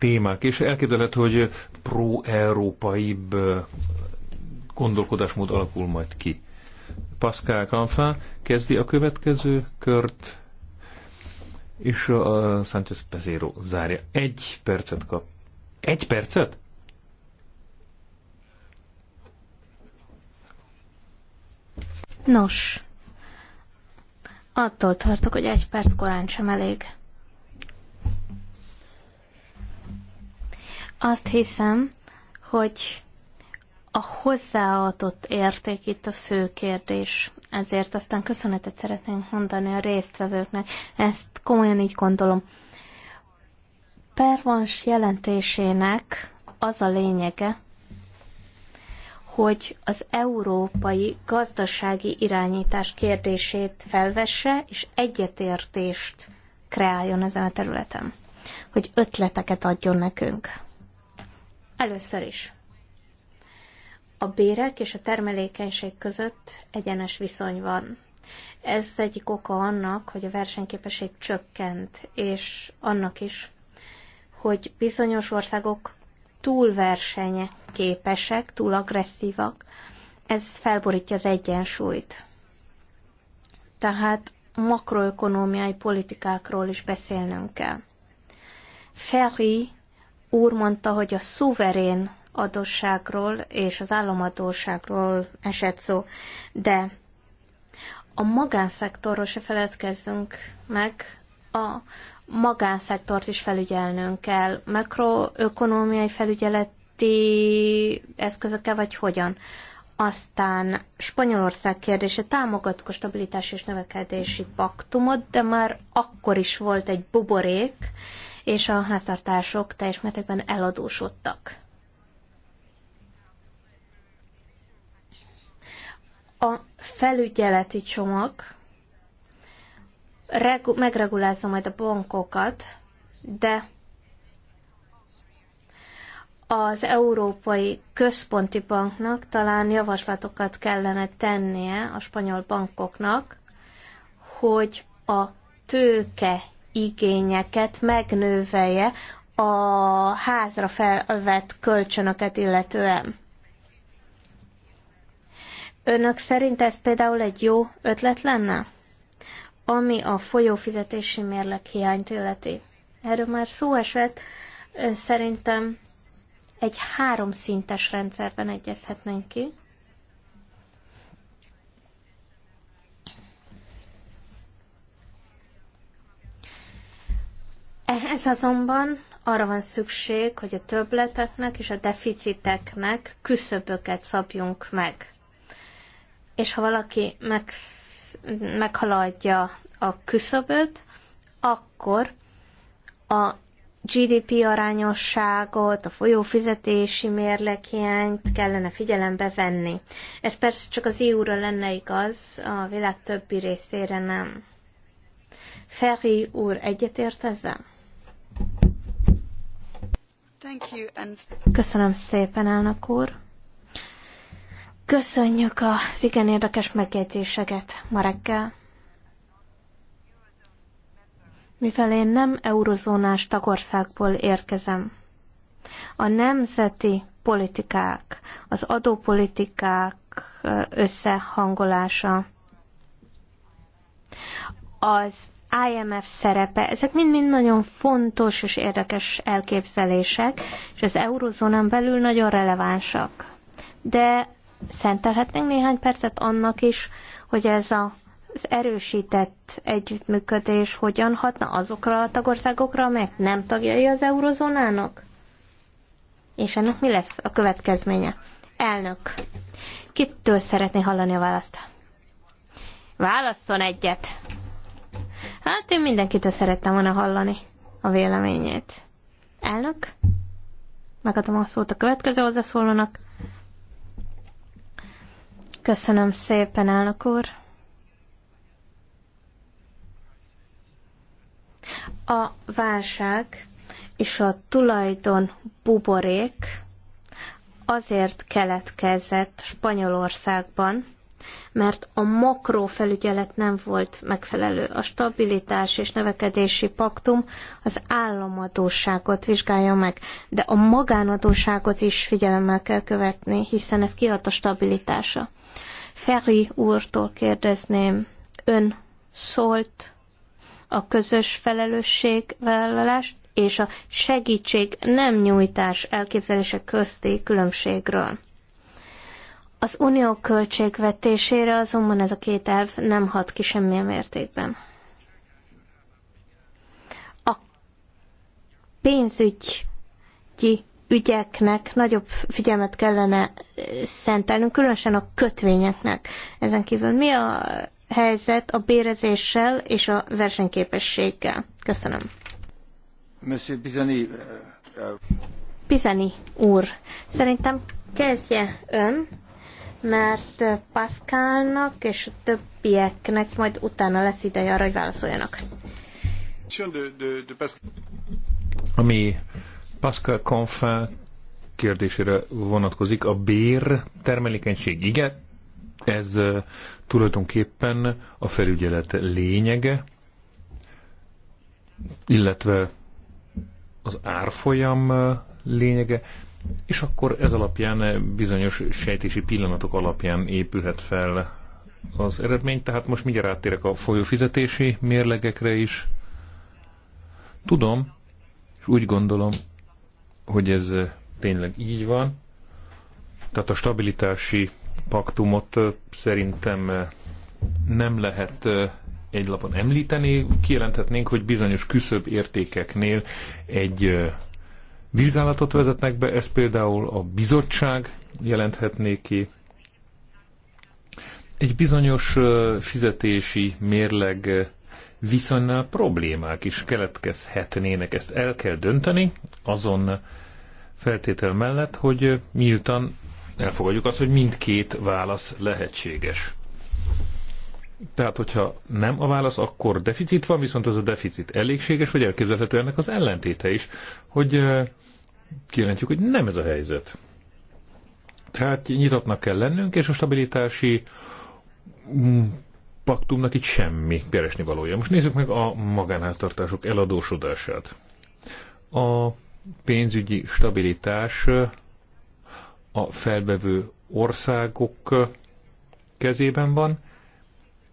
témák, és elképzelhető, hogy pro-európaibb gondolkodásmód alakul majd ki. Pascal Canfa kezdi a következő kört, és a Sánchez Pezéro zárja. Egy percet kap. Egy percet? Nos, attól tartok, hogy egy perc korán sem elég. Azt hiszem, hogy a hozzáadott érték itt a fő kérdés. Ezért aztán köszönetet szeretnénk mondani a résztvevőknek. Ezt komolyan így gondolom. Pervans jelentésének az a lényege, hogy az európai gazdasági irányítás kérdését felvesse, és egyetértést kreáljon ezen a területen, hogy ötleteket adjon nekünk. Először is. A bérek és a termelékenység között egyenes viszony van. Ez egyik oka annak, hogy a versenyképesség csökkent, és annak is, hogy bizonyos országok túlversenye képesek, túl agresszívak, ez felborítja az egyensúlyt. Tehát makroökonómiai politikákról is beszélnünk kell. Ferry úr mondta, hogy a szuverén adósságról és az államadóságról esett szó, de a magánszektorról se feledkezzünk meg, a magánszektort is felügyelnünk kell, makroökonomiai felügyeleti eszközökkel, vagy hogyan. Aztán Spanyolország kérdése, támogatok a stabilitás és növekedési paktumot, de már akkor is volt egy buborék, és a háztartások teljes mértékben eladósodtak. A felügyeleti csomag megregulázza majd a bankokat, de az Európai Központi Banknak talán javaslatokat kellene tennie a spanyol bankoknak, hogy a tőke igényeket megnővelje a házra felvett kölcsönöket illetően. Önök szerint ez például egy jó ötlet lenne? Ami a folyófizetési mérleg hiányt illeti. Erről már szó esett, szerintem egy háromszintes rendszerben egyezhetnénk ki. Ehhez azonban arra van szükség, hogy a többleteknek és a deficiteknek küszöböket szabjunk meg. És ha valaki meg, meghaladja a küszöböt, akkor a GDP arányosságot, a folyófizetési mérlekhiányt kellene figyelembe venni. Ez persze csak az EU-ra lenne igaz, a világ többi részére nem. Ferri úr egyetért ezzel? Köszönöm szépen, elnök úr. Köszönjük az igen érdekes megjegyzéseket ma reggel. Mivel én nem eurozónás tagországból érkezem, a nemzeti politikák, az adópolitikák összehangolása, az IMF szerepe, ezek mind-mind nagyon fontos és érdekes elképzelések, és az eurozónán belül nagyon relevánsak. De szentelhetnénk néhány percet annak is, hogy ez a az erősített együttműködés hogyan hatna azokra a tagországokra, amelyek nem tagjai az eurozónának? És ennek mi lesz a következménye? Elnök, kitől szeretné hallani a választ? Válasszon egyet! Hát én mindenkitől szerettem volna hallani a véleményét. Elnök? Megadom a szót a következő hozzászólónak. Köszönöm szépen, elnök úr. A válság és a tulajdon buborék azért keletkezett Spanyolországban, mert a makrófelügyelet nem volt megfelelő. A stabilitás és növekedési paktum az államadóságot vizsgálja meg, de a magánadóságot is figyelemmel kell követni, hiszen ez kihat a stabilitása. Feri úrtól kérdezném, ön szólt a közös felelősségvállalás és a segítség nem nyújtás elképzelése közti különbségről. Az unió költségvetésére azonban ez a két elv nem hat ki semmilyen mértékben. A pénzügyi ügyeknek nagyobb figyelmet kellene eh, szentelnünk, különösen a kötvényeknek. Ezen kívül mi a helyzet a bérezéssel és a versenyképességgel? Köszönöm. Monsieur Bizani, Bizani eh, eh, úr, szerintem kezdje ön, mert Pascalnak és a többieknek majd utána lesz ideje arra, hogy válaszoljanak. Ami Pascal Confin kérdésére vonatkozik, a bér termelékenység, igen, ez tulajdonképpen a felügyelet lényege, illetve az árfolyam lényege, és akkor ez alapján eh, bizonyos sejtési pillanatok alapján épülhet fel az eredmény, tehát most mindjárt áttérek a folyófizetési mérlegekre is. Tudom, és úgy gondolom, hogy ez eh, tényleg így van. Tehát a stabilitási paktumot eh, szerintem nem lehet egy lapon említeni. Kijelenthetnénk, hogy bizonyos küszöbb értékeknél egy vizsgálatot vezetnek be, ez például a bizottság jelenthetné ki. Egy bizonyos fizetési mérleg viszonynál problémák is keletkezhetnének. Ezt el kell dönteni azon feltétel mellett, hogy miután elfogadjuk azt, hogy mindkét válasz lehetséges. Tehát, hogyha nem a válasz, akkor deficit van, viszont ez a deficit elégséges, vagy elképzelhető ennek az ellentéte is, hogy kijelentjük, hogy nem ez a helyzet. Tehát nyitatnak kell lennünk, és a stabilitási mm, paktumnak itt semmi keresni valója. Most nézzük meg a magánháztartások eladósodását. A pénzügyi stabilitás a felvevő országok kezében van,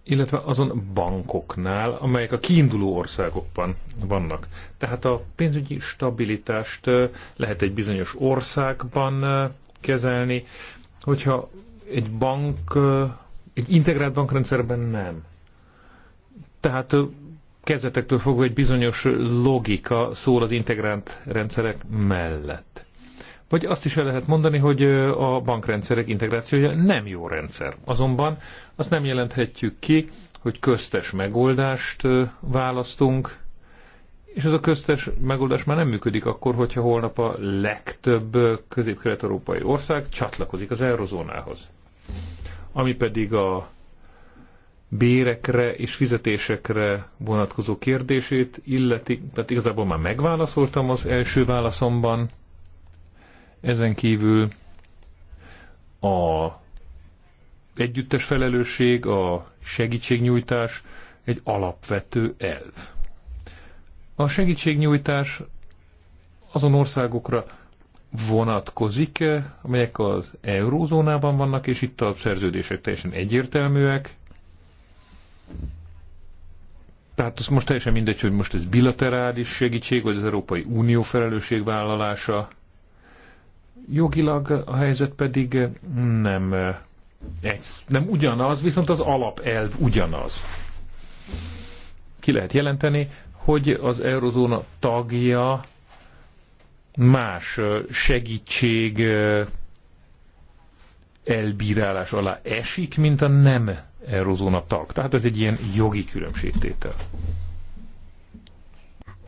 illetve azon bankoknál, amelyek a kiinduló országokban vannak. Tehát a pénzügyi stabilitást lehet egy bizonyos országban kezelni, hogyha egy bank, egy integrált bankrendszerben nem. Tehát kezdetektől fogva egy bizonyos logika szól az integrált rendszerek mellett. Vagy azt is el lehet mondani, hogy a bankrendszerek integrációja nem jó rendszer. Azonban azt nem jelenthetjük ki, hogy köztes megoldást választunk, és ez a köztes megoldás már nem működik akkor, hogyha holnap a legtöbb közép-kelet-európai ország csatlakozik az eurozónához. Ami pedig a bérekre és fizetésekre vonatkozó kérdését illeti, tehát igazából már megválaszoltam az első válaszomban, ezen kívül a együttes felelősség, a segítségnyújtás egy alapvető elv. A segítségnyújtás azon országokra vonatkozik, amelyek az eurózónában vannak, és itt a szerződések teljesen egyértelműek. Tehát az most teljesen mindegy, hogy most ez bilaterális segítség, vagy az Európai Unió felelősségvállalása. Jogilag a helyzet pedig nem, nem ugyanaz, viszont az alapelv ugyanaz. Ki lehet jelenteni, hogy az eurozóna tagja más segítség elbírálás alá esik, mint a nem eurozóna tag. Tehát ez egy ilyen jogi különbségtétel.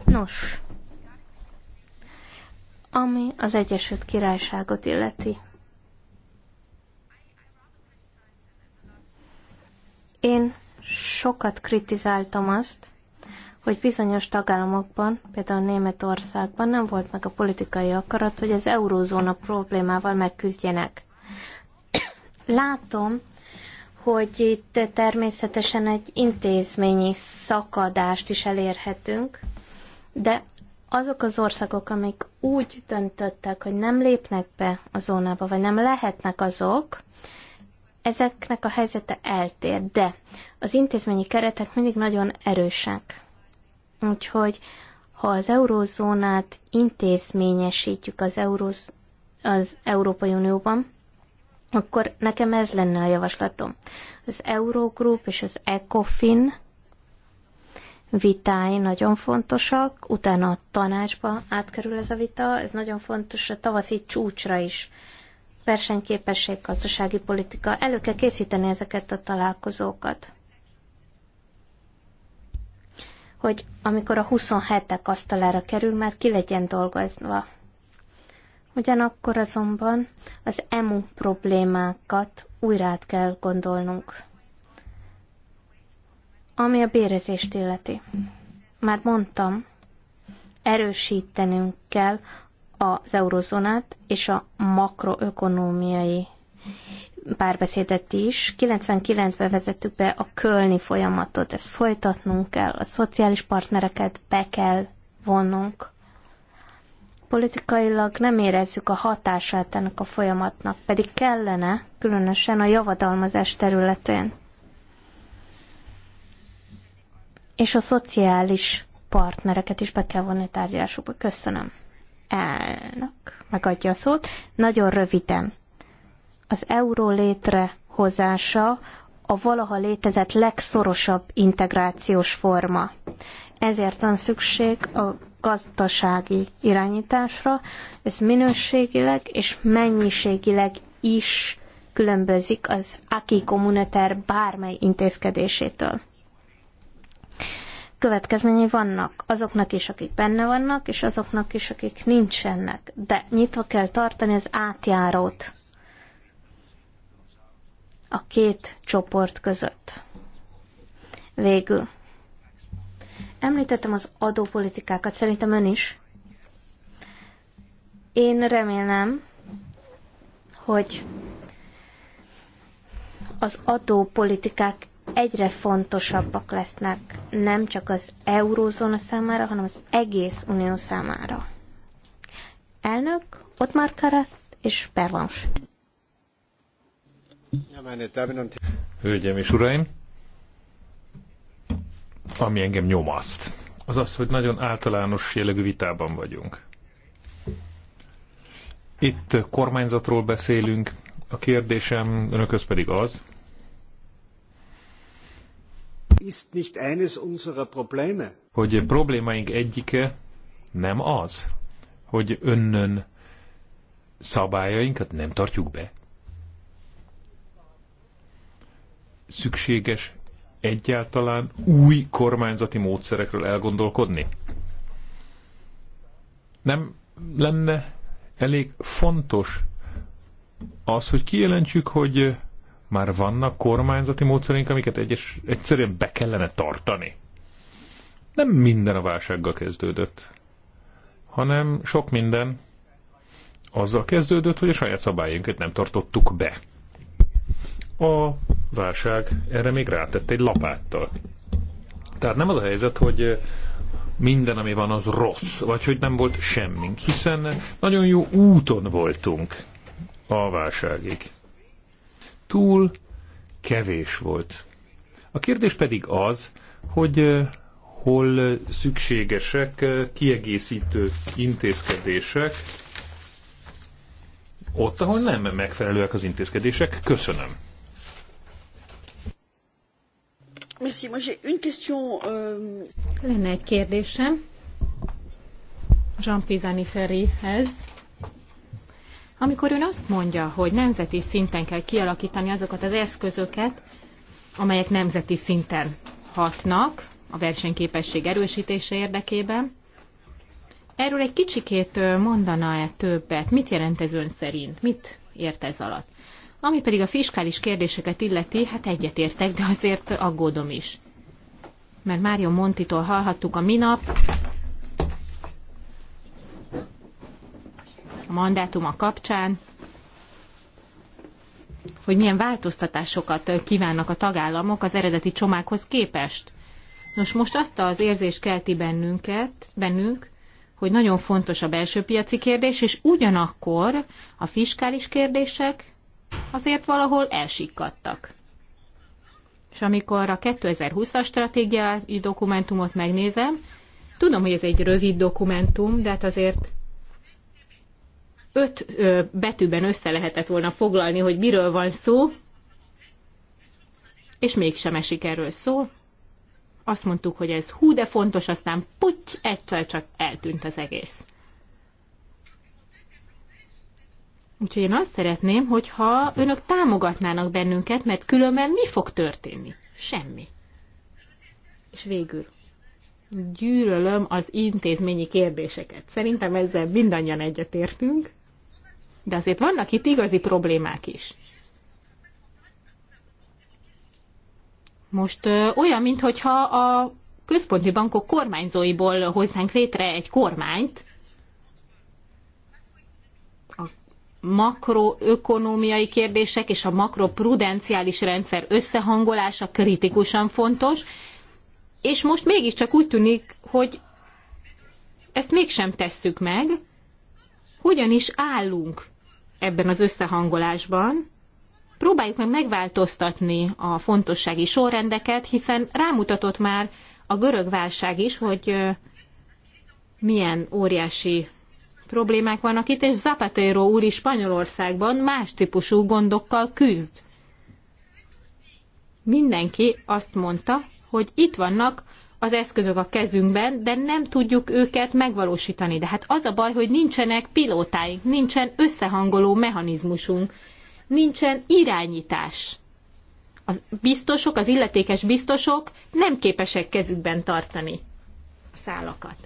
Nos, ami az Egyesült Királyságot illeti. Én sokat kritizáltam azt, hogy bizonyos tagállamokban, például Németországban nem volt meg a politikai akarat, hogy az eurózóna problémával megküzdjenek. Látom, hogy itt természetesen egy intézményi szakadást is elérhetünk, de azok az országok, amik úgy döntöttek, hogy nem lépnek be a zónába, vagy nem lehetnek azok, ezeknek a helyzete eltér, de az intézményi keretek mindig nagyon erősek. Úgyhogy ha az eurózónát intézményesítjük az, euróz, az Európai Unióban, akkor nekem ez lenne a javaslatom. Az Eurogroup és az ECOFIN vitái nagyon fontosak, utána a tanácsba átkerül ez a vita, ez nagyon fontos a tavaszi csúcsra is. Versenyképesség, gazdasági politika, elő kell készíteni ezeket a találkozókat. Hogy amikor a 27-ek asztalára kerül, már ki legyen dolgozva. Ugyanakkor azonban az EMU problémákat újra át kell gondolnunk. Ami a bérezést illeti. Már mondtam, erősítenünk kell az eurozónát és a makroökonómiai párbeszédet is. 99-ben vezettük be a kölni folyamatot, ezt folytatnunk kell, a szociális partnereket be kell vonnunk. Politikailag nem érezzük a hatását ennek a folyamatnak, pedig kellene, különösen a javadalmazás területén. és a szociális partnereket is be kell vonni a tárgyalásokba. Köszönöm. Elnök megadja a szót. Nagyon röviden. Az euró létrehozása a valaha létezett legszorosabb integrációs forma. Ezért van szükség a gazdasági irányításra, ez minőségileg és mennyiségileg is különbözik az aki kommunitár bármely intézkedésétől következményei vannak azoknak is, akik benne vannak, és azoknak is, akik nincsenek. De nyitva kell tartani az átjárót a két csoport között. Végül. Említettem az adópolitikákat, szerintem ön is. Én remélem, hogy az adópolitikák egyre fontosabbak lesznek nem csak az eurózóna számára, hanem az egész unió számára. Elnök, Ottmar Karasz és Pervans. Hölgyeim és uraim, ami engem nyomaszt, az az, hogy nagyon általános jellegű vitában vagyunk. Itt kormányzatról beszélünk, a kérdésem önökhöz pedig az, hogy problémáink egyike nem az, hogy önnön szabályainkat nem tartjuk be. Szükséges egyáltalán új kormányzati módszerekről elgondolkodni? Nem lenne elég fontos az, hogy kijelentsük, hogy már vannak kormányzati módszereink, amiket egyes, egyszerűen be kellene tartani. Nem minden a válsággal kezdődött, hanem sok minden azzal kezdődött, hogy a saját szabályunkat nem tartottuk be. A válság erre még rátett egy lapáttal. Tehát nem az a helyzet, hogy minden, ami van, az rossz, vagy hogy nem volt semmink, hiszen nagyon jó úton voltunk a válságig túl kevés volt. A kérdés pedig az, hogy hol szükségesek kiegészítő intézkedések, ott, ahol nem megfelelőek az intézkedések. Köszönöm. Merci. Moi j'ai une question. Euh, Lenne egy kérdésem Jean Pisani Ferrihez amikor ön azt mondja, hogy nemzeti szinten kell kialakítani azokat az eszközöket, amelyek nemzeti szinten hatnak a versenyképesség erősítése érdekében. Erről egy kicsikét mondana-e többet? Mit jelent ez ön szerint? Mit ért ez alatt? Ami pedig a fiskális kérdéseket illeti, hát egyetértek, de azért aggódom is. Mert Mário Montitól hallhattuk a minap, A mandátuma kapcsán, hogy milyen változtatásokat kívánnak a tagállamok az eredeti csomaghoz képest. Nos, most azt az érzés kelti bennünket, bennünk, hogy nagyon fontos a belső piaci kérdés, és ugyanakkor a fiskális kérdések azért valahol elsikkadtak. És amikor a 2020-as stratégiai dokumentumot megnézem, tudom, hogy ez egy rövid dokumentum, de hát azért öt betűben össze lehetett volna foglalni, hogy miről van szó, és mégsem esik erről szó. Azt mondtuk, hogy ez hú, de fontos, aztán puty, egyszer csak eltűnt az egész. Úgyhogy én azt szeretném, hogyha önök támogatnának bennünket, mert különben mi fog történni? Semmi. És végül gyűlölöm az intézményi kérdéseket. Szerintem ezzel mindannyian egyetértünk. De azért vannak itt igazi problémák is. Most ö, olyan, mintha a központi bankok kormányzóiból hoznánk létre egy kormányt, a makroökonómiai kérdések és a makroprudenciális rendszer összehangolása kritikusan fontos, és most mégiscsak úgy tűnik, hogy ezt mégsem tesszük meg, hogyan is állunk ebben az összehangolásban, próbáljuk meg megváltoztatni a fontossági sorrendeket, hiszen rámutatott már a görög válság is, hogy milyen óriási problémák vannak itt, és Zapatero úr is Spanyolországban más típusú gondokkal küzd. Mindenki azt mondta, hogy itt vannak az eszközök a kezünkben, de nem tudjuk őket megvalósítani. De hát az a baj, hogy nincsenek pilótáink, nincsen összehangoló mechanizmusunk, nincsen irányítás. A biztosok, az illetékes biztosok nem képesek kezükben tartani a szálakat.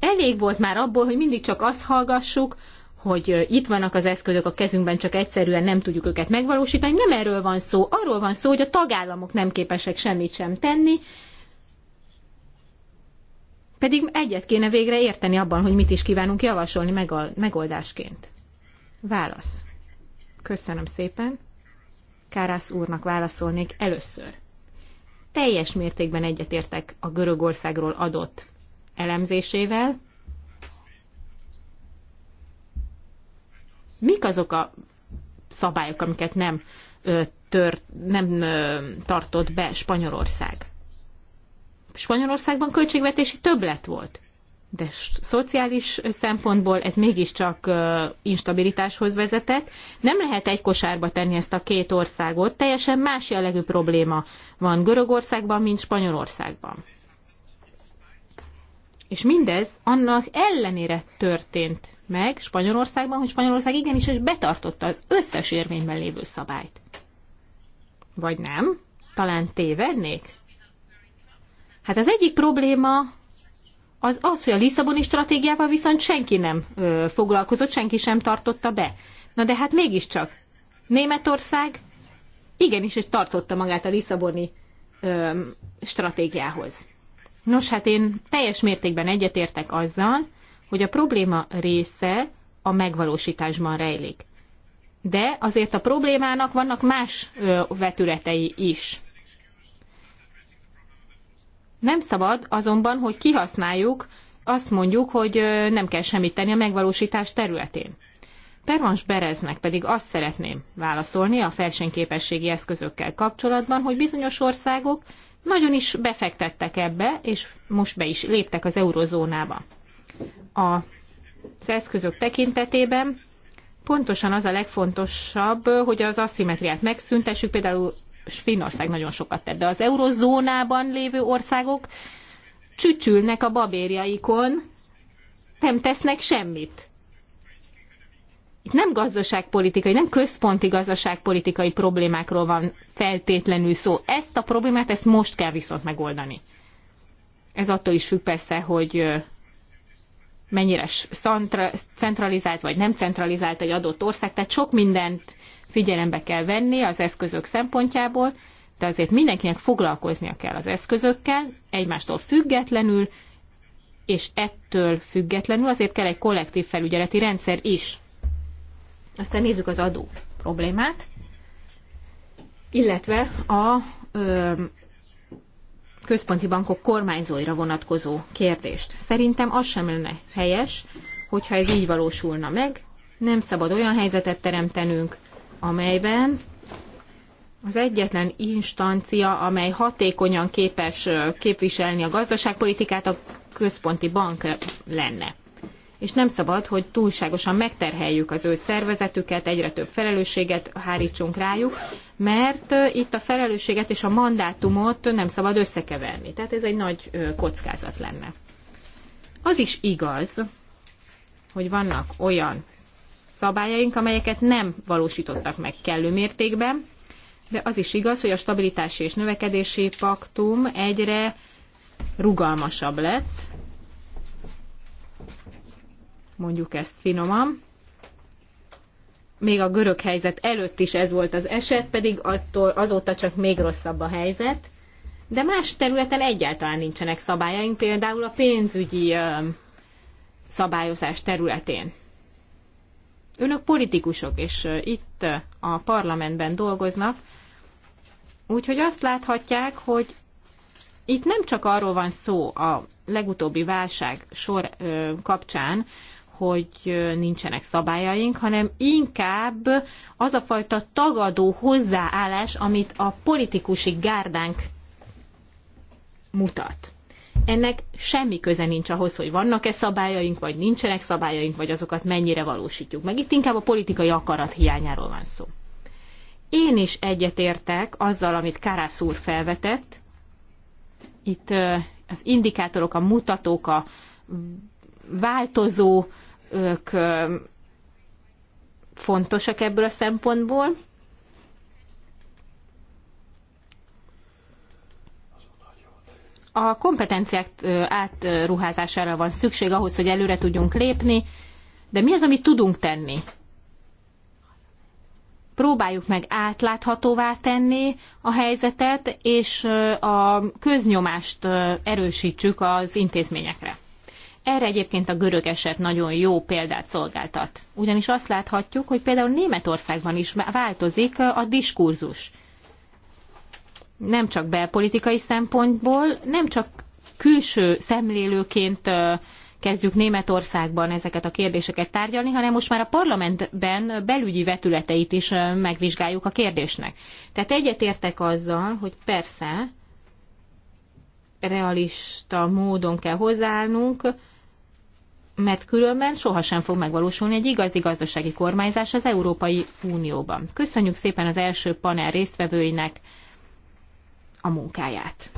Elég volt már abból, hogy mindig csak azt hallgassuk, hogy itt vannak az eszközök a kezünkben, csak egyszerűen nem tudjuk őket megvalósítani. Nem erről van szó, arról van szó, hogy a tagállamok nem képesek semmit sem tenni, pedig egyet kéne végre érteni abban, hogy mit is kívánunk javasolni megoldásként. Válasz. Köszönöm szépen. Kárász úrnak válaszolnék először. Teljes mértékben egyetértek a Görögországról adott elemzésével, mik azok a szabályok, amiket nem, tör, nem tartott be Spanyolország. Spanyolországban költségvetési többlet volt, de szociális szempontból ez mégiscsak instabilitáshoz vezetett. Nem lehet egy kosárba tenni ezt a két országot, teljesen más jellegű probléma van Görögországban, mint Spanyolországban. És mindez annak ellenére történt meg Spanyolországban, hogy Spanyolország igenis és betartotta az összes érvényben lévő szabályt. Vagy nem? Talán tévednék? Hát az egyik probléma az az, hogy a Lisszaboni stratégiával viszont senki nem ö, foglalkozott, senki sem tartotta be. Na de hát mégiscsak Németország igenis és tartotta magát a Lisszaboni ö, stratégiához. Nos, hát én teljes mértékben egyetértek azzal, hogy a probléma része a megvalósításban rejlik. De azért a problémának vannak más vetületei is. Nem szabad azonban, hogy kihasználjuk, azt mondjuk, hogy nem kell semmit tenni a megvalósítás területén. Pervans Bereznek pedig azt szeretném válaszolni a felsőképességi eszközökkel kapcsolatban, hogy bizonyos országok nagyon is befektettek ebbe, és most be is léptek az eurozónába. A, az eszközök tekintetében pontosan az a legfontosabb, hogy az aszimetriát megszüntessük, például Finnország nagyon sokat tett, de az eurozónában lévő országok csücsülnek a babérjaikon, nem tesznek semmit itt nem gazdaságpolitikai, nem központi gazdaságpolitikai problémákról van feltétlenül szó. Ezt a problémát, ezt most kell viszont megoldani. Ez attól is függ persze, hogy mennyire centralizált vagy nem centralizált egy adott ország, tehát sok mindent figyelembe kell venni az eszközök szempontjából, de azért mindenkinek foglalkoznia kell az eszközökkel, egymástól függetlenül, és ettől függetlenül azért kell egy kollektív felügyeleti rendszer is. Aztán nézzük az adó problémát, illetve a ö, központi bankok kormányzóira vonatkozó kérdést. Szerintem az sem lenne helyes, hogyha ez így valósulna meg. Nem szabad olyan helyzetet teremtenünk, amelyben az egyetlen instancia, amely hatékonyan képes képviselni a gazdaságpolitikát, a központi bank lenne és nem szabad, hogy túlságosan megterheljük az ő szervezetüket, egyre több felelősséget hárítsunk rájuk, mert itt a felelősséget és a mandátumot nem szabad összekeverni. Tehát ez egy nagy kockázat lenne. Az is igaz, hogy vannak olyan szabályaink, amelyeket nem valósítottak meg kellő mértékben, de az is igaz, hogy a stabilitási és növekedési paktum egyre rugalmasabb lett, mondjuk ezt finoman. Még a görög helyzet előtt is ez volt az eset, pedig attól azóta csak még rosszabb a helyzet. De más területen egyáltalán nincsenek szabályaink, például a pénzügyi szabályozás területén. Önök politikusok, és itt a parlamentben dolgoznak, úgyhogy azt láthatják, hogy itt nem csak arról van szó a legutóbbi válság sor ö, kapcsán, hogy nincsenek szabályaink, hanem inkább az a fajta tagadó hozzáállás, amit a politikusi gárdánk mutat. Ennek semmi köze nincs ahhoz, hogy vannak-e szabályaink, vagy nincsenek szabályaink, vagy azokat mennyire valósítjuk meg. Itt inkább a politikai akarat hiányáról van szó. Én is egyetértek azzal, amit Karász úr felvetett. Itt az indikátorok, a mutatók, a változó ők fontosak ebből a szempontból. A kompetenciák átruházására van szükség ahhoz, hogy előre tudjunk lépni, de mi az, amit tudunk tenni? Próbáljuk meg átláthatóvá tenni a helyzetet, és a köznyomást erősítsük az intézményekre. Erre egyébként a görög eset nagyon jó példát szolgáltat. Ugyanis azt láthatjuk, hogy például Németországban is változik a diskurzus. Nem csak belpolitikai szempontból, nem csak külső szemlélőként kezdjük Németországban ezeket a kérdéseket tárgyalni, hanem most már a parlamentben belügyi vetületeit is megvizsgáljuk a kérdésnek. Tehát egyetértek azzal, hogy persze realista módon kell hozzáállnunk, mert különben sohasem fog megvalósulni egy igazi gazdasági kormányzás az Európai Unióban. Köszönjük szépen az első panel résztvevőinek a munkáját.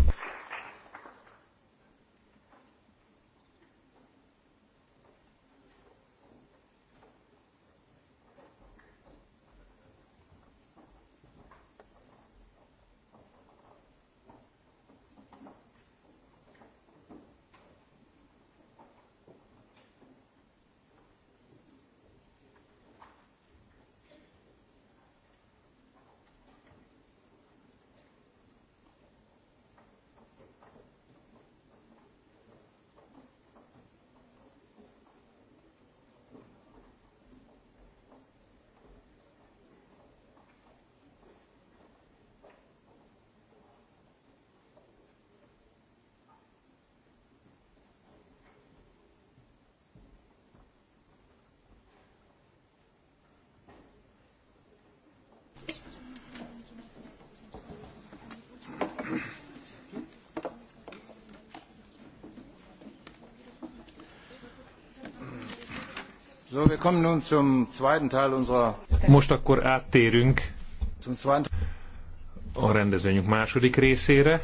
Most akkor áttérünk a rendezvényünk második részére.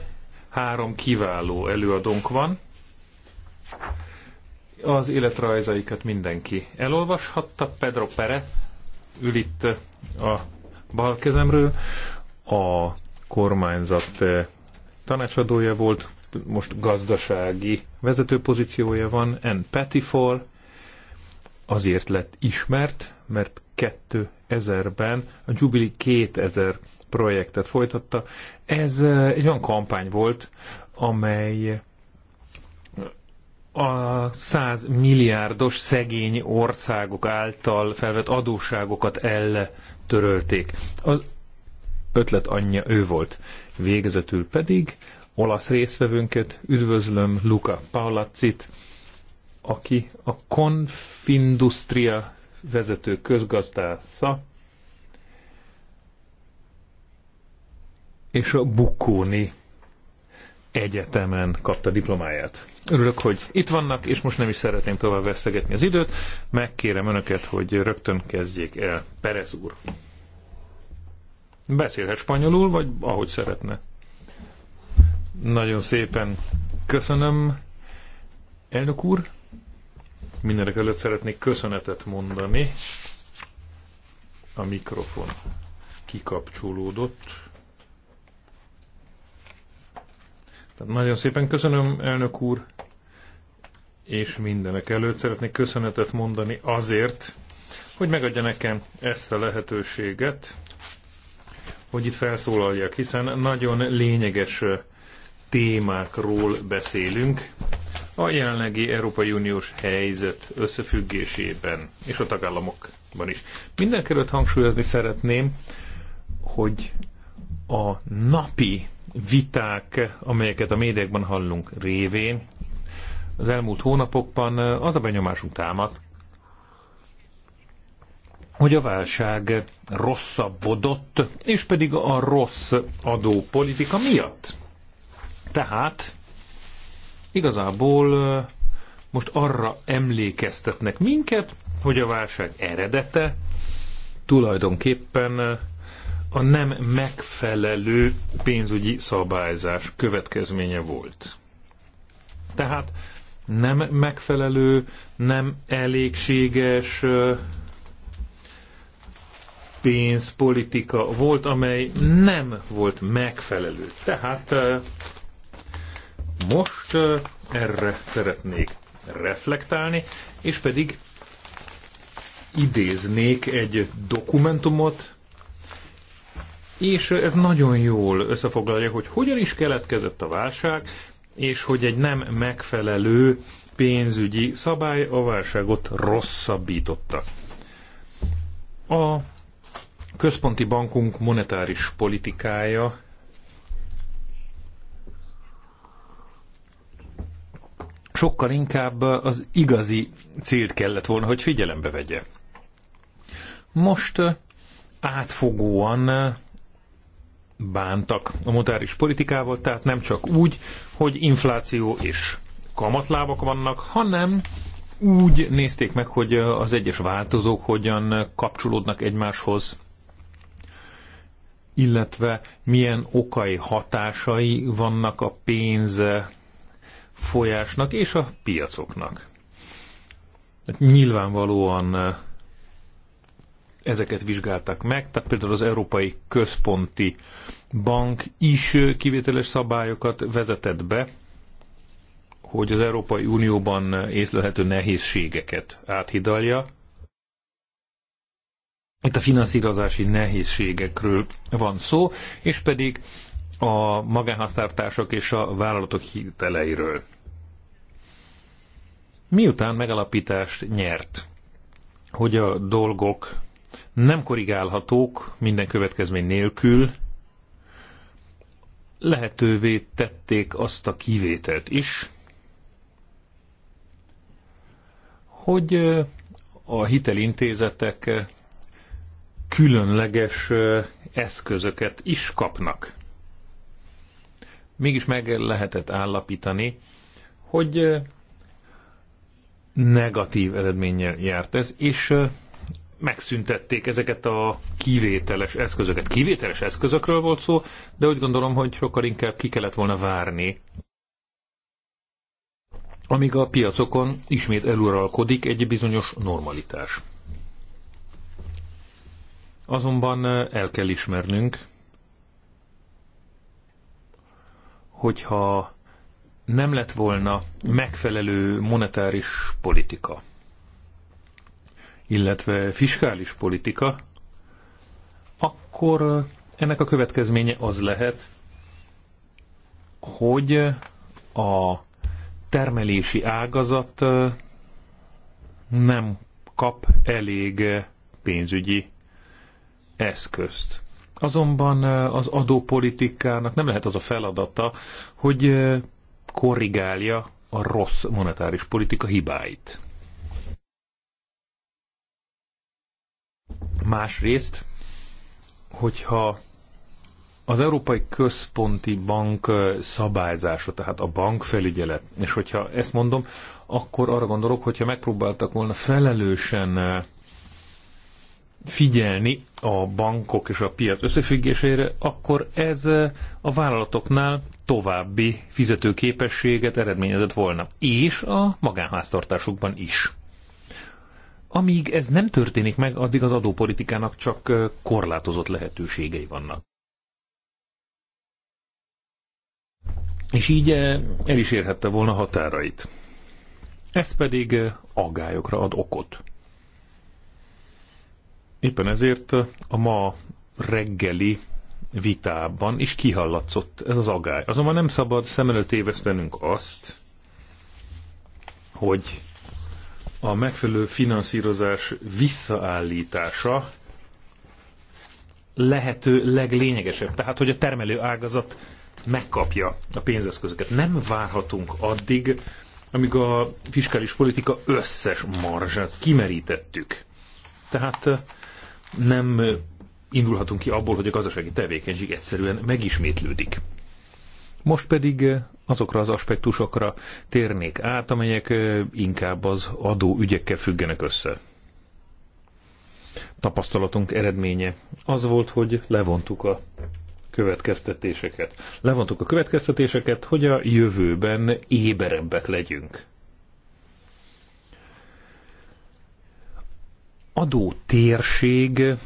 Három kiváló előadónk van. Az életrajzaikat mindenki elolvashatta. Pedro Pere ül itt a bal kezemről. A kormányzat eh, tanácsadója volt, most gazdasági vezető pozíciója van. N. Pettifor azért lett ismert, mert 2000-ben a Jubilee 2000 projektet folytatta. Ez eh, egy olyan kampány volt, amely a 100 milliárdos szegény országok által felvett adósságokat eltörölték. Az ötlet anyja ő volt. Végezetül pedig olasz részvevőnket üdvözlöm Luca Paolaccit, aki a Confindustria vezető közgazdásza, és a Bukóni Egyetemen kapta diplomáját. Örülök, hogy itt vannak, és most nem is szeretném tovább vesztegetni az időt. Megkérem önöket, hogy rögtön kezdjék el. Perez úr. Beszélhet spanyolul, vagy ahogy szeretne. Nagyon szépen köszönöm, elnök úr. Mindenek előtt szeretnék köszönetet mondani. A mikrofon kikapcsolódott. Tehát nagyon szépen köszönöm, elnök úr, és mindenek előtt szeretnék köszönetet mondani azért, hogy megadja nekem ezt a lehetőséget, hogy itt felszólaljak, hiszen nagyon lényeges témákról beszélünk, a jelenlegi Európai Uniós helyzet összefüggésében, és a tagállamokban is. Mindenkerült hangsúlyozni szeretném, hogy a napi viták, amelyeket a médiákban hallunk révén, az elmúlt hónapokban eh, az a benyomásunk támad, hogy a válság rosszabbodott, és pedig a rossz adópolitika miatt. Tehát Igazából most arra emlékeztetnek minket, hogy a válság eredete tulajdonképpen a nem megfelelő pénzügyi szabályzás következménye volt. Tehát nem megfelelő, nem elégséges pénzpolitika volt, amely nem volt megfelelő. Tehát most erre szeretnék reflektálni, és pedig idéznék egy dokumentumot, és ez nagyon jól összefoglalja, hogy hogyan is keletkezett a válság, és hogy egy nem megfelelő pénzügyi szabály a válságot rosszabbította. A központi bankunk monetáris politikája sokkal inkább az igazi célt kellett volna, hogy figyelembe vegye. Most átfogóan bántak a monetáris politikával, tehát nem csak úgy, hogy infláció és kamatlábak vannak, hanem úgy nézték meg, hogy az egyes változók hogyan kapcsolódnak egymáshoz, illetve milyen okai hatásai vannak a pénz folyásnak és a piacoknak. Hát nyilvánvalóan ezeket vizsgálták meg, tehát például az Európai Központi Bank is kivételes szabályokat vezetett be, hogy az Európai Unióban észlelhető nehézségeket áthidalja. Itt a finanszírozási nehézségekről van szó, és pedig a magánhasztártársak és a vállalatok hiteleiről. Miután megalapítást nyert, hogy a dolgok nem korrigálhatók minden következmény nélkül, lehetővé tették azt a kivételt is, hogy a hitelintézetek különleges eszközöket is kapnak mégis meg lehetett állapítani, hogy negatív eredménnyel járt ez, és megszüntették ezeket a kivételes eszközöket. Kivételes eszközökről volt szó, de úgy gondolom, hogy sokkal inkább ki kellett volna várni, amíg a piacokon ismét eluralkodik egy bizonyos normalitás. Azonban el kell ismernünk, hogyha nem lett volna megfelelő monetáris politika, illetve fiskális politika, akkor ennek a következménye az lehet, hogy a termelési ágazat nem kap elég pénzügyi eszközt. Azonban az adópolitikának nem lehet az a feladata, hogy korrigálja a rossz monetáris politika hibáit. Másrészt, hogyha az Európai Központi Bank szabályzása, tehát a bankfelügyelet, és hogyha ezt mondom, akkor arra gondolok, hogyha megpróbáltak volna felelősen figyelni a bankok és a piac összefüggésére, akkor ez eh, a vállalatoknál további fizetőképességet eredményezett volna, és a magánháztartásokban is. Amíg ez nem történik meg, addig az adópolitikának csak eh, korlátozott lehetőségei vannak. És így eh, el is érhette volna határait. Ez pedig agályokra ad okot. Éppen ezért a ma reggeli vitában is kihallatszott ez az agály. Azonban nem szabad szem előtt évesztenünk azt, hogy a megfelelő finanszírozás visszaállítása lehető leglényegesebb. Tehát, hogy a termelő ágazat megkapja a pénzeszközöket. Nem várhatunk addig, amíg a fiskális politika összes marzsát kimerítettük. Tehát nem indulhatunk ki abból, hogy a gazdasági tevékenység egyszerűen megismétlődik. Most pedig azokra az aspektusokra térnék át, amelyek inkább az adó ügyekkel függenek össze. Tapasztalatunk eredménye az volt, hogy levontuk a következtetéseket. Levontuk a következtetéseket, hogy a jövőben éberebbek legyünk. Adó térségről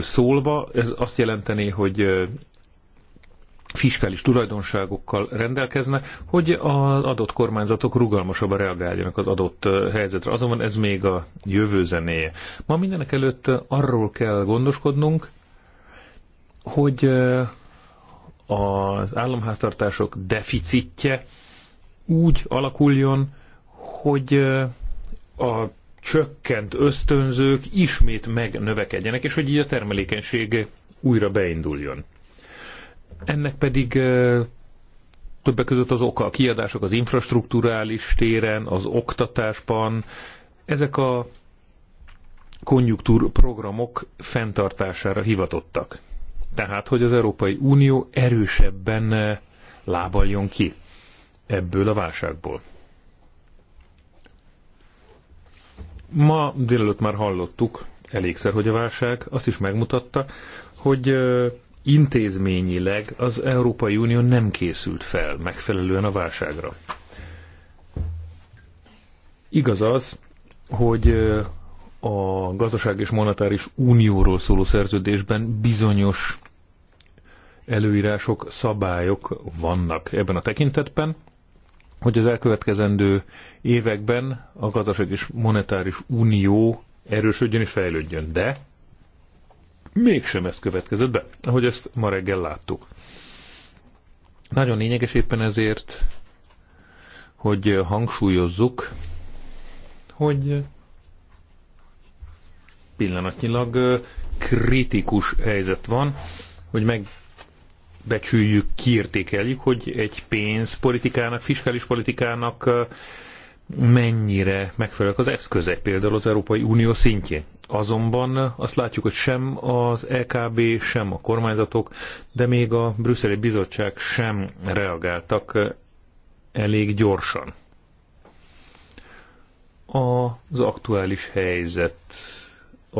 szólva, ez azt jelenteni, hogy fiskális tulajdonságokkal rendelkezne, hogy az adott kormányzatok rugalmasabban reagáljanak az adott helyzetre. Azonban ez még a jövő zenéje. Ma mindenek előtt arról kell gondoskodnunk, hogy az államháztartások deficitje úgy alakuljon, hogy a csökkent ösztönzők ismét megnövekedjenek, és hogy így a termelékenység újra beinduljon. Ennek pedig többek között az oka a kiadások az infrastruktúrális téren, az oktatásban. Ezek a konjunktúrprogramok fenntartására hivatottak. Tehát, hogy az Európai Unió erősebben lábaljon ki ebből a válságból. Ma délelőtt már hallottuk elégszer, hogy a válság azt is megmutatta, hogy intézményileg az Európai Unió nem készült fel megfelelően a válságra. Igaz az, hogy a gazdaság és monetáris unióról szóló szerződésben bizonyos előírások, szabályok vannak ebben a tekintetben, hogy az elkövetkezendő években a gazdaság és monetáris unió erősödjön és fejlődjön. De mégsem ez következett be, ahogy ezt ma reggel láttuk. Nagyon lényeges éppen ezért, hogy hangsúlyozzuk, hogy pillanatnyilag kritikus helyzet van, hogy meg becsüljük, kiértékeljük, hogy egy pénzpolitikának, fiskális politikának mennyire megfelelnek az eszközek, például az Európai Unió szintjén. Azonban azt látjuk, hogy sem az EKB, sem a kormányzatok, de még a brüsszeli bizottság sem reagáltak elég gyorsan. Az aktuális helyzet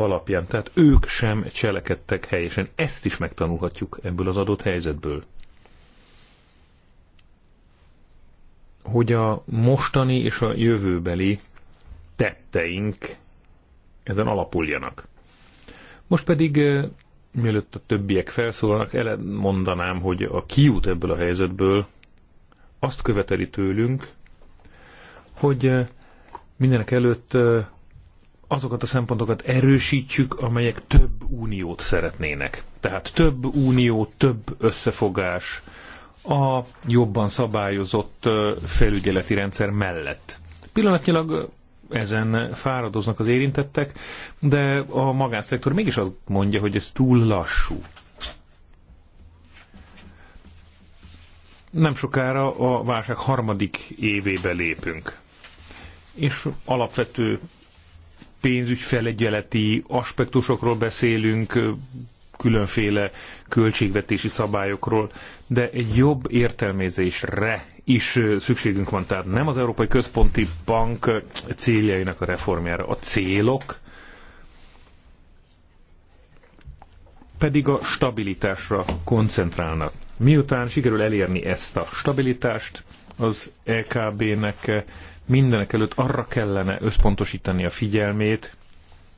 alapján. Tehát ők sem cselekedtek helyesen. Ezt is megtanulhatjuk ebből az adott helyzetből. Hogy a mostani és a jövőbeli tetteink ezen alapuljanak. Most pedig, eh, mielőtt a többiek felszólalnak, elmondanám, hogy a kiút ebből a helyzetből azt követeli tőlünk, hogy eh, mindenek előtt eh, azokat a szempontokat erősítsük, amelyek több uniót szeretnének. Tehát több unió, több összefogás a jobban szabályozott felügyeleti rendszer mellett. Pillanatnyilag ezen fáradoznak az érintettek, de a magánszektor mégis azt mondja, hogy ez túl lassú. Nem sokára a válság harmadik évébe lépünk. És alapvető pénzügyfelegyeleti aspektusokról beszélünk, különféle költségvetési szabályokról, de egy jobb értelmezésre is szükségünk van. Tehát nem az Európai Központi Bank céljainak a reformjára. A célok pedig a stabilitásra koncentrálnak. Miután sikerül elérni ezt a stabilitást, az EKB-nek mindenek előtt arra kellene összpontosítani a figyelmét,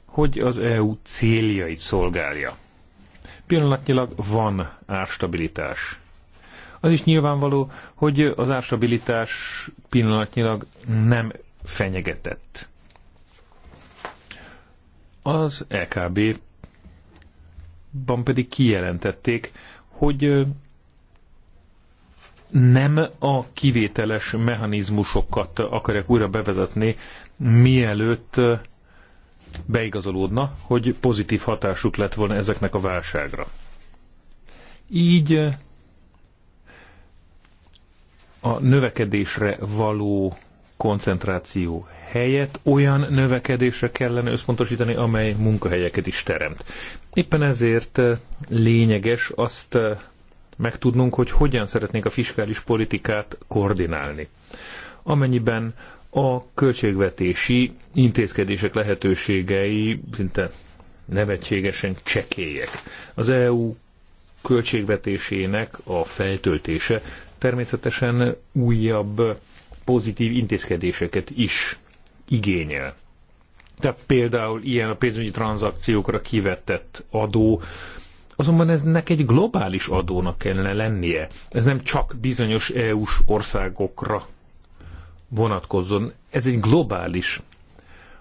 hogy az EU céljait szolgálja. Pillanatnyilag van árstabilitás. Az is nyilvánvaló, hogy az árstabilitás pillanatnyilag nem fenyegetett. Az EKB-ban pedig kijelentették, hogy nem a kivételes mechanizmusokat akarják újra bevezetni, mielőtt beigazolódna, hogy pozitív hatásuk lett volna ezeknek a válságra. Így a növekedésre való koncentráció helyett olyan növekedésre kellene összpontosítani, amely munkahelyeket is teremt. Éppen ezért lényeges azt megtudnunk, hogy hogyan szeretnék a fiskális politikát koordinálni. Amennyiben a költségvetési intézkedések lehetőségei szinte nevetségesen csekélyek. Az EU költségvetésének a feltöltése természetesen újabb pozitív intézkedéseket is igényel. Tehát például ilyen a pénzügyi tranzakciókra kivetett adó, Azonban eznek egy globális adónak kellene lennie. Ez nem csak bizonyos EU-s országokra vonatkozzon. Ez egy globális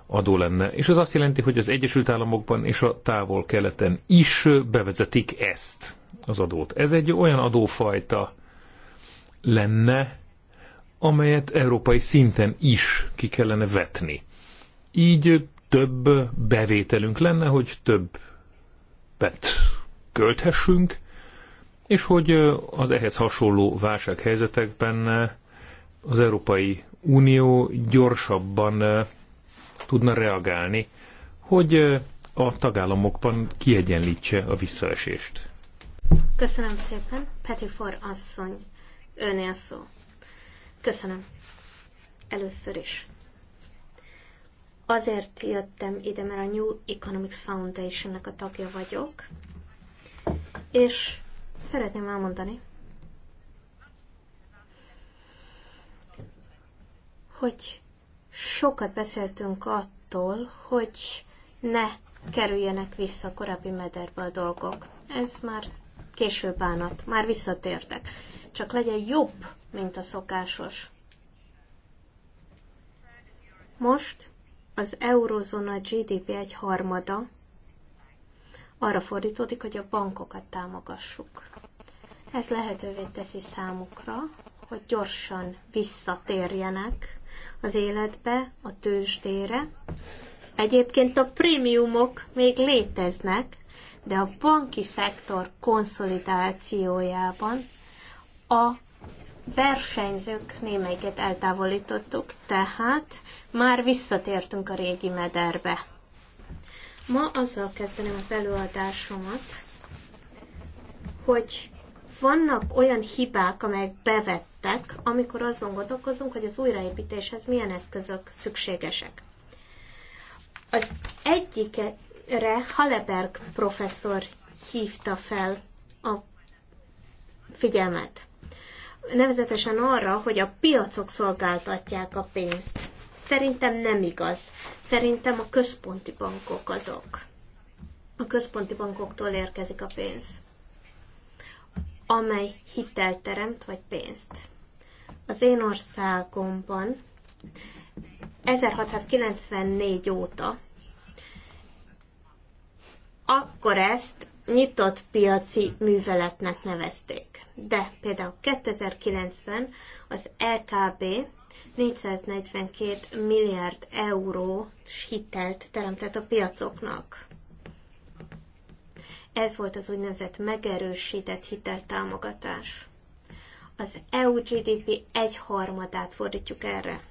adó lenne. És ez azt jelenti, hogy az Egyesült Államokban és a távol-keleten is bevezetik ezt az adót. Ez egy olyan adófajta lenne, amelyet európai szinten is ki kellene vetni. Így több bevételünk lenne, hogy több bet költhessünk, és hogy az ehhez hasonló válsághelyzetekben az Európai Unió gyorsabban tudna reagálni, hogy a tagállamokban kiegyenlítse a visszaesést. Köszönöm szépen. Petifor asszony, önél szó. Köszönöm. Először is. Azért jöttem ide, mert a New Economics Foundation-nek a tagja vagyok, és szeretném elmondani, hogy sokat beszéltünk attól, hogy ne kerüljenek vissza a korábbi mederbe a dolgok. Ez már később bánat, már visszatértek. Csak legyen jobb, mint a szokásos. Most az eurozóna GDP egy harmada arra fordítódik, hogy a bankokat támogassuk. Ez lehetővé teszi számukra, hogy gyorsan visszatérjenek az életbe, a tőzsdére. Egyébként a prémiumok még léteznek, de a banki szektor konszolidációjában a versenyzők némelyiket eltávolítottuk, tehát már visszatértünk a régi mederbe. Ma azzal kezdeném az előadásomat, hogy vannak olyan hibák, amelyek bevettek, amikor azon gondolkozunk, hogy az újraépítéshez milyen eszközök szükségesek. Az egyikre Haleberg professzor hívta fel a figyelmet. Nevezetesen arra, hogy a piacok szolgáltatják a pénzt. Szerintem nem igaz. Szerintem a központi bankok azok. A központi bankoktól érkezik a pénz, amely hitelt teremt, vagy pénzt. Az én országomban 1694 óta akkor ezt nyitott piaci műveletnek nevezték. De például 2009-ben az LKB 442 milliárd euró hitelt teremtett a piacoknak. Ez volt az úgynevezett megerősített hiteltámogatás. Az EU GDP egyharmadát fordítjuk erre.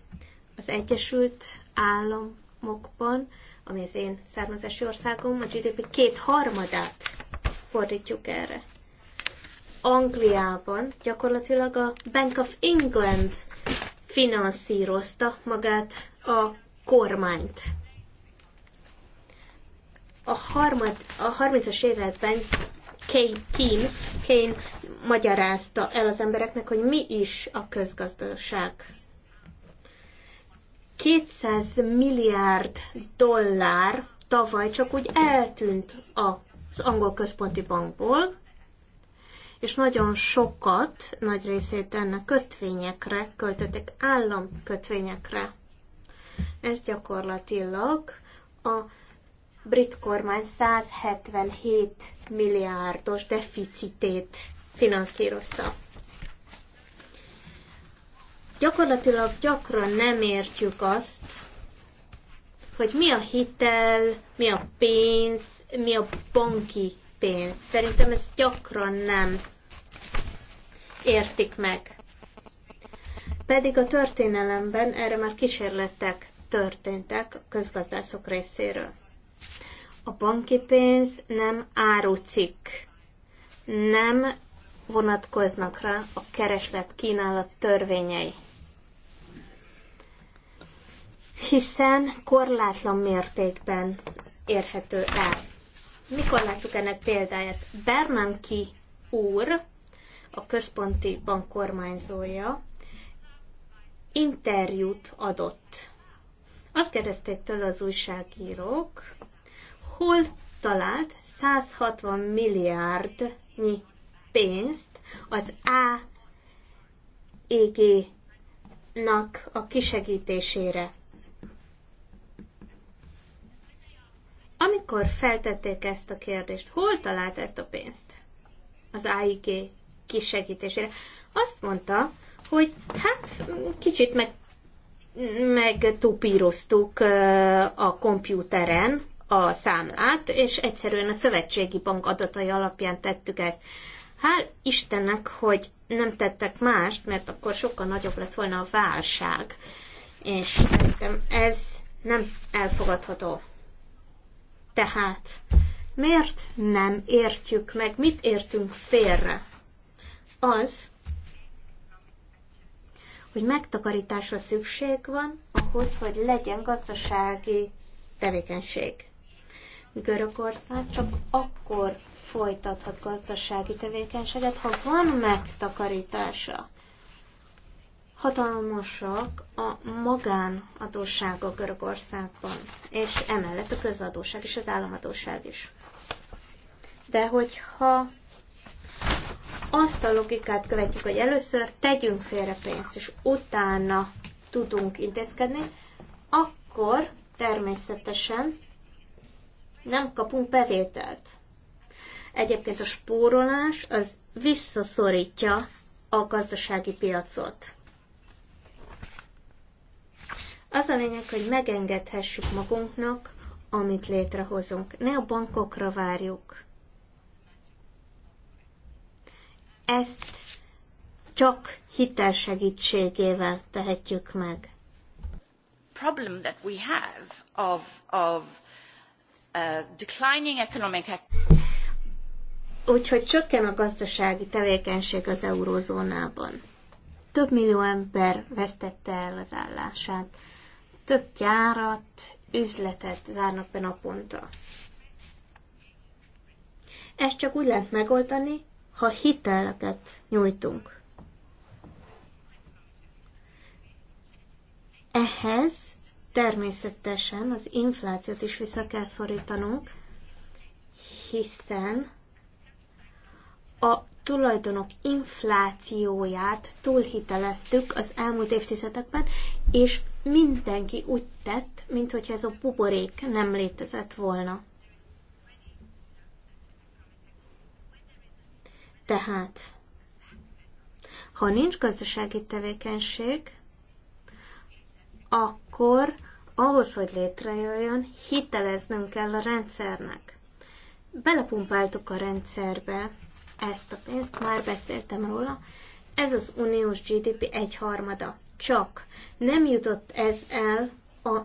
Az Egyesült Államokban, ami az én származási országom, a GDP kétharmadát fordítjuk erre. Angliában gyakorlatilag a Bank of England finanszírozta magát a kormányt. A, harmad, a 30-as években Kane, Kane magyarázta el az embereknek, hogy mi is a közgazdaság. 200 milliárd dollár tavaly csak úgy eltűnt az angol központi bankból, és nagyon sokat, nagy részét ennek kötvényekre költöttek, államkötvényekre. Ez gyakorlatilag a brit kormány 177 milliárdos deficitét finanszírozta. Gyakorlatilag gyakran nem értjük azt, hogy mi a hitel, mi a pénz, mi a banki pénz. Szerintem ezt gyakran nem értik meg. Pedig a történelemben erre már kísérletek történtek a közgazdászok részéről. A banki pénz nem árucikk, nem vonatkoznak rá a kereslet-kínálat törvényei. Hiszen korlátlan mértékben érhető el. Mikor láttuk ennek példáját? Bernanke úr a központi bank kormányzója, interjút adott. Azt kérdezték tőle az újságírók, hol talált 160 milliárdnyi pénzt az AEG-nak a kisegítésére. Amikor feltették ezt a kérdést, hol talált ezt a pénzt? Az AIG e segítésére. Azt mondta, hogy hát kicsit meg, megtupíroztuk a kompjúteren a számlát, és egyszerűen a Szövetségi Bank adatai alapján tettük ezt. Hál' Istennek, hogy nem tettek mást, mert akkor sokkal nagyobb lett volna a válság, és szerintem ez nem elfogadható. Tehát miért nem értjük meg, mit értünk félre? az, hogy megtakarításra szükség van ahhoz, hogy legyen gazdasági tevékenység. Görögország csak akkor folytathat gazdasági tevékenységet, ha van megtakarítása. Hatalmasak a magánadósságok Görögországban, és emellett a közadóság és az államadóság is. De hogyha azt a logikát követjük, hogy először tegyünk félre pénzt, és utána tudunk intézkedni, akkor természetesen nem kapunk bevételt. Egyébként a spórolás az visszaszorítja a gazdasági piacot. Az a lényeg, hogy megengedhessük magunknak, amit létrehozunk. Ne a bankokra várjuk. Ezt csak hitel segítségével tehetjük meg. Problem that we have of, of uh, declining economic Úgyhogy csökken a gazdasági tevékenység az eurózónában. Több millió ember vesztette el az állását. Több gyárat, üzletet zárnak be naponta. Ezt csak úgy lehet megoldani, ha hiteleket nyújtunk. Ehhez természetesen az inflációt is vissza kell szorítanunk, hiszen a tulajdonok inflációját túlhiteleztük az elmúlt évtizedekben, és mindenki úgy tett, mintha ez a buborék nem létezett volna. Tehát, ha nincs gazdasági tevékenység, akkor ahhoz, hogy létrejöjjön, hiteleznünk kell a rendszernek. Belepumpáltuk a rendszerbe ezt a pénzt, már beszéltem róla, ez az uniós GDP egyharmada. Csak nem jutott ez el a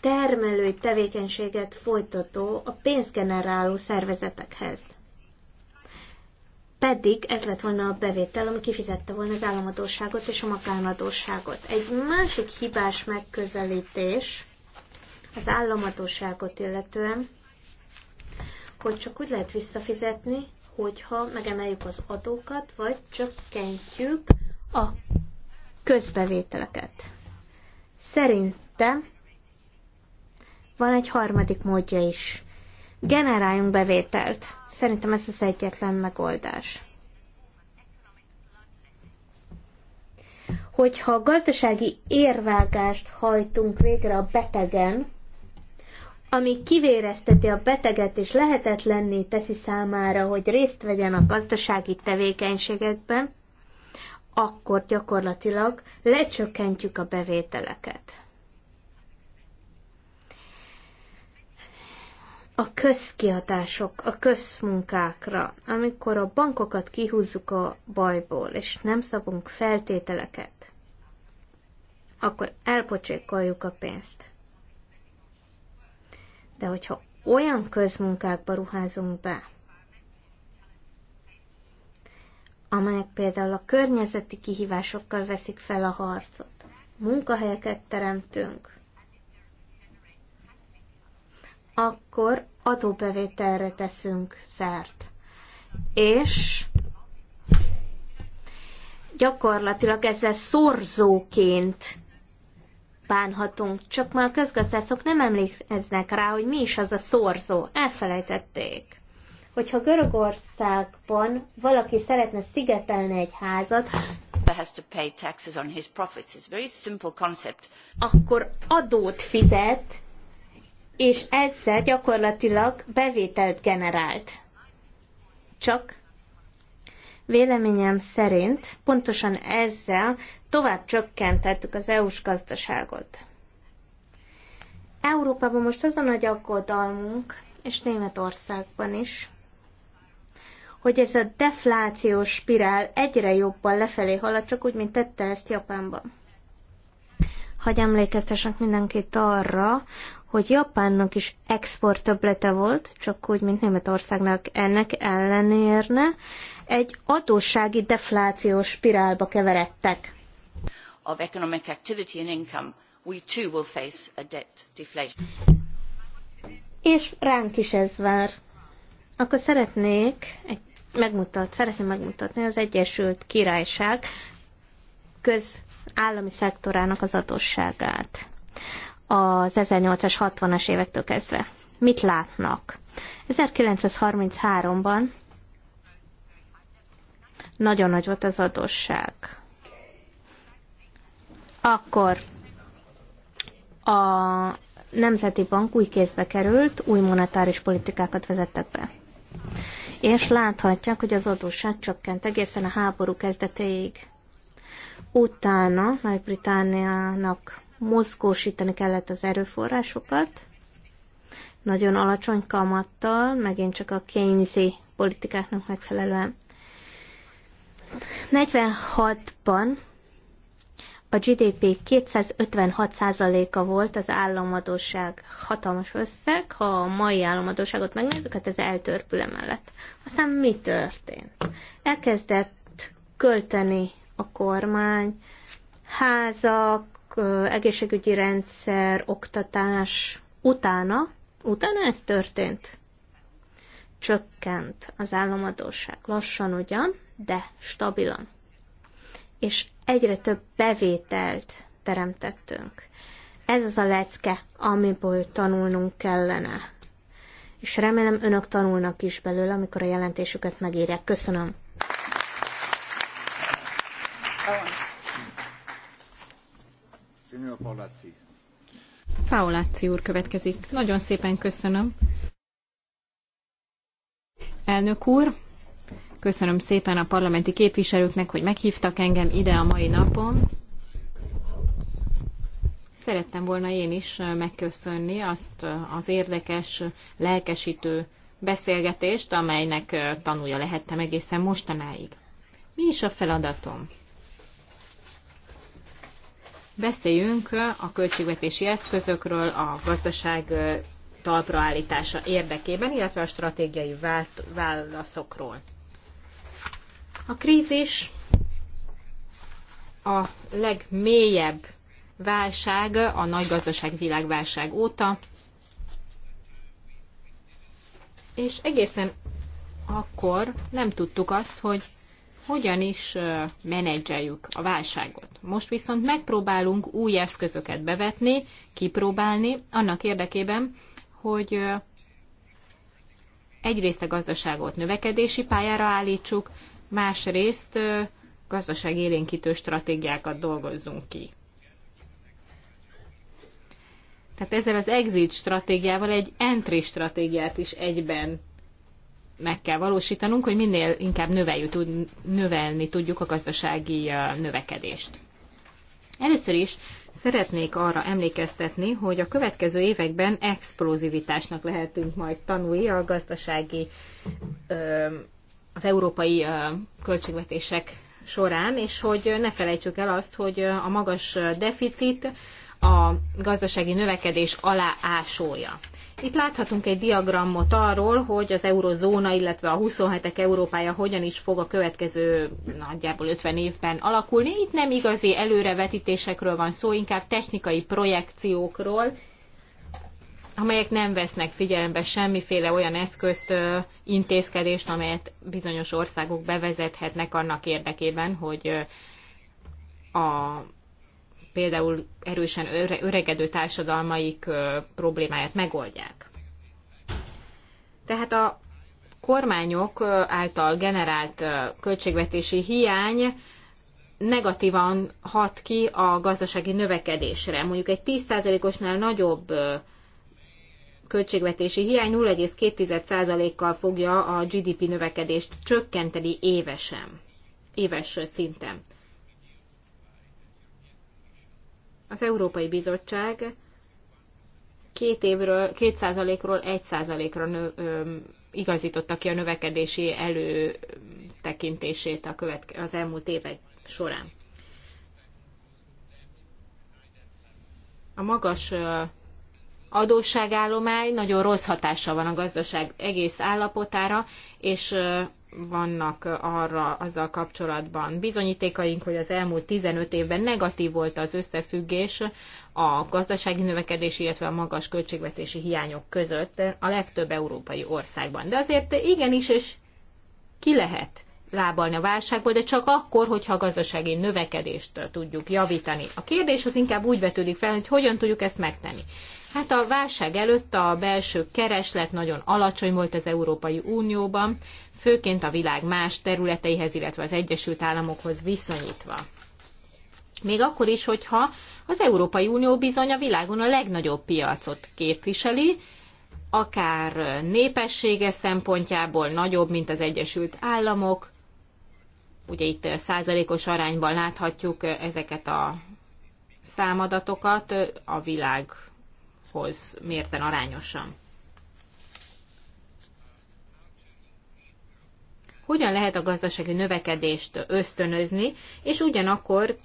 termelői tevékenységet folytató, a pénzgeneráló szervezetekhez pedig ez lett volna a bevétel, ami kifizette volna az államadóságot és a magánadóságot. Egy másik hibás megközelítés az államadóságot illetően, hogy csak úgy lehet visszafizetni, hogyha megemeljük az adókat, vagy csökkentjük a közbevételeket. Szerintem van egy harmadik módja is. Generáljunk bevételt Szerintem ez az egyetlen megoldás. Hogyha a gazdasági érvágást hajtunk végre a betegen, ami kivérezteti a beteget és lehetetlenné teszi számára, hogy részt vegyen a gazdasági tevékenységekben, akkor gyakorlatilag lecsökkentjük a bevételeket. a közkiadások, a közmunkákra, amikor a bankokat kihúzzuk a bajból, és nem szabunk feltételeket, akkor elpocsékoljuk a pénzt. De hogyha olyan közmunkákba ruházunk be, amelyek például a környezeti kihívásokkal veszik fel a harcot, munkahelyeket teremtünk, akkor adóbevételre teszünk szert. És gyakorlatilag ezzel szorzóként bánhatunk, csak már a közgazdászok nem emlékeznek rá, hogy mi is az a szorzó. Elfelejtették. Hogyha Görögországban valaki szeretne szigetelni egy házat, has to pay taxes on his profits. It's a very simple concept. Akkor adót fizet, és ezzel gyakorlatilag bevételt generált. Csak véleményem szerint pontosan ezzel tovább csökkentettük az EU-s gazdaságot. Európában most az a nagy aggodalmunk, és Németországban is, hogy ez a deflációs spirál egyre jobban lefelé halad, csak úgy, mint tette ezt Japánban hogy emlékeztessek mindenkit arra, hogy Japánnak is export töblete volt, csak úgy, mint Németországnak ennek ellenérne, egy adóssági deflációs spirálba keveredtek. Of economic activity and income, we too will face a debt deflation. És ránk is ez vár. Akkor szeretnék egy megmutat, szeretném megmutatni az Egyesült Királyság köz állami szektorának az adósságát az 1860-as évektől kezdve. Mit látnak? 1933-ban nagyon nagy volt az adósság. Akkor a Nemzeti Bank új kézbe került, új monetáris politikákat vezettek be. És láthatják, hogy az adósság csökkent egészen a háború kezdetéig. Utána Nagy-Britániának mozgósítani kellett az erőforrásokat, nagyon alacsony kamattal, megint csak a Keynesi politikáknak megfelelően. 46-ban a GDP 256%-a volt az államadóság hatalmas összeg, ha a mai államadóságot megnézzük, hát ez eltörpül emellett. Aztán mi történt? Elkezdett költeni a kormány, házak, egészségügyi rendszer, oktatás, utána, utána ez történt. Csökkent az államadóság lassan ugyan, de stabilan. És egyre több bevételt teremtettünk. Ez az a lecke, amiből tanulnunk kellene. És remélem önök tanulnak is belőle, amikor a jelentésüket megírják. Köszönöm. Signor Paolazzi úr következik. Nagyon szépen köszönöm. Elnök úr, köszönöm szépen a parlamenti képviselőknek, hogy meghívtak engem ide a mai napon. Szerettem volna én is megköszönni azt az érdekes, lelkesítő beszélgetést, amelynek tanulja lehettem egészen mostanáig. Mi is a feladatom? Beszéljünk a költségvetési eszközökről a gazdaság talpraállítása érdekében, illetve a stratégiai válaszokról. A krízis a legmélyebb válság a nagy gazdaság világválság óta, és egészen akkor nem tudtuk azt, hogy hogyan is menedzseljük a válságot. Most viszont megpróbálunk új eszközöket bevetni, kipróbálni, annak érdekében, hogy egyrészt a gazdaságot növekedési pályára állítsuk, másrészt élénkítő stratégiákat dolgozzunk ki. Tehát ezzel az exit stratégiával egy entry stratégiát is egyben meg kell valósítanunk, hogy minél inkább növeljük, tud növelni tudjuk a gazdasági növekedést. Először is szeretnék arra emlékeztetni, hogy a következő években explozivitásnak lehetünk majd tanulni a gazdasági, az európai költségvetések során, és hogy ne felejtsük el azt, hogy a magas deficit a gazdasági növekedés alá ásolja. Itt láthatunk egy diagramot arról, hogy az eurozóna, illetve a 27-ek Európája hogyan is fog a következő nagyjából 50 évben alakulni. Itt nem igazi előrevetítésekről van szó, inkább technikai projekciókról, amelyek nem vesznek figyelembe semmiféle olyan eszközt, intézkedést, amelyet bizonyos országok bevezethetnek annak érdekében, hogy a például erősen öregedő társadalmaik problémáját megoldják. Tehát a kormányok által generált költségvetési hiány negatívan hat ki a gazdasági növekedésre. Mondjuk egy 10%-osnál nagyobb költségvetési hiány 0,2%-kal fogja a GDP növekedést csökkenteni évesen, éves szinten. az Európai Bizottság két évről, két százalékról egy százalékra nő, ö, igazította ki a növekedési előtekintését a követke, az elmúlt évek során. A magas adósságállomány nagyon rossz hatása van a gazdaság egész állapotára, és vannak arra azzal kapcsolatban bizonyítékaink, hogy az elmúlt 15 évben negatív volt az összefüggés a gazdasági növekedés, illetve a magas költségvetési hiányok között a legtöbb európai országban. De azért igenis, és ki lehet lábalni a válságból, de csak akkor, hogyha a gazdasági növekedést tudjuk javítani. A kérdés az inkább úgy vetődik fel, hogy hogyan tudjuk ezt megtenni. Hát a válság előtt a belső kereslet nagyon alacsony volt az Európai Unióban, főként a világ más területeihez, illetve az Egyesült Államokhoz viszonyítva. Még akkor is, hogyha az Európai Unió bizony a világon a legnagyobb piacot képviseli, akár népessége szempontjából nagyobb, mint az Egyesült Államok. Ugye itt százalékos arányban láthatjuk ezeket a számadatokat a világ hoz mérten arányosan. Hogyan lehet a gazdasági növekedést ösztönözni, és ugyanakkor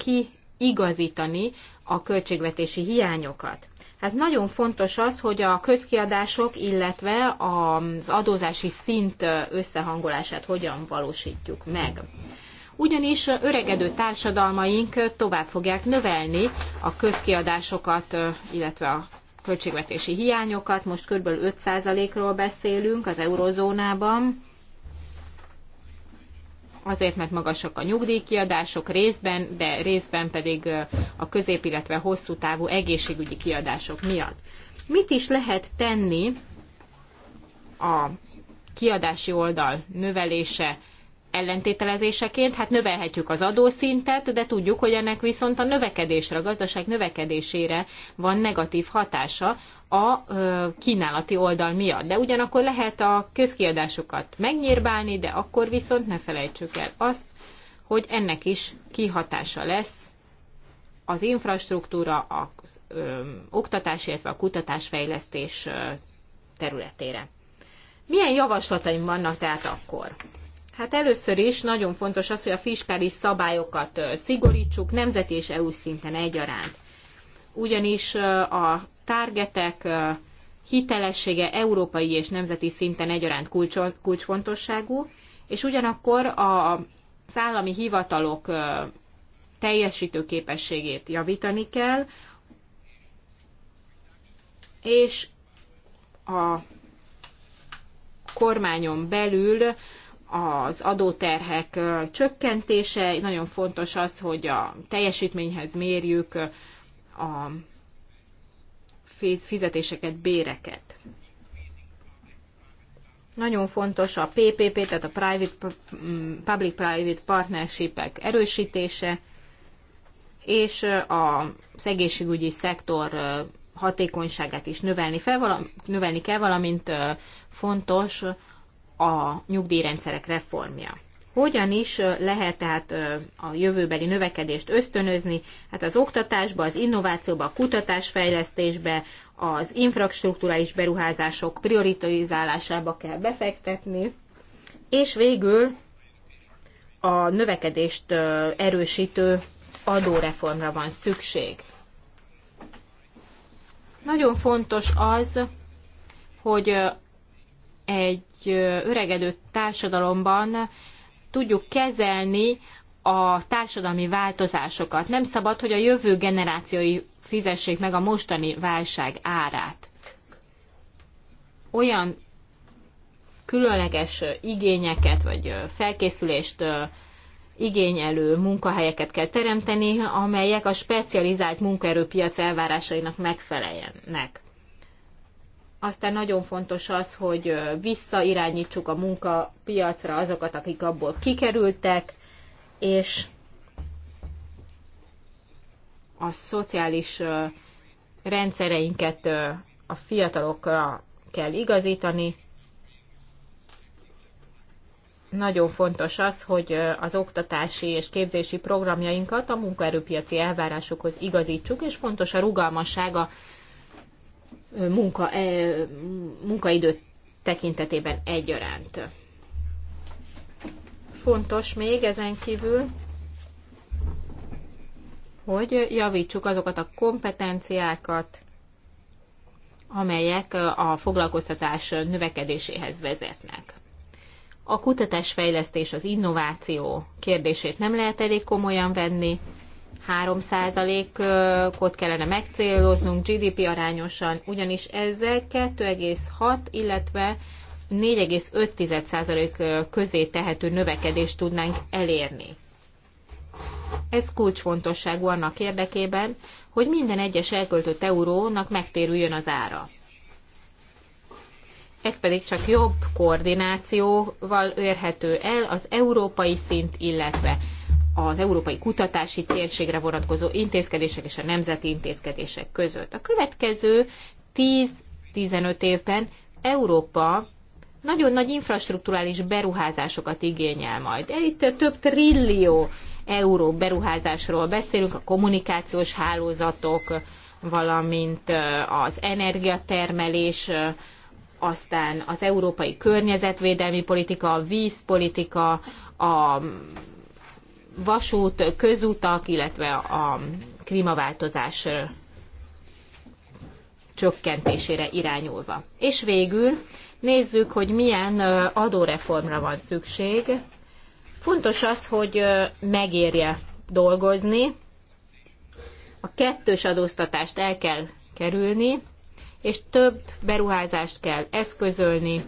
kiigazítani a költségvetési hiányokat? Hát nagyon fontos az, hogy a közkiadások, illetve az adózási szint összehangolását hogyan valósítjuk meg. Ugyanis öregedő társadalmaink tovább fogják növelni a közkiadásokat, illetve a költségvetési hiányokat, most kb. 5%-ról beszélünk az eurozónában, azért, mert magasak a nyugdíjkiadások részben, de részben pedig a közép, illetve hosszú távú egészségügyi kiadások miatt. Mit is lehet tenni a kiadási oldal növelése ellentételezéseként, hát növelhetjük az adószintet, de tudjuk, hogy ennek viszont a növekedésre, a gazdaság növekedésére van negatív hatása a kínálati oldal miatt. De ugyanakkor lehet a közkiadásokat megnyírbálni, de akkor viszont ne felejtsük el azt, hogy ennek is kihatása lesz az infrastruktúra, az ö, oktatás, illetve a kutatásfejlesztés ö, területére. Milyen javaslataim vannak tehát akkor? Hát először is nagyon fontos az, hogy a fiskális szabályokat szigorítsuk nemzeti és EU szinten egyaránt. Ugyanis a targetek hitelessége európai és nemzeti szinten egyaránt kulcs, kulcsfontosságú, és ugyanakkor az állami hivatalok teljesítő képességét javítani kell, és a kormányon belül az adóterhek csökkentése. Nagyon fontos az, hogy a teljesítményhez mérjük a fizetéseket, béreket. Nagyon fontos a PPP, tehát a private, mm, Public-Private partnership erősítése, és a szegészségügyi szektor hatékonyságát is növelni, fel, növelni kell, valamint fontos a nyugdíjrendszerek reformja. Hogyan is lehet tehát a jövőbeli növekedést ösztönözni? Hát az oktatásba, az innovációba, a kutatásfejlesztésbe, az infrastruktúrális beruházások prioritizálásába kell befektetni, és végül a növekedést erősítő adóreformra van szükség. Nagyon fontos az, hogy egy öregedő társadalomban tudjuk kezelni a társadalmi változásokat. Nem szabad, hogy a jövő generációi fizessék meg a mostani válság árát. Olyan különleges igényeket vagy felkészülést igényelő munkahelyeket kell teremteni, amelyek a specializált munkaerőpiac elvárásainak megfeleljenek. Aztán nagyon fontos az, hogy visszairányítsuk a munkapiacra azokat, akik abból kikerültek, és a szociális rendszereinket a fiatalokra kell igazítani. Nagyon fontos az, hogy az oktatási és képzési programjainkat a munkaerőpiaci elvárásokhoz igazítsuk, és fontos a rugalmassága munka, e, munkaidő tekintetében egyaránt. Fontos még ezen kívül, hogy javítsuk azokat a kompetenciákat, amelyek a foglalkoztatás növekedéséhez vezetnek. A kutatásfejlesztés, az innováció kérdését nem lehet elég komolyan venni, 3%-ot kellene megcéloznunk GDP arányosan, ugyanis ezzel 2,6, illetve 4,5% közé tehető növekedést tudnánk elérni. Ez kulcsfontosságú annak érdekében, hogy minden egyes elköltött eurónak megtérüljön az ára ez pedig csak jobb koordinációval érhető el az európai szint, illetve az európai kutatási térségre vonatkozó intézkedések és a nemzeti intézkedések között. A következő 10-15 évben Európa nagyon nagy infrastruktúrális beruházásokat igényel majd. E itt több trillió euró beruházásról beszélünk, a kommunikációs hálózatok, valamint az energiatermelés aztán az európai környezetvédelmi politika, a vízpolitika, a vasút, közutak, illetve a klímaváltozás csökkentésére irányulva. És végül nézzük, hogy milyen adóreformra van szükség. Fontos az, hogy megérje dolgozni. A kettős adóztatást el kell kerülni, és több beruházást kell eszközölni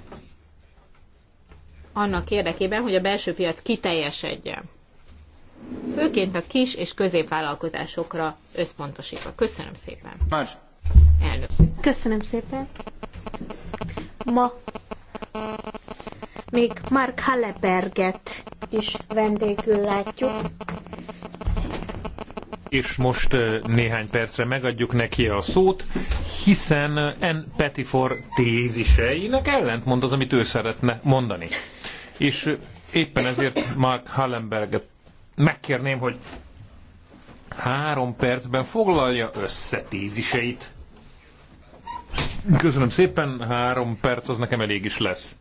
annak érdekében, hogy a belső piac kiteljesedjen. Főként a kis és középvállalkozásokra összpontosítva. Köszönöm szépen. Más. Elnök. Köszönöm szépen. Ma még Mark Halleberget is vendégül látjuk, és most néhány percre megadjuk neki a szót, hiszen en Petifor téziseinek ellentmond az, amit ő szeretne mondani. És éppen ezért Mark Hallenberget megkérném, hogy három percben foglalja össze téziseit. Köszönöm szépen, három perc az nekem elég is lesz.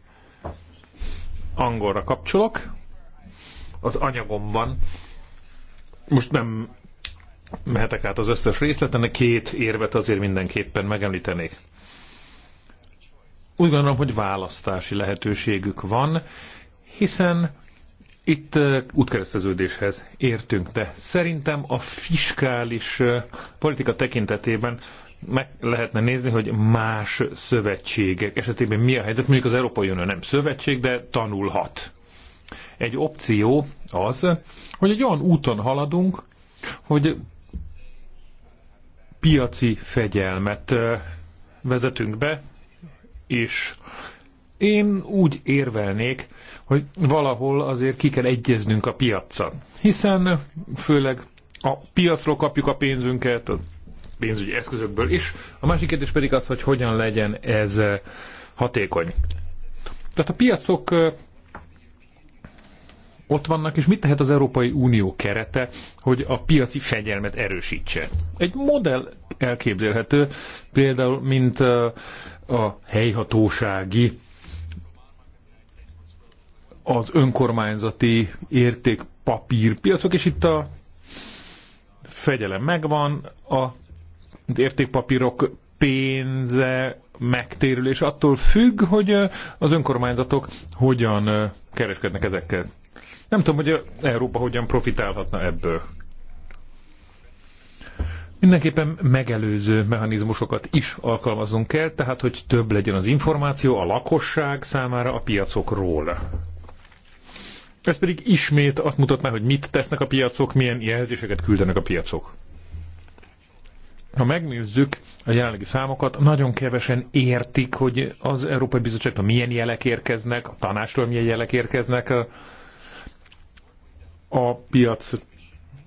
Angolra kapcsolok, az anyagomban. Most nem mehetek át az összes részleten, de két érvet azért mindenképpen megemlítenék. Úgy gondolom, hogy választási lehetőségük van, hiszen itt útkereszteződéshez értünk, de szerintem a fiskális politika tekintetében meg lehetne nézni, hogy más szövetségek esetében mi a helyzet. Mondjuk az Európai Unió nem szövetség, de tanulhat. Egy opció az, hogy egy olyan úton haladunk, hogy piaci fegyelmet vezetünk be, és én úgy érvelnék, hogy valahol azért ki kell egyeznünk a piacon. Hiszen főleg a piacról kapjuk a pénzünket, a pénzügyi eszközökből is. A másik kérdés pedig az, hogy hogyan legyen ez hatékony. Tehát a piacok ott vannak, és mit tehet az Európai Unió kerete, hogy a piaci fegyelmet erősítse? Egy modell elképzelhető, például mint a helyhatósági, az önkormányzati értékpapírpiacok, és itt a fegyelem megvan, a, az értékpapírok pénze, megtérülés attól függ, hogy az önkormányzatok hogyan kereskednek ezekkel. Nem tudom, hogy Európa hogyan profitálhatna ebből. Mindenképpen megelőző mechanizmusokat is alkalmazunk kell, tehát hogy több legyen az információ a lakosság számára a piacokról. Ez pedig ismét azt mutatná, hogy mit tesznek a piacok, milyen jelzéseket küldenek a piacok. Ha megnézzük a jelenlegi számokat, nagyon kevesen értik, hogy az Európai Bizottságban milyen jelek érkeznek, a tanástól milyen jelek érkeznek, a piac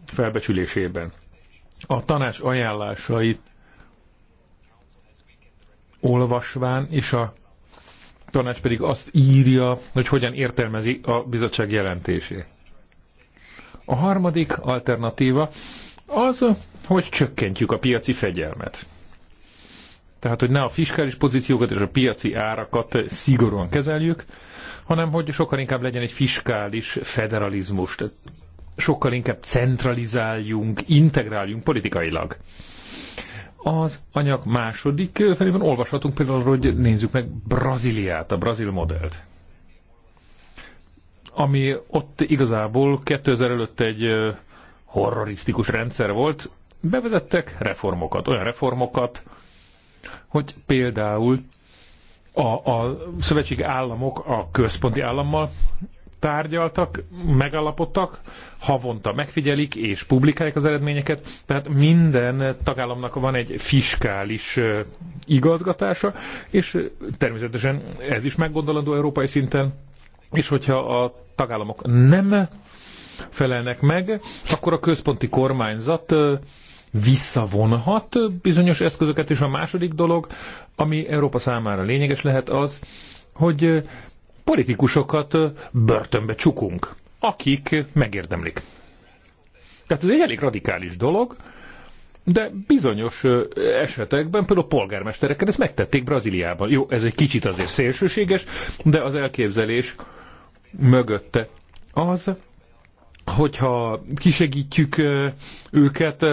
felbecsülésében. A tanács ajánlásait olvasván, és a tanács pedig azt írja, hogy hogyan értelmezi a bizottság jelentését. A harmadik alternatíva az, hogy csökkentjük a piaci fegyelmet. Tehát, hogy ne a fiskális pozíciókat és a piaci árakat szigorúan kezeljük, hanem hogy sokkal inkább legyen egy fiskális federalizmus. Tehát sokkal inkább centralizáljunk, integráljunk politikailag. Az anyag második felében olvashatunk például, hogy nézzük meg Brazíliát, a brazil modellt ami ott igazából 2000 előtt egy horrorisztikus rendszer volt, bevezettek reformokat, olyan reformokat, hogy például a, a szövetségi államok a központi állammal tárgyaltak, megalapodtak, havonta megfigyelik és publikálják az eredményeket, tehát minden tagállamnak van egy fiskális igazgatása, és természetesen ez is meggondolandó európai szinten, és hogyha a tagállamok nem felelnek meg, akkor a központi kormányzat visszavonhat bizonyos eszközöket, és a második dolog, ami Európa számára lényeges lehet az, hogy politikusokat börtönbe csukunk, akik megérdemlik. Tehát ez egy elég radikális dolog, de bizonyos esetekben, például polgármesterekkel ezt megtették Brazíliában. Jó, ez egy kicsit azért szélsőséges, de az elképzelés mögötte az, hogyha kisegítjük őket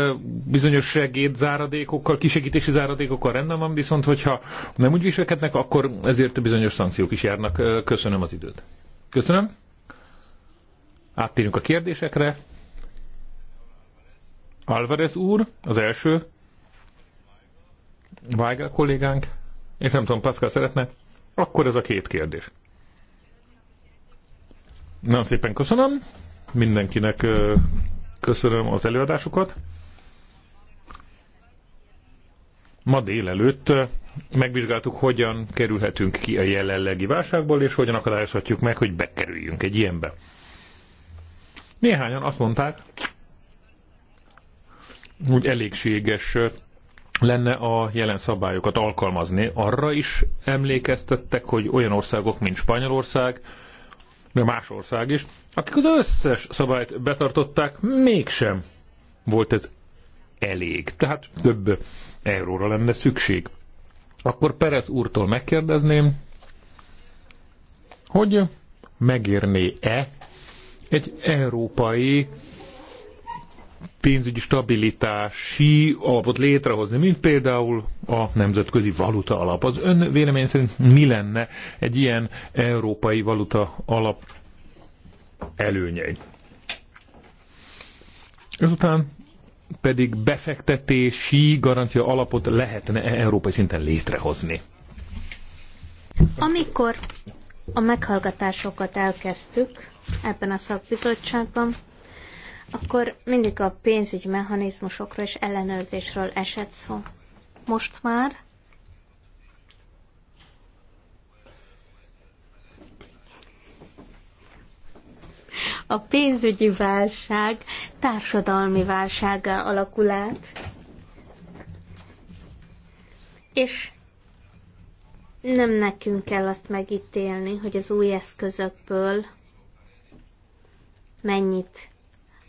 bizonyos záradékokkal, kisegítési záradékokkal rendben van, viszont hogyha nem úgy viselkednek, akkor ezért bizonyos szankciók is járnak. Köszönöm az időt. Köszönöm. Áttérünk a kérdésekre. Alvarez úr, az első. Weigel kollégánk. én nem tudom, Pascal szeretne. Akkor ez a két kérdés. Nagyon szépen köszönöm. Mindenkinek köszönöm az előadásokat. Ma délelőtt megvizsgáltuk, hogyan kerülhetünk ki a jelenlegi válságból, és hogyan akadályozhatjuk meg, hogy bekerüljünk egy ilyenbe. Néhányan azt mondták, hogy elégséges lenne a jelen szabályokat alkalmazni. Arra is emlékeztettek, hogy olyan országok, mint Spanyolország, de más ország is, akik az összes szabályt betartották, mégsem volt ez elég. Tehát több euróra lenne szükség. Akkor Perez úrtól megkérdezném, hogy megérné-e egy európai pénzügyi stabilitási alapot létrehozni, mint például a nemzetközi valuta alap. Az ön vélemény szerint mi lenne egy ilyen európai valuta alap előnyei? Ezután pedig befektetési garancia alapot lehetne -e európai szinten létrehozni. Amikor a meghallgatásokat elkezdtük ebben a szakbizottságban, akkor mindig a pénzügyi mechanizmusokról és ellenőrzésről esett szó. Most már a pénzügyi válság társadalmi válsággá alakul át. És nem nekünk kell azt megítélni, hogy az új eszközökből mennyit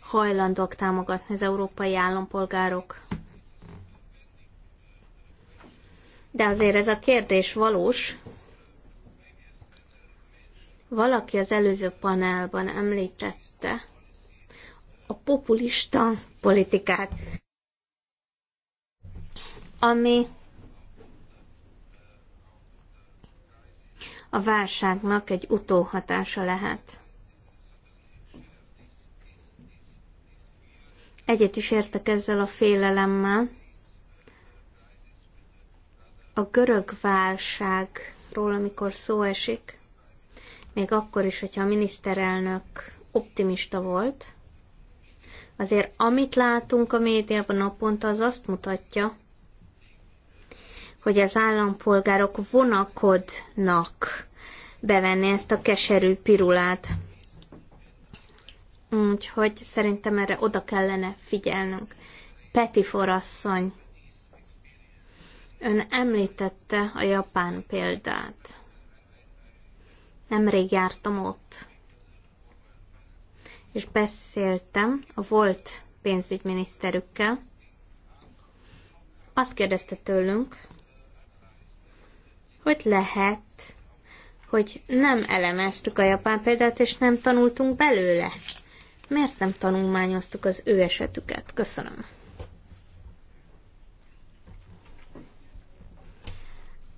hajlandóak támogatni az európai állampolgárok. De azért ez a kérdés valós. Valaki az előző panelban említette a populista politikát, ami a válságnak egy utóhatása lehet. Egyet is értek ezzel a félelemmel. A görög válságról, amikor szó esik, még akkor is, hogyha a miniszterelnök optimista volt, azért amit látunk a médiában naponta, az azt mutatja, hogy az állampolgárok vonakodnak bevenni ezt a keserű pirulát. Úgyhogy szerintem erre oda kellene figyelnünk. Peti forasszony, ön említette a japán példát. Nemrég jártam ott, és beszéltem a volt pénzügyminiszterükkel. Azt kérdezte tőlünk, hogy lehet, hogy nem elemeztük a japán példát, és nem tanultunk belőle. Miért nem tanulmányoztuk az ő esetüket? Köszönöm.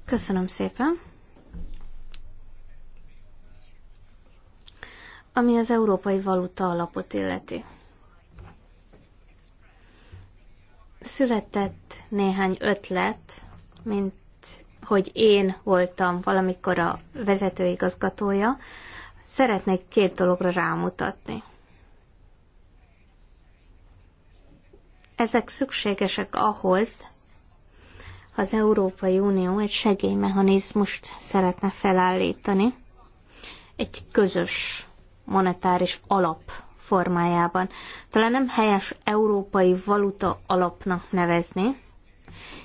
Köszönöm szépen. Ami az Európai Valuta Alapot illeti. Született néhány ötlet, mint hogy én voltam valamikor a vezetőigazgatója. Szeretnék két dologra rámutatni. Ezek szükségesek ahhoz, ha az Európai Unió egy segélymechanizmust szeretne felállítani, egy közös monetáris alap formájában. Talán nem helyes európai valuta alapnak nevezni,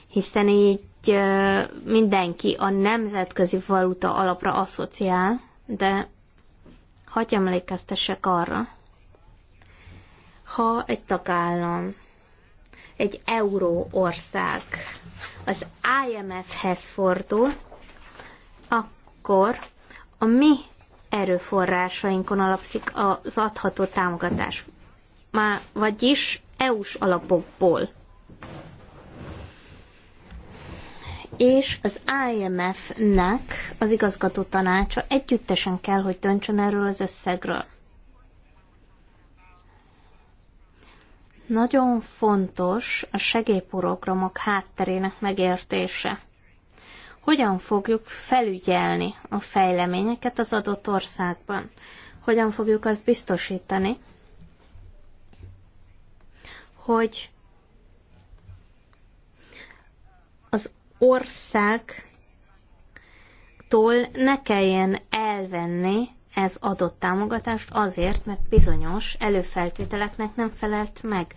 hiszen így mindenki a nemzetközi valuta alapra asszociál, de hagyj emlékeztessek arra, ha egy tagállam egy euró ország az IMF-hez fordul, akkor a mi erőforrásainkon alapszik az adható támogatás. Már, vagyis EU-s alapokból. És az IMF-nek az igazgató tanácsa együttesen kell, hogy döntsön erről az összegről. Nagyon fontos a segélyprogramok hátterének megértése. Hogyan fogjuk felügyelni a fejleményeket az adott országban? Hogyan fogjuk azt biztosítani, hogy az országtól ne kelljen elvenni ez adott támogatást azért, mert bizonyos előfeltételeknek nem felelt meg.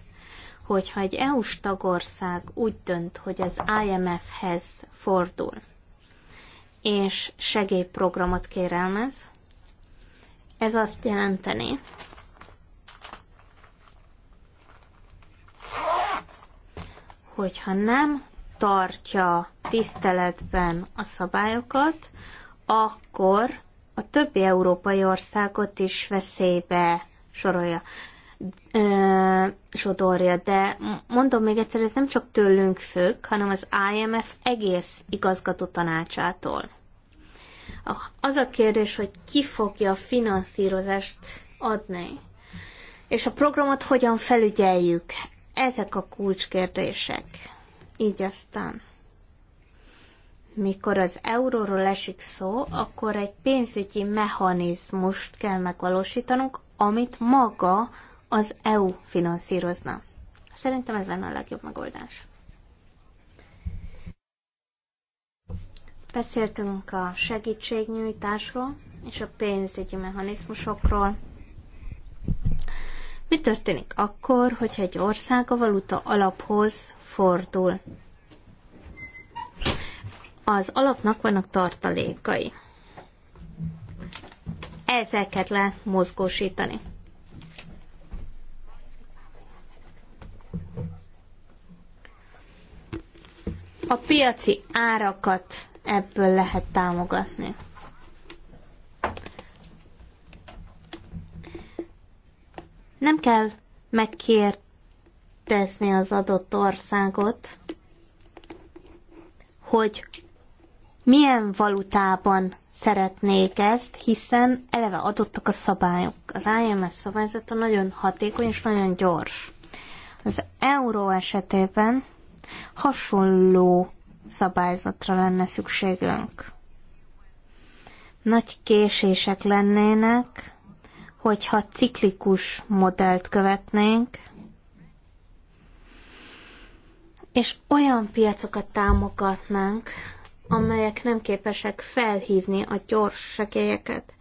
Hogyha egy EU-s tagország úgy dönt, hogy az IMF-hez fordul, és segélyprogramot kérelmez, ez azt jelenteni, hogyha nem tartja tiszteletben a szabályokat, akkor a többi európai országot is veszélybe sorolja, ö, sodorja, de mondom még egyszer, ez nem csak tőlünk függ, hanem az IMF egész igazgató tanácsától. Az a kérdés, hogy ki fogja a finanszírozást adni, és a programot hogyan felügyeljük, ezek a kulcskérdések. Így aztán mikor az euróról esik szó, akkor egy pénzügyi mechanizmust kell megvalósítanunk, amit maga az EU finanszírozna. Szerintem ez lenne a legjobb megoldás. Beszéltünk a segítségnyújtásról és a pénzügyi mechanizmusokról. Mi történik akkor, hogyha egy ország a valuta alaphoz fordul? az alapnak vannak tartalékai. Ezeket le mozgósítani. A piaci árakat ebből lehet támogatni. Nem kell megkérdezni az adott országot, hogy milyen valutában szeretnék ezt, hiszen eleve adottak a szabályok. Az IMF szabályzata nagyon hatékony és nagyon gyors. Az euró esetében hasonló szabályzatra lenne szükségünk. Nagy késések lennének, hogyha ciklikus modellt követnénk, és olyan piacokat támogatnánk, amelyek nem képesek felhívni a gyors segélyeket.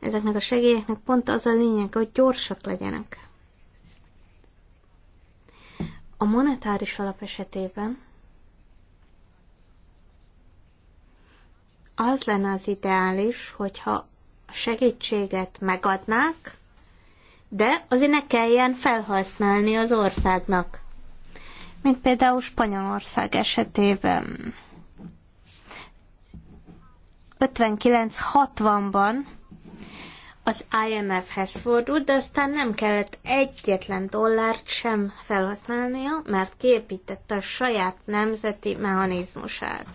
Ezeknek a segélyeknek pont az a lényeg, hogy gyorsak legyenek. A monetáris alap esetében az lenne az ideális, hogyha a segítséget megadnák, de azért ne kelljen felhasználni az országnak, mint például Spanyolország esetében. 59-60-ban az IMF-hez fordult, de aztán nem kellett egyetlen dollárt sem felhasználnia, mert kiépítette a saját nemzeti mechanizmusát.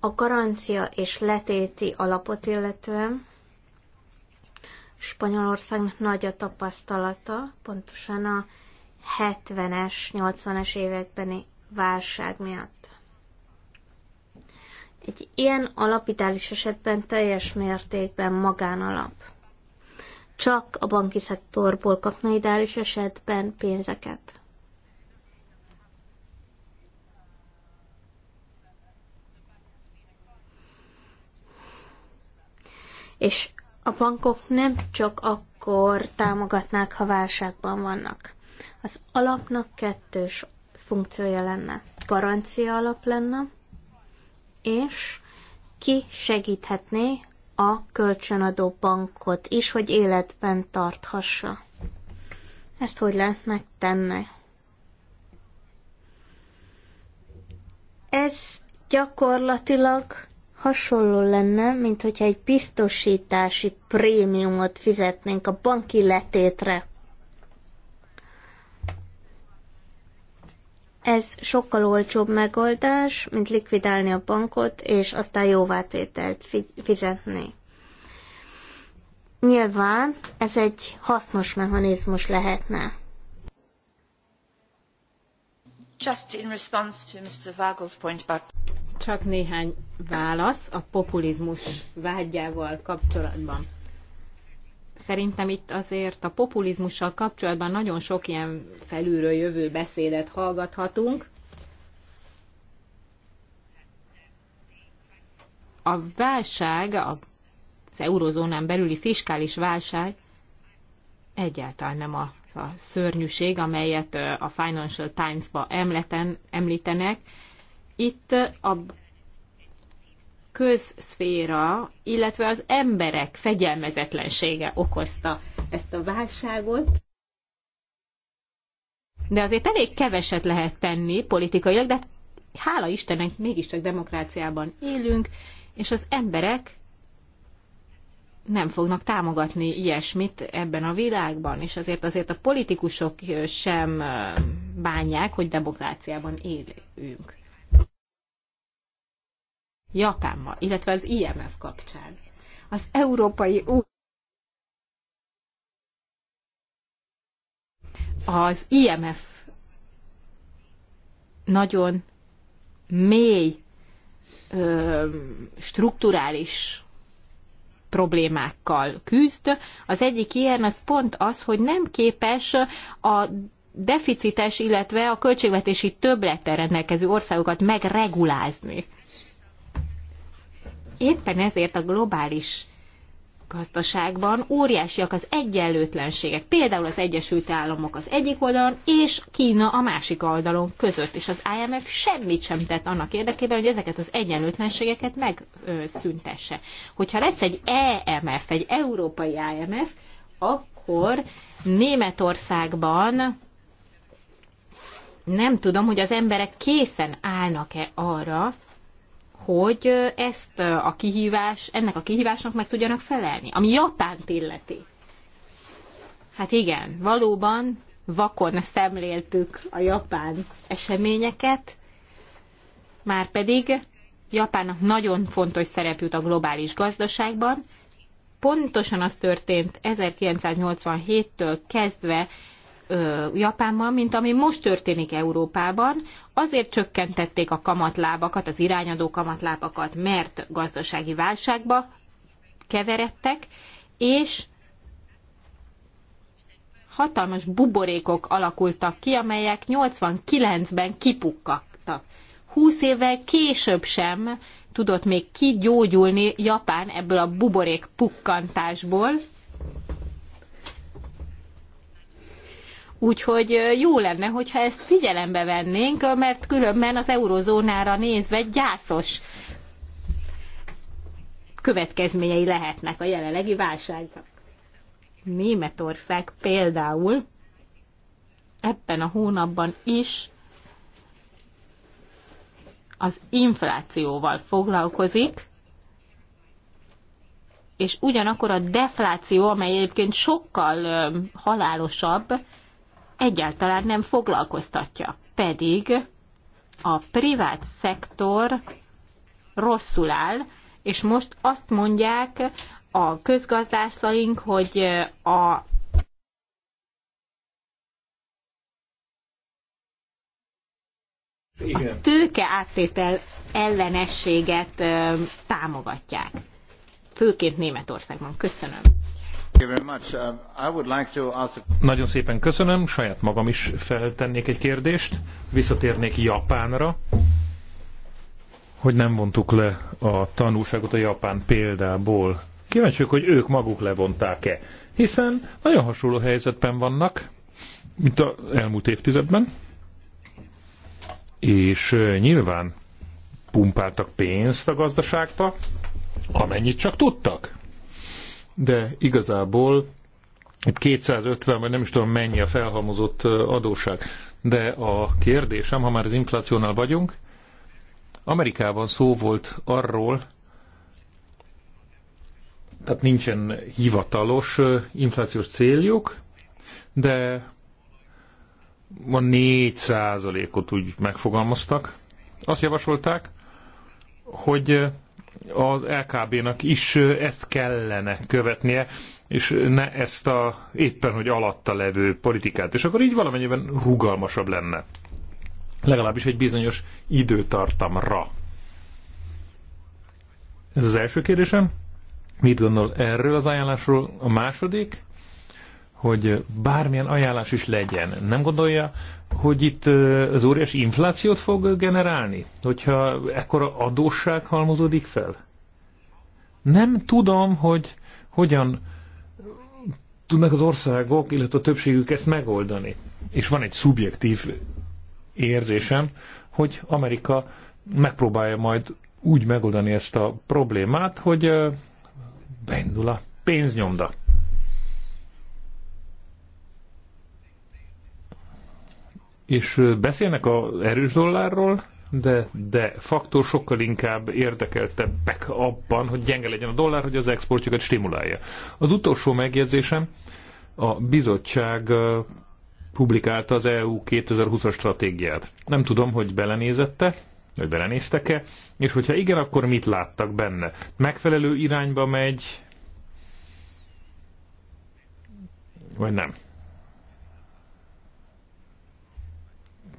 A garancia és letéti alapot illetően Spanyolország nagy a tapasztalata, pontosan a 70-es, 80-es évekbeni válság miatt. Egy ilyen alapitális esetben teljes mértékben magánalap. Csak a banki szektorból kapna ideális esetben pénzeket. És a bankok nem csak akkor támogatnák, ha válságban vannak. Az alapnak kettős funkciója lenne. Garancia alap lenne, és ki segíthetné a kölcsönadó bankot is, hogy életben tarthassa. Ezt hogy lehet megtenni? Ez gyakorlatilag hasonló lenne, mint hogyha egy biztosítási prémiumot fizetnénk a banki letétre. Ez sokkal olcsóbb megoldás, mint likvidálni a bankot, és aztán jóvátételt fizetni. Nyilván ez egy hasznos mechanizmus lehetne. Just in response to Mr. Vagel's point about... Csak néhány válasz a populizmus vágyával kapcsolatban. Szerintem itt azért a populizmussal kapcsolatban nagyon sok ilyen felülről jövő beszédet hallgathatunk. A válság, az eurozónán belüli fiskális válság egyáltalán nem a, a szörnyűség, amelyet a Financial Times-ba említenek. Itt a közszféra, illetve az emberek fegyelmezetlensége okozta ezt a válságot. De azért elég keveset lehet tenni politikailag, de hála Istennek mégiscsak demokráciában élünk, és az emberek nem fognak támogatni ilyesmit ebben a világban, és azért azért a politikusok sem bánják, hogy demokráciában élünk. Japánmal, illetve az IMF kapcsán. Az Európai Unió az IMF nagyon mély ö, strukturális problémákkal küzd. Az egyik ilyen az pont az, hogy nem képes a deficites, illetve a költségvetési többlettel rendelkező országokat megregulázni éppen ezért a globális gazdaságban óriásiak az egyenlőtlenségek. Például az Egyesült Államok az egyik oldalon, és Kína a másik oldalon között. És az IMF semmit sem tett annak érdekében, hogy ezeket az egyenlőtlenségeket megszüntesse. Hogyha lesz egy EMF, egy európai IMF, akkor Németországban nem tudom, hogy az emberek készen állnak-e arra, hogy ezt a kihívás, ennek a kihívásnak meg tudjanak felelni, ami Japánt illeti. Hát igen, valóban vakon szemléltük a japán eseményeket, már pedig Japánnak nagyon fontos szerep jut a globális gazdaságban. Pontosan az történt 1987-től kezdve Japánban, mint ami most történik Európában. Azért csökkentették a kamatlábakat, az irányadó kamatlábakat, mert gazdasági válságba keveredtek, és hatalmas buborékok alakultak ki, amelyek 89-ben kipukkadtak. 20 évvel később sem tudott még kigyógyulni Japán ebből a buborék pukkantásból, Úgyhogy jó lenne, hogyha ezt figyelembe vennénk, mert különben az eurozónára nézve gyászos következményei lehetnek a jelenlegi válságnak. Németország például ebben a hónapban is az inflációval foglalkozik, és ugyanakkor a defláció, amely egyébként sokkal halálosabb, egyáltalán nem foglalkoztatja. Pedig a privát szektor rosszul áll, és most azt mondják a közgazdászaink, hogy a Igen. a tőke áttétel ellenességet támogatják. Főként Németországban. Köszönöm. Uh, nagyon szépen köszönöm, saját magam is feltennék egy kérdést, visszatérnék Japánra, hogy nem vontuk le a tanulságot a Japán példából. Kíváncsiak, hogy ők maguk levonták-e, hiszen nagyon hasonló helyzetben vannak, mint az elmúlt évtizedben, és nyilván pumpáltak pénzt a gazdaságba, amennyit csak tudtak de igazából itt 250, vagy nem is tudom mennyi a felhalmozott adóság. De a kérdésem, ha már az inflációnál vagyunk, Amerikában szó volt arról, tehát nincsen hivatalos inflációs céljuk, de van 4 százalékot úgy megfogalmaztak. Azt javasolták, hogy az LKB-nak is ezt kellene követnie, és ne ezt a éppen, hogy alatta levő politikát. És akkor így valamennyiben rugalmasabb lenne. Legalábbis egy bizonyos időtartamra. Ez az első kérdésem. Mit gondol erről az ajánlásról? A második? hogy bármilyen ajánlás is legyen, nem gondolja, hogy itt az óriási inflációt fog generálni, hogyha ekkora adósság halmozódik fel? Nem tudom, hogy hogyan tudnak az országok, illetve a többségük ezt megoldani. És van egy szubjektív érzésem, hogy Amerika megpróbálja majd úgy megoldani ezt a problémát, hogy beindul a pénznyomda. És beszélnek az erős dollárról, de, de faktor sokkal inkább érdekeltebbek abban, hogy gyenge legyen a dollár, hogy az exportjukat stimulálja. Az utolsó megjegyzésem, a bizottság publikálta az EU 2020-as stratégiát. Nem tudom, hogy belenézette, vagy belenéztek-e, és hogyha igen, akkor mit láttak benne? Megfelelő irányba megy, vagy nem?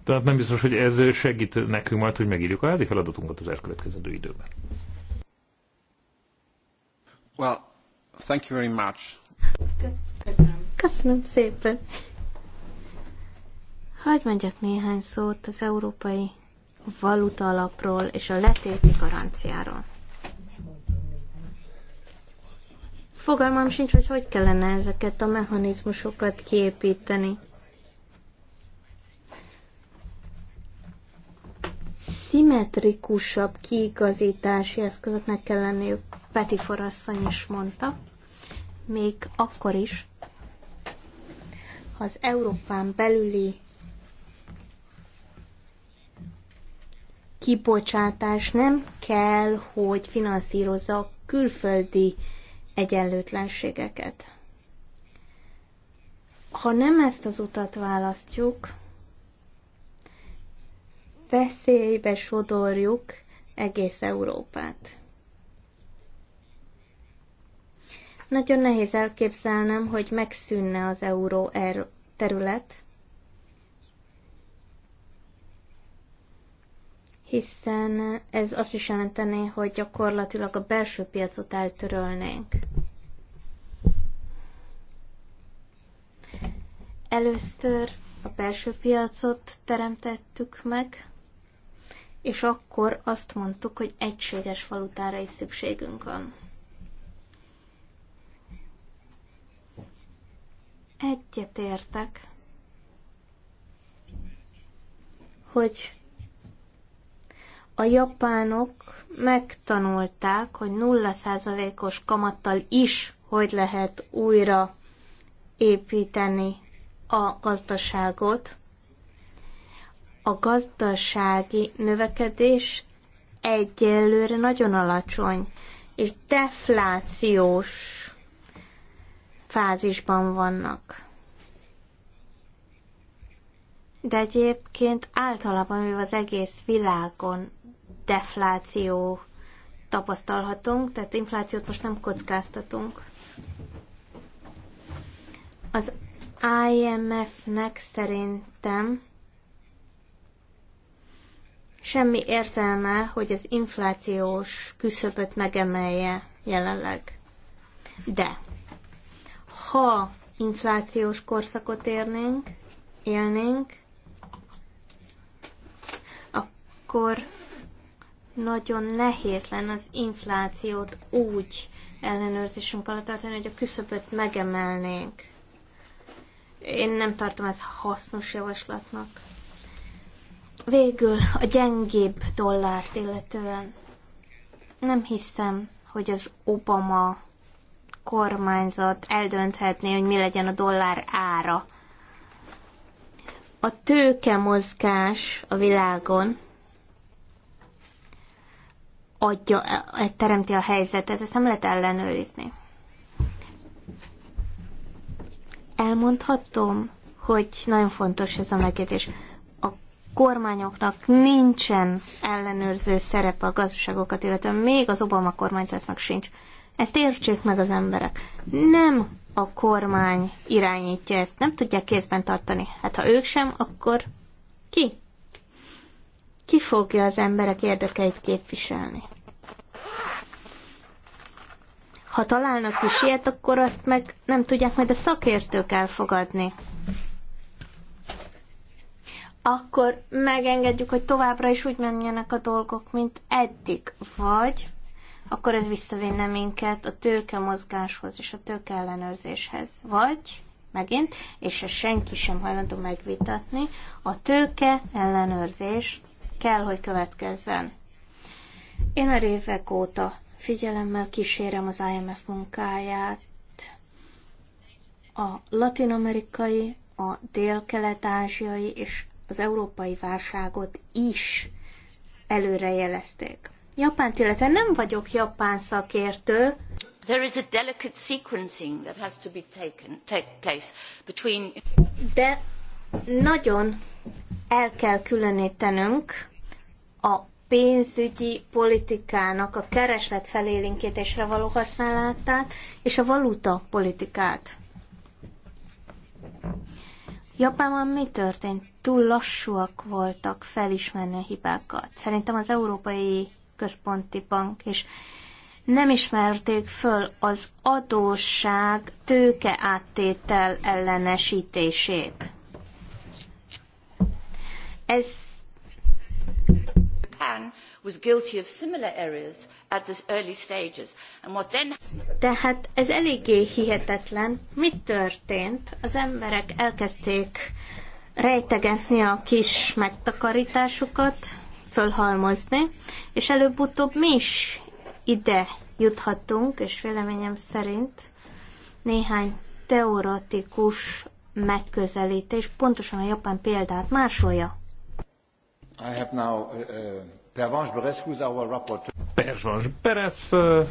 Tehát nem biztos, hogy ez segít nekünk majd, hogy megírjuk a házi feladatunkat az elkövetkezendő időben. Well, thank you very much. Köszönöm. Köszönöm szépen. Hogy mondjak néhány szót az európai valuta alapról és a letéti garanciáról. Fogalmam sincs, hogy hogy kellene ezeket a mechanizmusokat kiépíteni. szimmetrikusabb kiigazítási eszközöknek kell lenni, Peti Forasszony is mondta, még akkor is, ha az Európán belüli kibocsátás nem kell, hogy finanszírozza a külföldi egyenlőtlenségeket. Ha nem ezt az utat választjuk, veszélybe sodorjuk egész Európát. Nagyon nehéz elképzelnem, hogy megszűnne az euró er terület, hiszen ez azt is jelenteni, hogy gyakorlatilag a belső piacot eltörölnénk. Először a belső piacot teremtettük meg, és akkor azt mondtuk, hogy egységes valutára is szükségünk van. Egyetértek, hogy a japánok megtanulták, hogy 0%-os kamattal is hogy lehet újra építeni a gazdaságot, a gazdasági növekedés egyelőre nagyon alacsony, és deflációs fázisban vannak. De egyébként általában, mivel az egész világon defláció tapasztalhatunk, tehát inflációt most nem kockáztatunk. Az IMF-nek szerintem semmi értelme, hogy az inflációs küszöböt megemelje jelenleg. De ha inflációs korszakot érnénk, élnénk, akkor nagyon nehéz lenne az inflációt úgy ellenőrzésünk alatt tartani, hogy a küszöböt megemelnénk. Én nem tartom ezt hasznos javaslatnak. Végül a gyengébb dollárt illetően nem hiszem, hogy az Obama kormányzat eldönthetné, hogy mi legyen a dollár ára. A tőke mozgás a világon adja, eh, teremti a helyzetet, ezt nem lehet ellenőrizni. Elmondhatom, hogy nagyon fontos ez a megjegyzés kormányoknak nincsen ellenőrző szerepe a gazdaságokat, illetve még az Obama kormányzatnak sincs. Ezt értsék meg az emberek. Nem a kormány irányítja ezt, nem tudják kézben tartani. Hát ha ők sem, akkor ki? Ki fogja az emberek érdekeit képviselni? Ha találnak is ilyet, akkor azt meg nem tudják majd a szakértők elfogadni akkor megengedjük, hogy továbbra is úgy menjenek a dolgok, mint eddig. Vagy akkor ez visszavinne minket a tőke mozgáshoz és a tőke ellenőrzéshez. Vagy megint, és ezt senki sem hajlandó megvitatni, a tőke ellenőrzés kell, hogy következzen. Én már évek óta figyelemmel kísérem az IMF munkáját, a latinamerikai, a dél-kelet-ázsiai és az európai válságot is előrejelezték. Japán illetve nem vagyok japán szakértő. There is a delicate sequencing that has to be taken, take place between... De nagyon el kell különítenünk a pénzügyi politikának a kereslet felélinkítésre való használatát és a valuta politikát. Japánban mi történt? Túl lassúak voltak felismerni a hibákat. Szerintem az Európai Központi Bank és nem ismerték föl az adósság tőke áttétel ellenesítését. Ez was guilty of similar errors at this early stages. And what then... Tehát ez eléggé hihetetlen. Mi történt? Az emberek elkezdték rejtegetni a kis megtakarításukat, fölhalmozni, és előbb-utóbb mi is ide juthatunk, és véleményem szerint néhány teoretikus megközelítés pontosan a japán példát másolja. I have now uh, uh Pervans Beres, who's our rapporteur? Pervans Beres eh,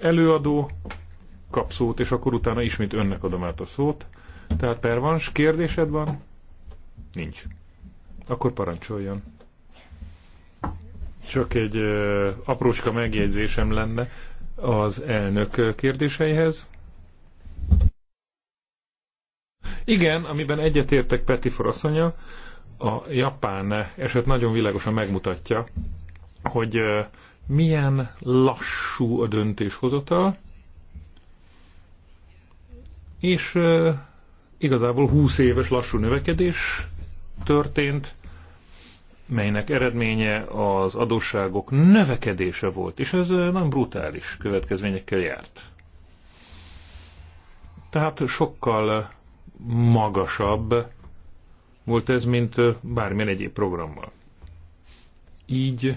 előadó kap szót, és akkor utána ismét önnek adom át a szót. Tehát Pervans, kérdésed van? Nincs. Akkor parancsoljon. Csak egy ö, eh, aprócska megjegyzésem lenne az elnök kérdéseihez. Igen, amiben egyetértek Petifor asszonya, a japán eset nagyon világosan megmutatja, hogy milyen lassú a döntéshozatal, és igazából 20 éves lassú növekedés történt, melynek eredménye az adósságok növekedése volt, és ez nagyon brutális következményekkel járt. Tehát sokkal magasabb volt ez, mint bármilyen egyéb programmal. Így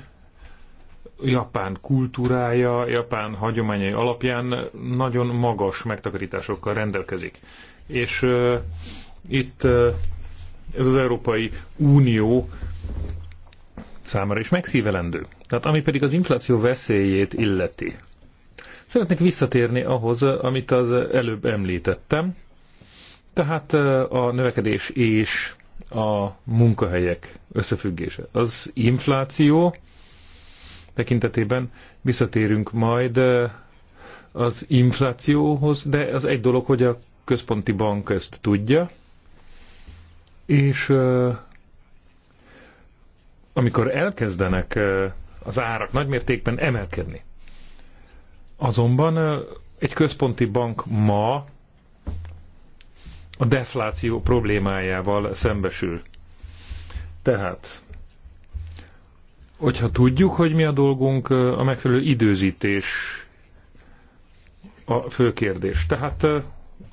Japán kultúrája, Japán hagyományai alapján nagyon magas megtakarításokkal rendelkezik. És uh, itt uh, ez az Európai Unió számára is megszívelendő. Tehát ami pedig az infláció veszélyét illeti. Szeretnék visszatérni ahhoz, amit az előbb említettem, tehát a növekedés és a munkahelyek összefüggése. Az infláció tekintetében visszatérünk majd eh, az inflációhoz, de az egy dolog, hogy a központi bank ezt tudja, és eh, amikor elkezdenek eh, az árak nagymértékben emelkedni, azonban egy központi bank ma a defláció problémájával szembesül. Tehát, hogyha tudjuk, hogy mi a dolgunk, a megfelelő időzítés a fő kérdés. Tehát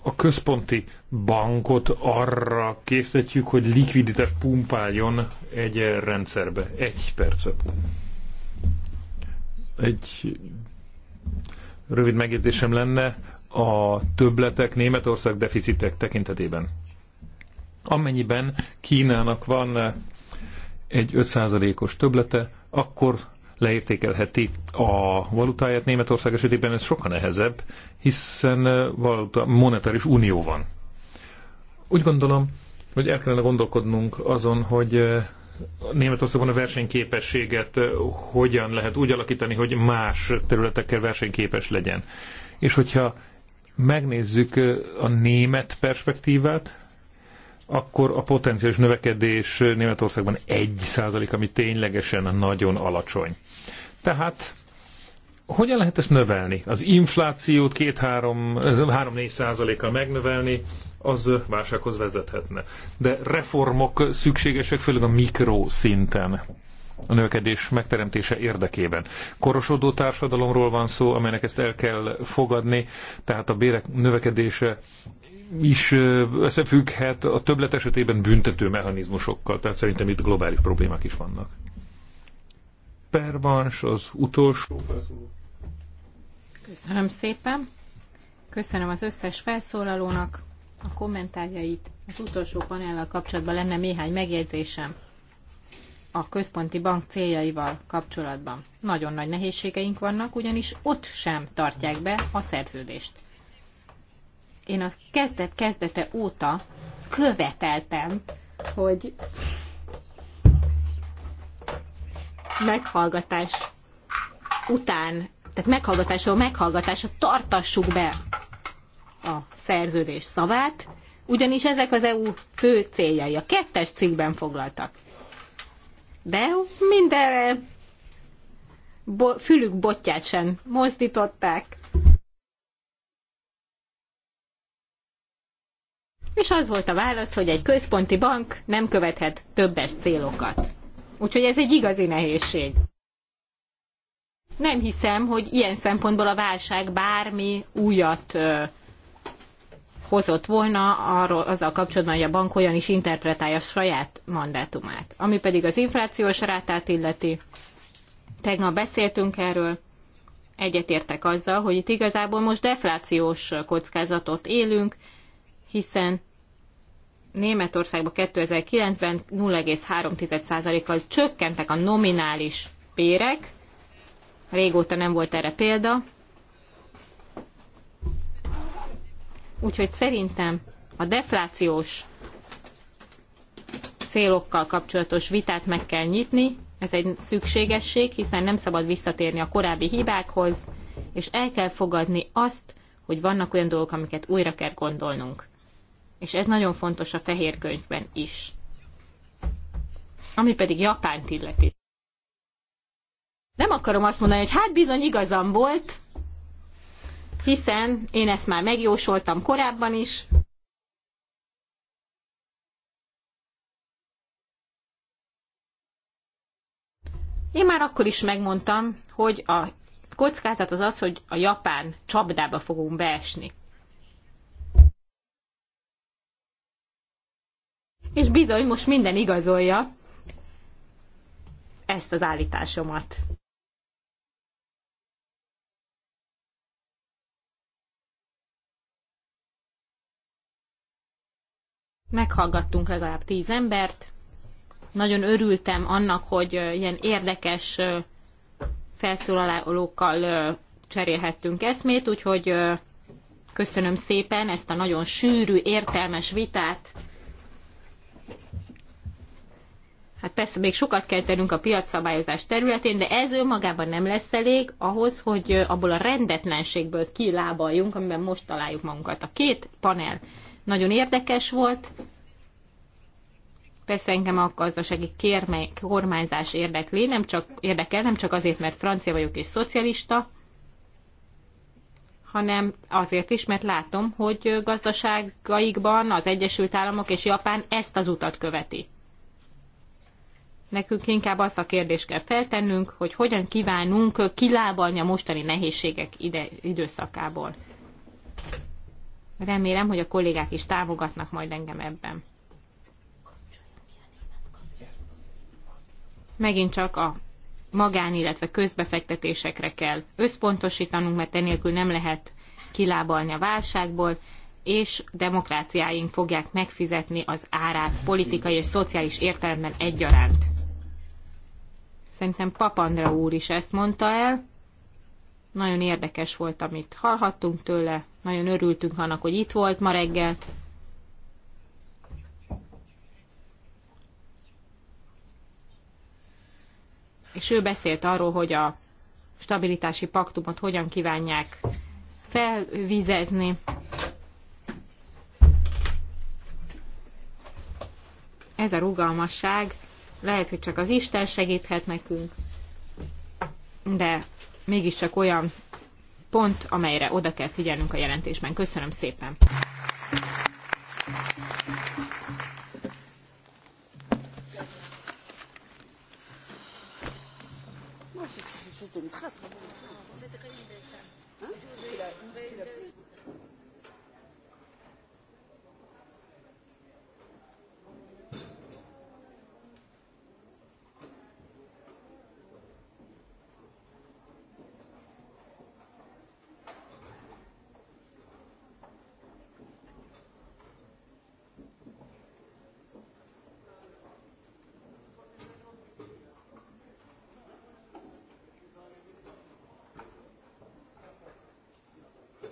a központi bankot arra készítjük, hogy likviditás pumpáljon egy rendszerbe. Egy percet. Egy rövid megjegyzésem lenne a többletek Németország deficitek tekintetében. Amennyiben Kínának van egy 5%-os töblete, akkor leértékelheti a valutáját. Németország esetében ez sokkal nehezebb, hiszen eh, valuta, monetáris unió van. Úgy gondolom, hogy el kellene gondolkodnunk azon, hogy eh, Németországban a versenyképességet eh, hogyan lehet úgy alakítani, hogy más területekkel versenyképes legyen. És hogyha megnézzük a német perspektívát, akkor a potenciális növekedés Németországban 1 százalék, ami ténylegesen nagyon alacsony. Tehát hogyan lehet ezt növelni? Az inflációt 2-3-4 százalékkal megnövelni, az válsághoz vezethetne. De reformok szükségesek, főleg a mikroszinten a növekedés megteremtése érdekében. Korosodó társadalomról van szó, amelynek ezt el kell fogadni, tehát a bérek növekedése is összefügghet a többlet esetében büntető mechanizmusokkal, tehát szerintem itt globális problémák is vannak. Pervans az utolsó Köszönöm szépen. Köszönöm az összes felszólalónak a kommentárjait. Az utolsó panellal kapcsolatban lenne néhány megjegyzésem a központi bank céljaival kapcsolatban. Nagyon nagy nehézségeink vannak, ugyanis ott sem tartják be a szerződést. Én a kezdet kezdete óta követeltem, hogy meghallgatás után, tehát meghallgatásról meghallgatásra tartassuk be a szerződés szavát, ugyanis ezek az EU fő céljai, a kettes cikkben foglaltak. De mindenre bo- fülük botját sem mozdították. És az volt a válasz, hogy egy központi bank nem követhet többes célokat. Úgyhogy ez egy igazi nehézség. Nem hiszem, hogy ilyen szempontból a válság bármi újat hozott volna arról, azzal kapcsolatban, hogy a bank olyan is interpretálja a saját mandátumát. Ami pedig az inflációs rátát illeti, tegnap beszéltünk erről, egyetértek azzal, hogy itt igazából most deflációs kockázatot élünk, hiszen Németországban 2009-ben 0,3%-kal csökkentek a nominális bérek, régóta nem volt erre példa, Úgyhogy szerintem a deflációs célokkal kapcsolatos vitát meg kell nyitni, ez egy szükségesség, hiszen nem szabad visszatérni a korábbi hibákhoz, és el kell fogadni azt, hogy vannak olyan dolgok, amiket újra kell gondolnunk. És ez nagyon fontos a fehér könyvben is. Ami pedig Japánt illeti. Nem akarom azt mondani, hogy hát bizony igazam volt, hiszen én ezt már megjósoltam korábban is, Én már akkor is megmondtam, hogy a kockázat az az, hogy a japán csapdába fogunk beesni. És bizony, most minden igazolja ezt az állításomat. meghallgattunk legalább tíz embert. Nagyon örültem annak, hogy ilyen érdekes felszólalókkal cserélhettünk eszmét, úgyhogy köszönöm szépen ezt a nagyon sűrű, értelmes vitát. Hát persze még sokat kell tennünk a piacszabályozás területén, de ez önmagában nem lesz elég ahhoz, hogy abból a rendetlenségből kilábaljunk, amiben most találjuk magunkat. A két panel nagyon érdekes volt. Persze engem a gazdasági kérme, kormányzás érdekli, nem csak, érdekel, nem csak azért, mert francia vagyok és szocialista, hanem azért is, mert látom, hogy gazdaságaikban az Egyesült Államok és Japán ezt az utat követi. Nekünk inkább azt a kérdést kell feltennünk, hogy hogyan kívánunk kilábalni a mostani nehézségek ide, időszakából. Remélem, hogy a kollégák is támogatnak majd engem ebben. Megint csak a magán, illetve közbefektetésekre kell összpontosítanunk, mert enélkül nem lehet kilábalni a válságból, és demokráciáink fogják megfizetni az árát politikai és szociális értelemben egyaránt. Szerintem Papandra úr is ezt mondta el. Nagyon érdekes volt, amit hallhattunk tőle. Nagyon örültünk annak, hogy itt volt ma reggel. És ő beszélt arról, hogy a stabilitási paktumot hogyan kívánják felvizezni. Ez a rugalmasság lehet, hogy csak az Isten segíthet nekünk, de mégiscsak olyan pont, amelyre oda kell figyelnünk a jelentésben. Köszönöm szépen!